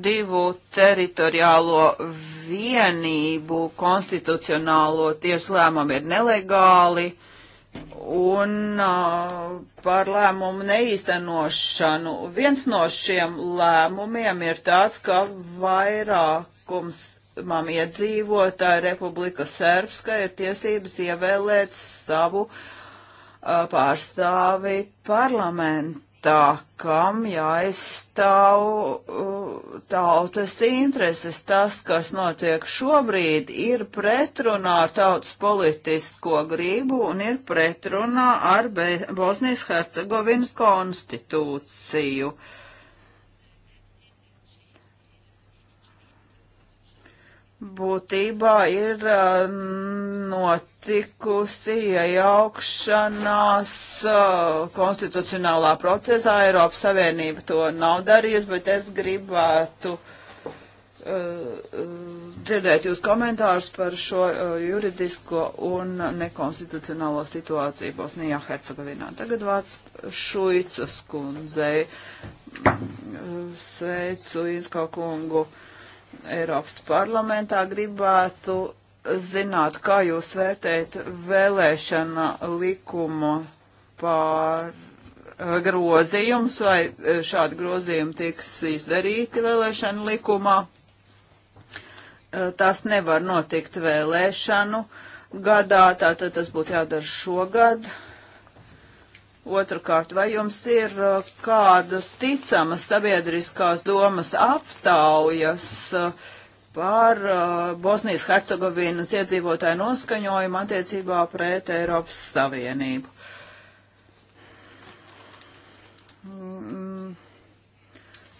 divu teritoriālo vienību konstitucionālo tiesu lēmumu ir nelegāli un uh, par lēmumu neīstenošanu. Viens no šiem lēmumiem ir tāds, ka vairāk likums mam iedzīvotāji Republika Sērbska ir tiesības ievēlēt savu uh, pārstāvi parlamentā, kam jāizstāv uh, tautas intereses. Tas, kas notiek šobrīd, ir pretrunā ar tautas politisko grību un ir pretrunā ar Be Bosnijas Hercegovinas konstitūciju. Uh, būtībā ir uh, notikusi iejaukšanās uh, konstitucionālā procesā. Eiropas Savienība to nav darījusi, bet es gribētu uh, dzirdēt jūs komentārus par šo juridisko un nekonstitucionālo situāciju Bosnijā Hercegovinā. Tagad vārds Šuicas kundzei. Mm, sveicu Insko kungu. Uh, Eiropas parlamentā, gribētu zināt, kā jūs vērtējat vēlēšana likuma pār eh, grozījums, vai eh, šādi grozījumi tiks izdarīti vēlēšana likumā. Eh, tas nevar notikt vēlēšanu gadā, tātad tas būtu jādara šogad. Otrakārt, vai jums ir uh, kādas ticamas sabiedriskās domas aptaujas uh, par uh, Bosnijas Hercegovinas iedzīvotāju noskaņojumu attiecībā pret Eiropas Savienību? Mm.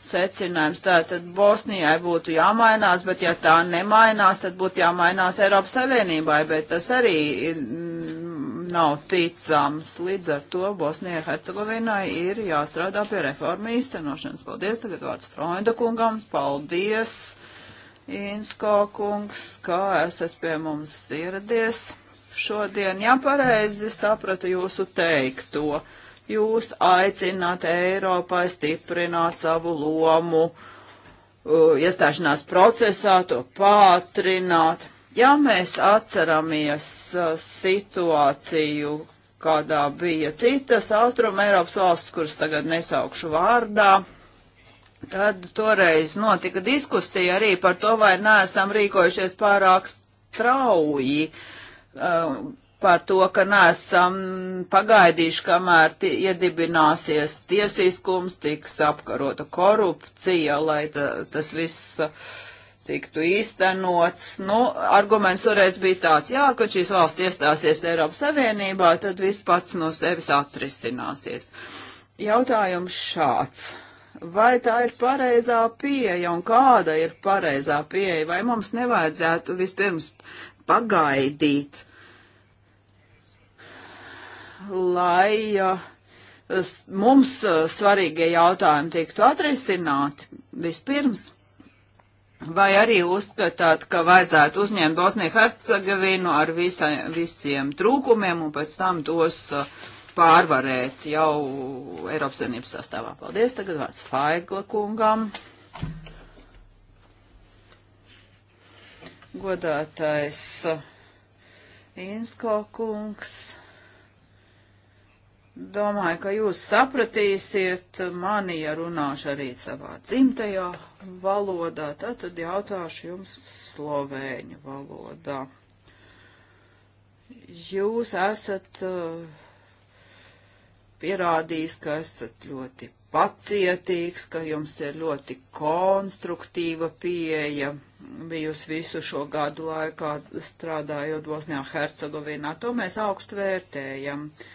Secinājums tātad Bosnijai būtu jāmainās, bet ja tā nemainās, tad būtu jāmainās Eiropas Savienībai, bet tas arī mm, nav ticams. Līdz ar to Bosnijai Hercegovinai ir jāstrādā pie reforma īstenošanas. Paldies, tagad vārds Freunda kungam. Paldies, Insko kungs, kā esat pie mums ieradies šodien. Ja pareizi sapratu jūsu teikto, jūs aicināt Eiropai stiprināt savu lomu uh, iestāšanās procesā, to pātrināt Ja mēs atceramies uh, situāciju, kādā bija citas Austrum Eiropas valsts, kuras tagad nesaukšu vārdā, tad toreiz notika diskusija arī par to, vai neesam rīkojušies pārāk strauji uh, par to, ka neesam pagaidījuši, kamēr iedibināsies tiesiskums, tiks apkarota korupcija, lai tas viss uh, tiktu īstenots. Nu, arguments toreiz bija tāds, jā, ka šīs valsts iestāsies Eiropas Savienībā, tad viss pats no sevis atrisināsies. Jautājums šāds. Vai tā ir pareizā pieeja un kāda ir pareizā pieeja? Vai mums nevajadzētu vispirms pagaidīt, lai uh, mums uh, svarīgie jautājumi tiktu atrisināti vispirms? Vai arī uzskatāt, ka vajadzētu uzņemt Bosniju Hercegovinu ar visa, visiem trūkumiem un pēc tam tos uh, pārvarēt jau Eiropas Savienības sastāvā? Paldies, tagad vārds Faigla kungam. Godātais uh, Insko kungs. Domāju, ka jūs sapratīsiet mani, ja runāšu arī savā dzimtajā valodā. Tātad jautāšu jums slovēņu valodā. Jūs esat uh, pierādījis, ka esat ļoti pacietīgs, ka jums ir ļoti konstruktīva pieeja bijusi visu šo gadu laikā strādājot Bosnijā Hercegovinā. To mēs augstu vērtējam. Uh,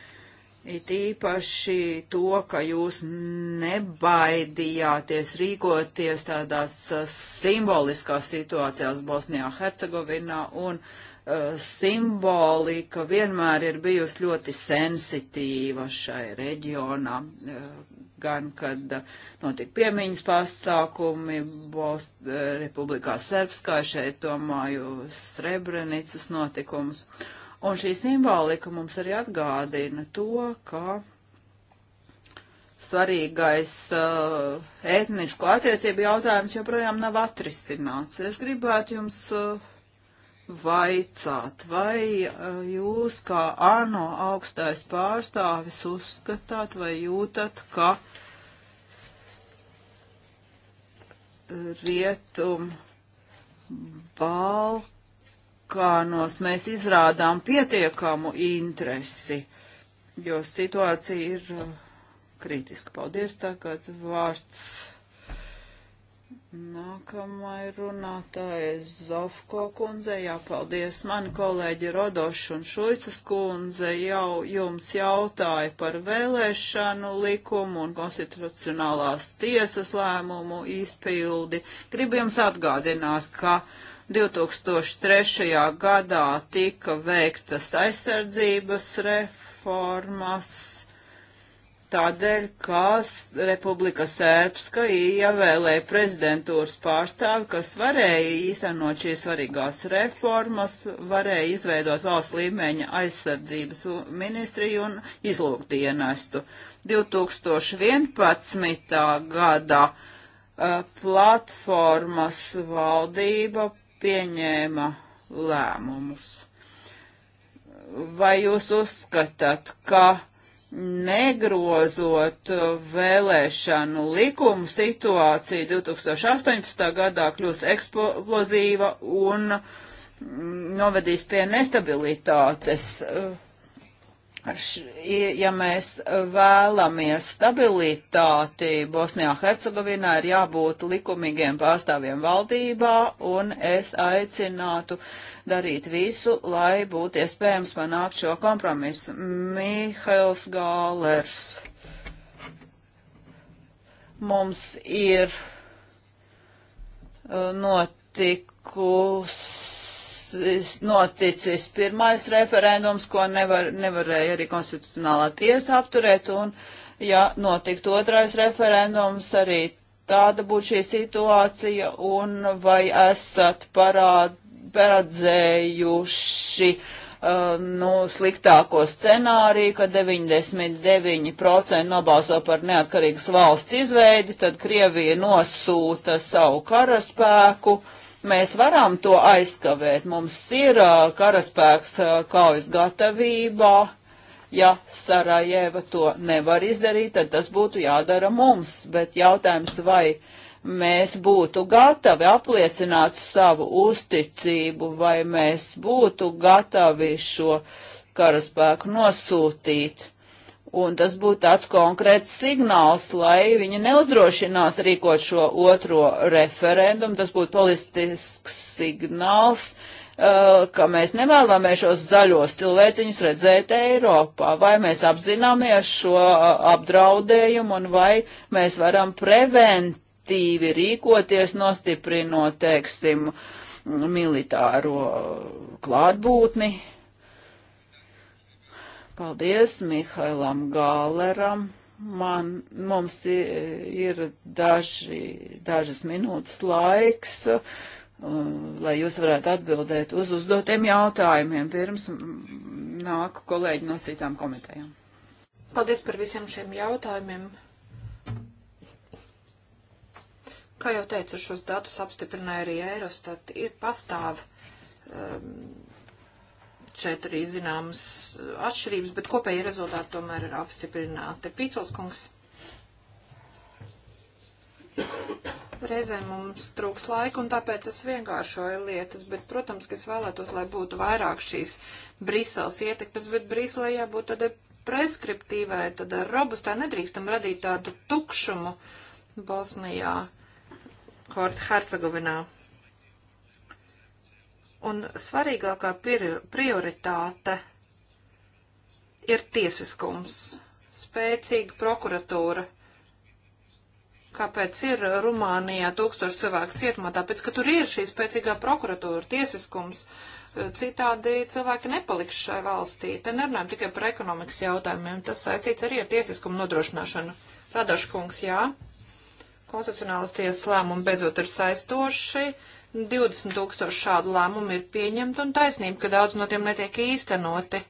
It īpaši to, ka jūs nebaidījāties rīkoties tādās uh, simboliskās situācijās Bosnijā, Hercegovinā, un uh, simbolika vienmēr ir bijusi ļoti sensitīva šai reģionā, uh, gan kad uh, notika piemiņas pasākumi Bos uh, Republikā Serbskā, šeit domāju Srebrenicas notikumus. Uh, Un šī simbolika mums arī atgādina to, ka svarīgais uh, etnisko attiecību jautājums joprojām nav atrisināts. Es gribētu jums uh, vaicāt, vai uh, jūs kā ANO augstais pārstāvis uzskatāt vai jūtat, ka rietum Balkāns orgānos mēs izrādām pietiekamu interesi, jo situācija ir uh, kritiska. Paldies, tagad vārds nākamai runātāja Zofko kundze. Jā, paldies, mani kolēģi Rodoši un Šuicas kundze jau jums jautāja par vēlēšanu likumu un konstitucionālās tiesas lēmumu izpildi. Gribu jums atgādināt, ka 2003. gadā tika veiktas aizsardzības reformas tādēļ, ka Republika Sērbska ievēlēja prezidentūras pārstāvi, kas varēja īstenot šīs svarīgās reformas, varēja izveidot valsts līmeņa aizsardzības ministriju un izlūkdienestu. 2011. gada uh, platformas valdība pieņēma lēmumus. Vai jūs uzskatāt, ka negrozot vēlēšanu likumu situācija 2018. gadā kļūs eksplozīva un novedīs pie nestabilitātes ja mēs vēlamies stabilitāti Bosnijā Hercegovinā, ir jābūt likumīgiem pārstāvjiem valdībā, un es aicinātu darīt visu, lai būtu iespējams panākt šo kompromisu. Mihails Gālers. Mums ir uh, notikusi noticis pirmais referendums, ko nevar, nevarēja arī konstitucionālā tiesa apturēt, un ja notiktu otrais referendums, arī tāda būtu šī situācija, un vai esat parād, paredzējuši uh, nu, sliktāko scenāriju, ka 99% nobalso par neatkarīgas valsts izveidi, tad Krievija nosūta savu karaspēku, uh, Mēs varam to aizkavēt. Mums ir uh, karaspēks uh, kaujas gatavībā. Ja Sarajeva to nevar izdarīt, tad tas būtu jādara mums. Bet jautājums, vai mēs būtu gatavi apliecināt savu uzticību, vai mēs būtu gatavi šo karaspēku nosūtīt Un tas būtu tāds konkrēts signāls, lai viņi neuzdrošinās rīkot šo otro referendumu. Tas būtu politisks signāls, uh, ka mēs nevēlamies šos zaļos cilvēciņus redzēt Eiropā. Vai mēs apzināmies šo uh, apdraudējumu un vai mēs varam preventīvi rīkoties, nostiprinot, teiksim, militāro klātbūtni? Paldies Mihailam Gāleram. Man, mums ir daži, dažas minūtes laiks, lai jūs varētu atbildēt uz uzdotiem jautājumiem. Pirms nāk kolēģi no citām komitejām. Paldies par visiem šiem jautājumiem. Kā jau teicu, šos datus apstiprināja arī Eurostat. Ir pastāv um, šeit arī zināmas eh, atšķirības, bet kopēji rezultāti tomēr ir apstiprināti. Pīcols kungs. Reizē mums trūks laika, un tāpēc es vienkāršoju lietas, bet, protams, ka es vēlētos, lai būtu vairāk šīs Briseles ietekmes, bet Briselē jābūt tādai preskriptīvai, tādai robustai, nedrīkstam radīt tādu tukšumu Bosnijā, Hercegovinā. Hort Un svarīgākā prioritāte ir tiesiskums, spēcīga prokuratūra. Kāpēc ir Rumānijā tūkstoši cilvēku cietumā? Tāpēc, ka tur ir šī spēcīgā prokuratūra, tiesiskums. Citādi cilvēki nepaliks šai valstī. Te nerunājam tikai par ekonomikas jautājumiem. Tas saistīts arī ar tiesiskumu nodrošināšanu. Radaškungs, jā. Konstitucionālas tiesas lēmumi beidzot ir saistoši. Uh, 20 tūkstoši šādu lēmumu ir pieņemti un taisnība, ka daudz no tiem netiek īstenoti.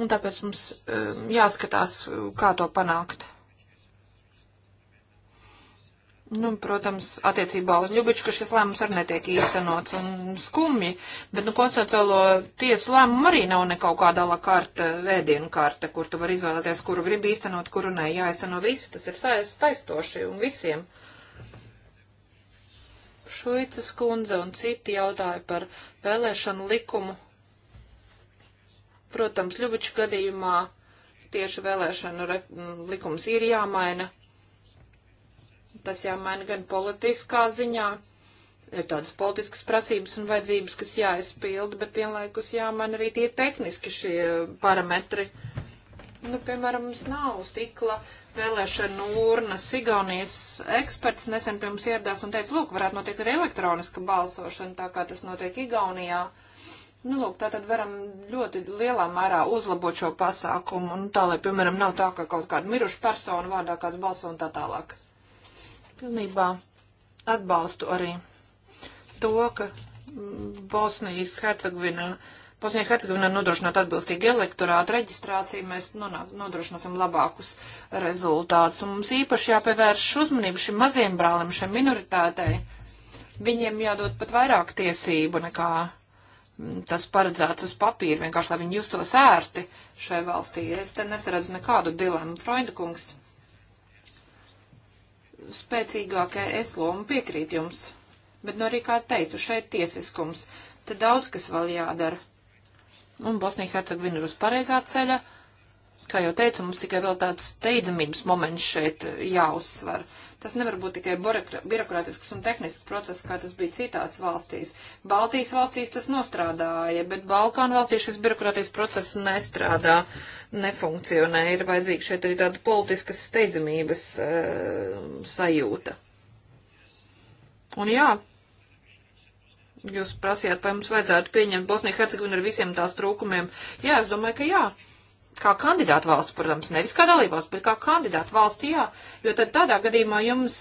Un tāpēc mums um, jāskatās, kā to panākt. Nu, protams, attiecībā uz Ļubiču, ka šis lēmums arī netiek īstenots un skumji, bet, nu, konstitucionālo tiesu lēmumu arī nav ne kaut kāda la karta, vēdienu karta, kur tu vari izvēlēties, kuru gribi īstenot, kuru nē, jāizteno visi, tas ir saistoši un visiem. Uh, Šuicas kundze un citi jautāja par vēlēšanu likumu. Protams, Ļubiču gadījumā tieši vēlēšanu likums ir jāmaina. Tas jāmaina gan politiskā ziņā, ir tādas politiskas prasības un vajadzības, kas jāizpilda, bet vienlaikus jāmaina arī tie tehniski šie parametri. Uh, Nu, piemēram, mums nav stikla vēlēšana urnas. Sigaunijas eksperts nesen pie mums ieradās un teica, lūk, varētu notikt arī elektroniska balsošana, tā kā tas notiek Igaunijā. Nu, lūk, tā tad varam ļoti lielā mērā uzlabot šo pasākumu, un tā, lai, piemēram, nav tā, ka kaut kāda miruša persona vārdā kāds balso un tā tālāk. Pilnībā atbalstu arī to, ka mm, Bosnijas Hercegvina. Uh, Bosnijā Hercegovina nodrošināt atbilstīgu elektorātu reģistrāciju, mēs nodrošināsim labākus rezultātus. Un mums īpaši jāpievērš uzmanību šim maziem brālim, šai minoritātei. Viņiem jādod pat vairāk tiesību nekā mm, tas paredzēts uz papīra, vienkārši lai viņi justos ērti šai valstī. Es te nesaredzu nekādu dilemu. Freunde kungs, spēcīgākai es lomu piekrīt jums, bet no nu arī kā teicu, šeit tiesiskums, te daudz kas vēl jādara un Bosnija Hercegovina ir uz pareizā ceļa. Kā jau teicu, mums tikai vēl tāds steidzamības moments šeit jāuzsver. Tas nevar būt tikai birokrātisks un tehnisks process, kā tas bija citās valstīs. Baltijas valstīs tas nostrādāja, bet Balkānu valstīs šis birokrātijas process nestrādā, nefunkcionē. Ir vajadzīga šeit arī tāda politiskas steidzamības e, sajūta. Un jā, Jūs prasījāt, vai mums vajadzētu pieņemt Bosniju Hercegovinu ar visiem tās trūkumiem. Jā, es domāju, ka jā kā kandidātu valsts, protams, nevis kā dalībvalsts, bet kā kandidātu valsts, jā, jo tad tādā gadījumā jums,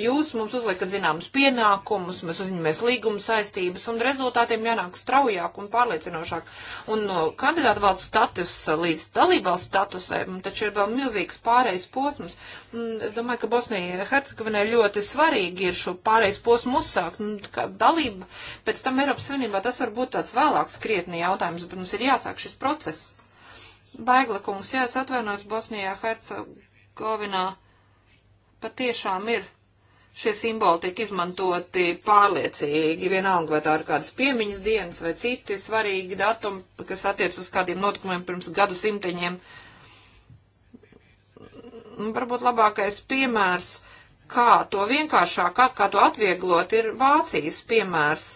jūs mums uzliekat zināmus pienākumus, mēs uzņemamies līguma saistības un rezultātiem jānāk straujāk un pārliecinošāk. Un no kandidātu valsts statusa līdz dalībvalsts statusam taču ir vēl milzīgs pārējais posms. Un es domāju, ka Bosnija Hercegovinai ļoti svarīgi ir šo pārējais posmu uzsākt, un kā dalība pēc tam Eiropas Savienībā tas var būt tāds vēlāks krietni jautājums, bet mums ir jāsāk šis process. Baigla kungs, jā, es atvainos Bosnijā, Hercegovinā. Pat tiešām ir šie simboli tiek izmantoti pārliecīgi, vienalga vai tā ir kādas piemiņas dienas vai citi svarīgi datumi, kas attiec uz kādiem notikumiem pirms gadu simteņiem. Varbūt labākais piemērs, kā to vienkāršāk, kā to atvieglot, ir Vācijas piemērs.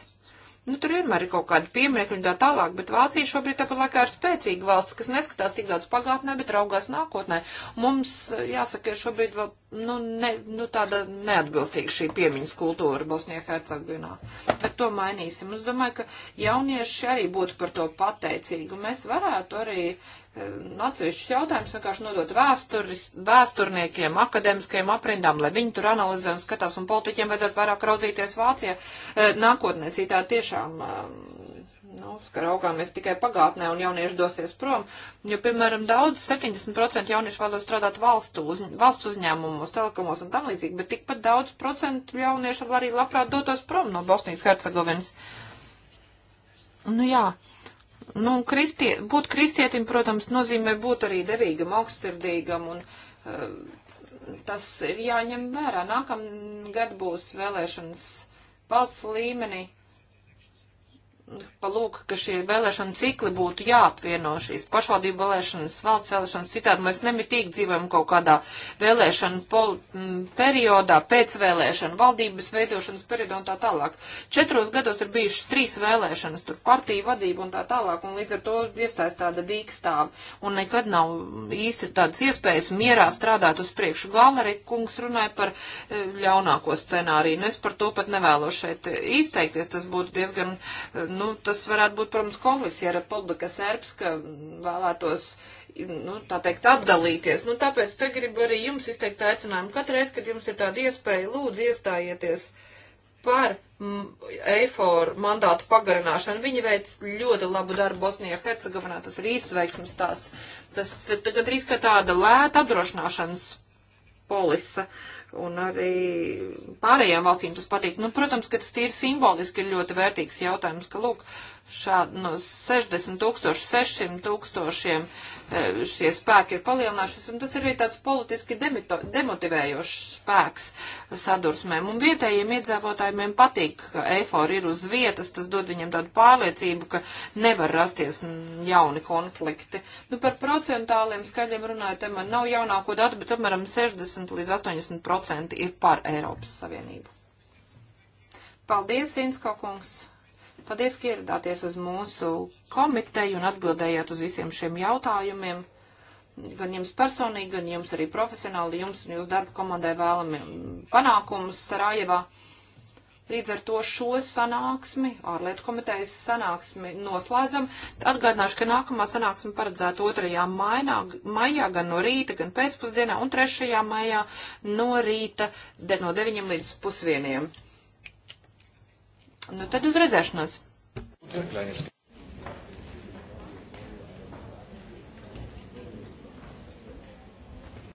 Nu, tur vienmēr ir kaut kāda piemēra un tā tālāk, bet Vācija šobrīd tāpat laikā ir spēcīga valsts, kas neskatās tik daudz pagātnē, bet raugās nākotnē. Mums, eh, jāsaka, ir šobrīd, nu, ne, nu tāda neatbilstīga šī piemiņas kultūra Bosnijā Hercegvinā. Bet to mainīsim. Es domāju, ka jaunieši arī būtu par to pateicīgi, un mēs varētu arī atsevišķus jautājumus vienkārši nodot vēsturis, vēsturniekiem, akadēmiskajiem aprindām, lai viņi tur analizē un skatās, un politiķiem vajadzētu vairāk raudzīties Vācijā nākotnē. Citā tiešām, nu, ka raugāmies tikai pagātnē un jaunieši dosies prom, jo, piemēram, daudz, 70% jauniešu vēlas strādāt valstu uz, valsts uzņēmumos, telekomos un tam līdzīgi, bet tikpat daudz procentu jauniešu arī labprāt dotos prom no Bosnijas Hercegovinas. Nu jā, uh, Nu, kristie, būt kristietim, protams, nozīmē būt arī devīgam, augstsirdīgam, un uh, tas ir jāņem vērā. Nākamgad būs vēlēšanas valsts līmenī, palūk, ka šie vēlēšana cikli būtu jāapvieno šīs pašvaldību vēlēšanas, valsts vēlēšanas citādi. Mēs nemitīgi dzīvojam kaut kādā vēlēšana pol, m, periodā, pēc vēlēšana, valdības veidošanas periodā un tā tālāk. Četros gados ir bijušas trīs vēlēšanas, tur partija vadība un tā tālāk, un līdz ar to iestājas tāda dīkstāva. Un nekad nav īsti tādas iespējas mierā strādāt uz priekšu. Gāleri kungs runāja par e, ļaunāko scenāriju, un nu, es par to pat nevēlos šeit izteikties. Tas būtu diezgan e, nu, tas varētu būt, protams, konflikts, ja Republika Sērbska vēlētos, nu, tā teikt, atdalīties. Nu, tāpēc te gribu arī jums izteikt aicinājumu. Katreiz, kad jums ir tāda iespēja, lūdzu iestājieties par EFOR mandātu pagarināšanu. Viņi veic ļoti labu darbu Bosnijā, Hercegovinā, tas ir īsveiksmes tās. Tas ir gandrīz kā tāda lēta apdrošināšanas polisa. Uh, un arī pārējām valstīm tas patīk. Nu, protams, ka tas tīri simboliski ir ļoti vērtīgs jautājums, ka, lūk, šādi no 60 tūkstoši, 600 tūkstošiem uh, E, šie spēki ir palielinājušies, un tas ir arī tāds politiski demito, demotivējošs spēks sadursmēm. Un vietējiem iedzīvotājiem patīk, ka eifori ir uz vietas, tas dod viņiem tādu pārliecību, ka nevar rasties jauni konflikti. Nu, par procentāliem skaļiem runājot, man nav jaunāko datu, bet apmēram 60 līdz 80 procenti ir par Eiropas Savienību. Paldies, Insko kungs! Paldies, ka ieradāties uz mūsu komiteju un atbildējāt uz visiem šiem jautājumiem. Gan jums personīgi, gan jums arī profesionāli, jums un jūsu darba komandai vēlami panākumus Sarajevā. Līdz ar to šo sanāksmi, ārlietu komitejas sanāksmi noslēdzam. Atgādināšu, ka nākamā sanāksme paredzēta 2. Mainā, maijā, gan no rīta, gan pēcpusdienā, un 3. maijā no rīta de, no 9 līdz pusvieniem. Nu, tad uz redzēšanos!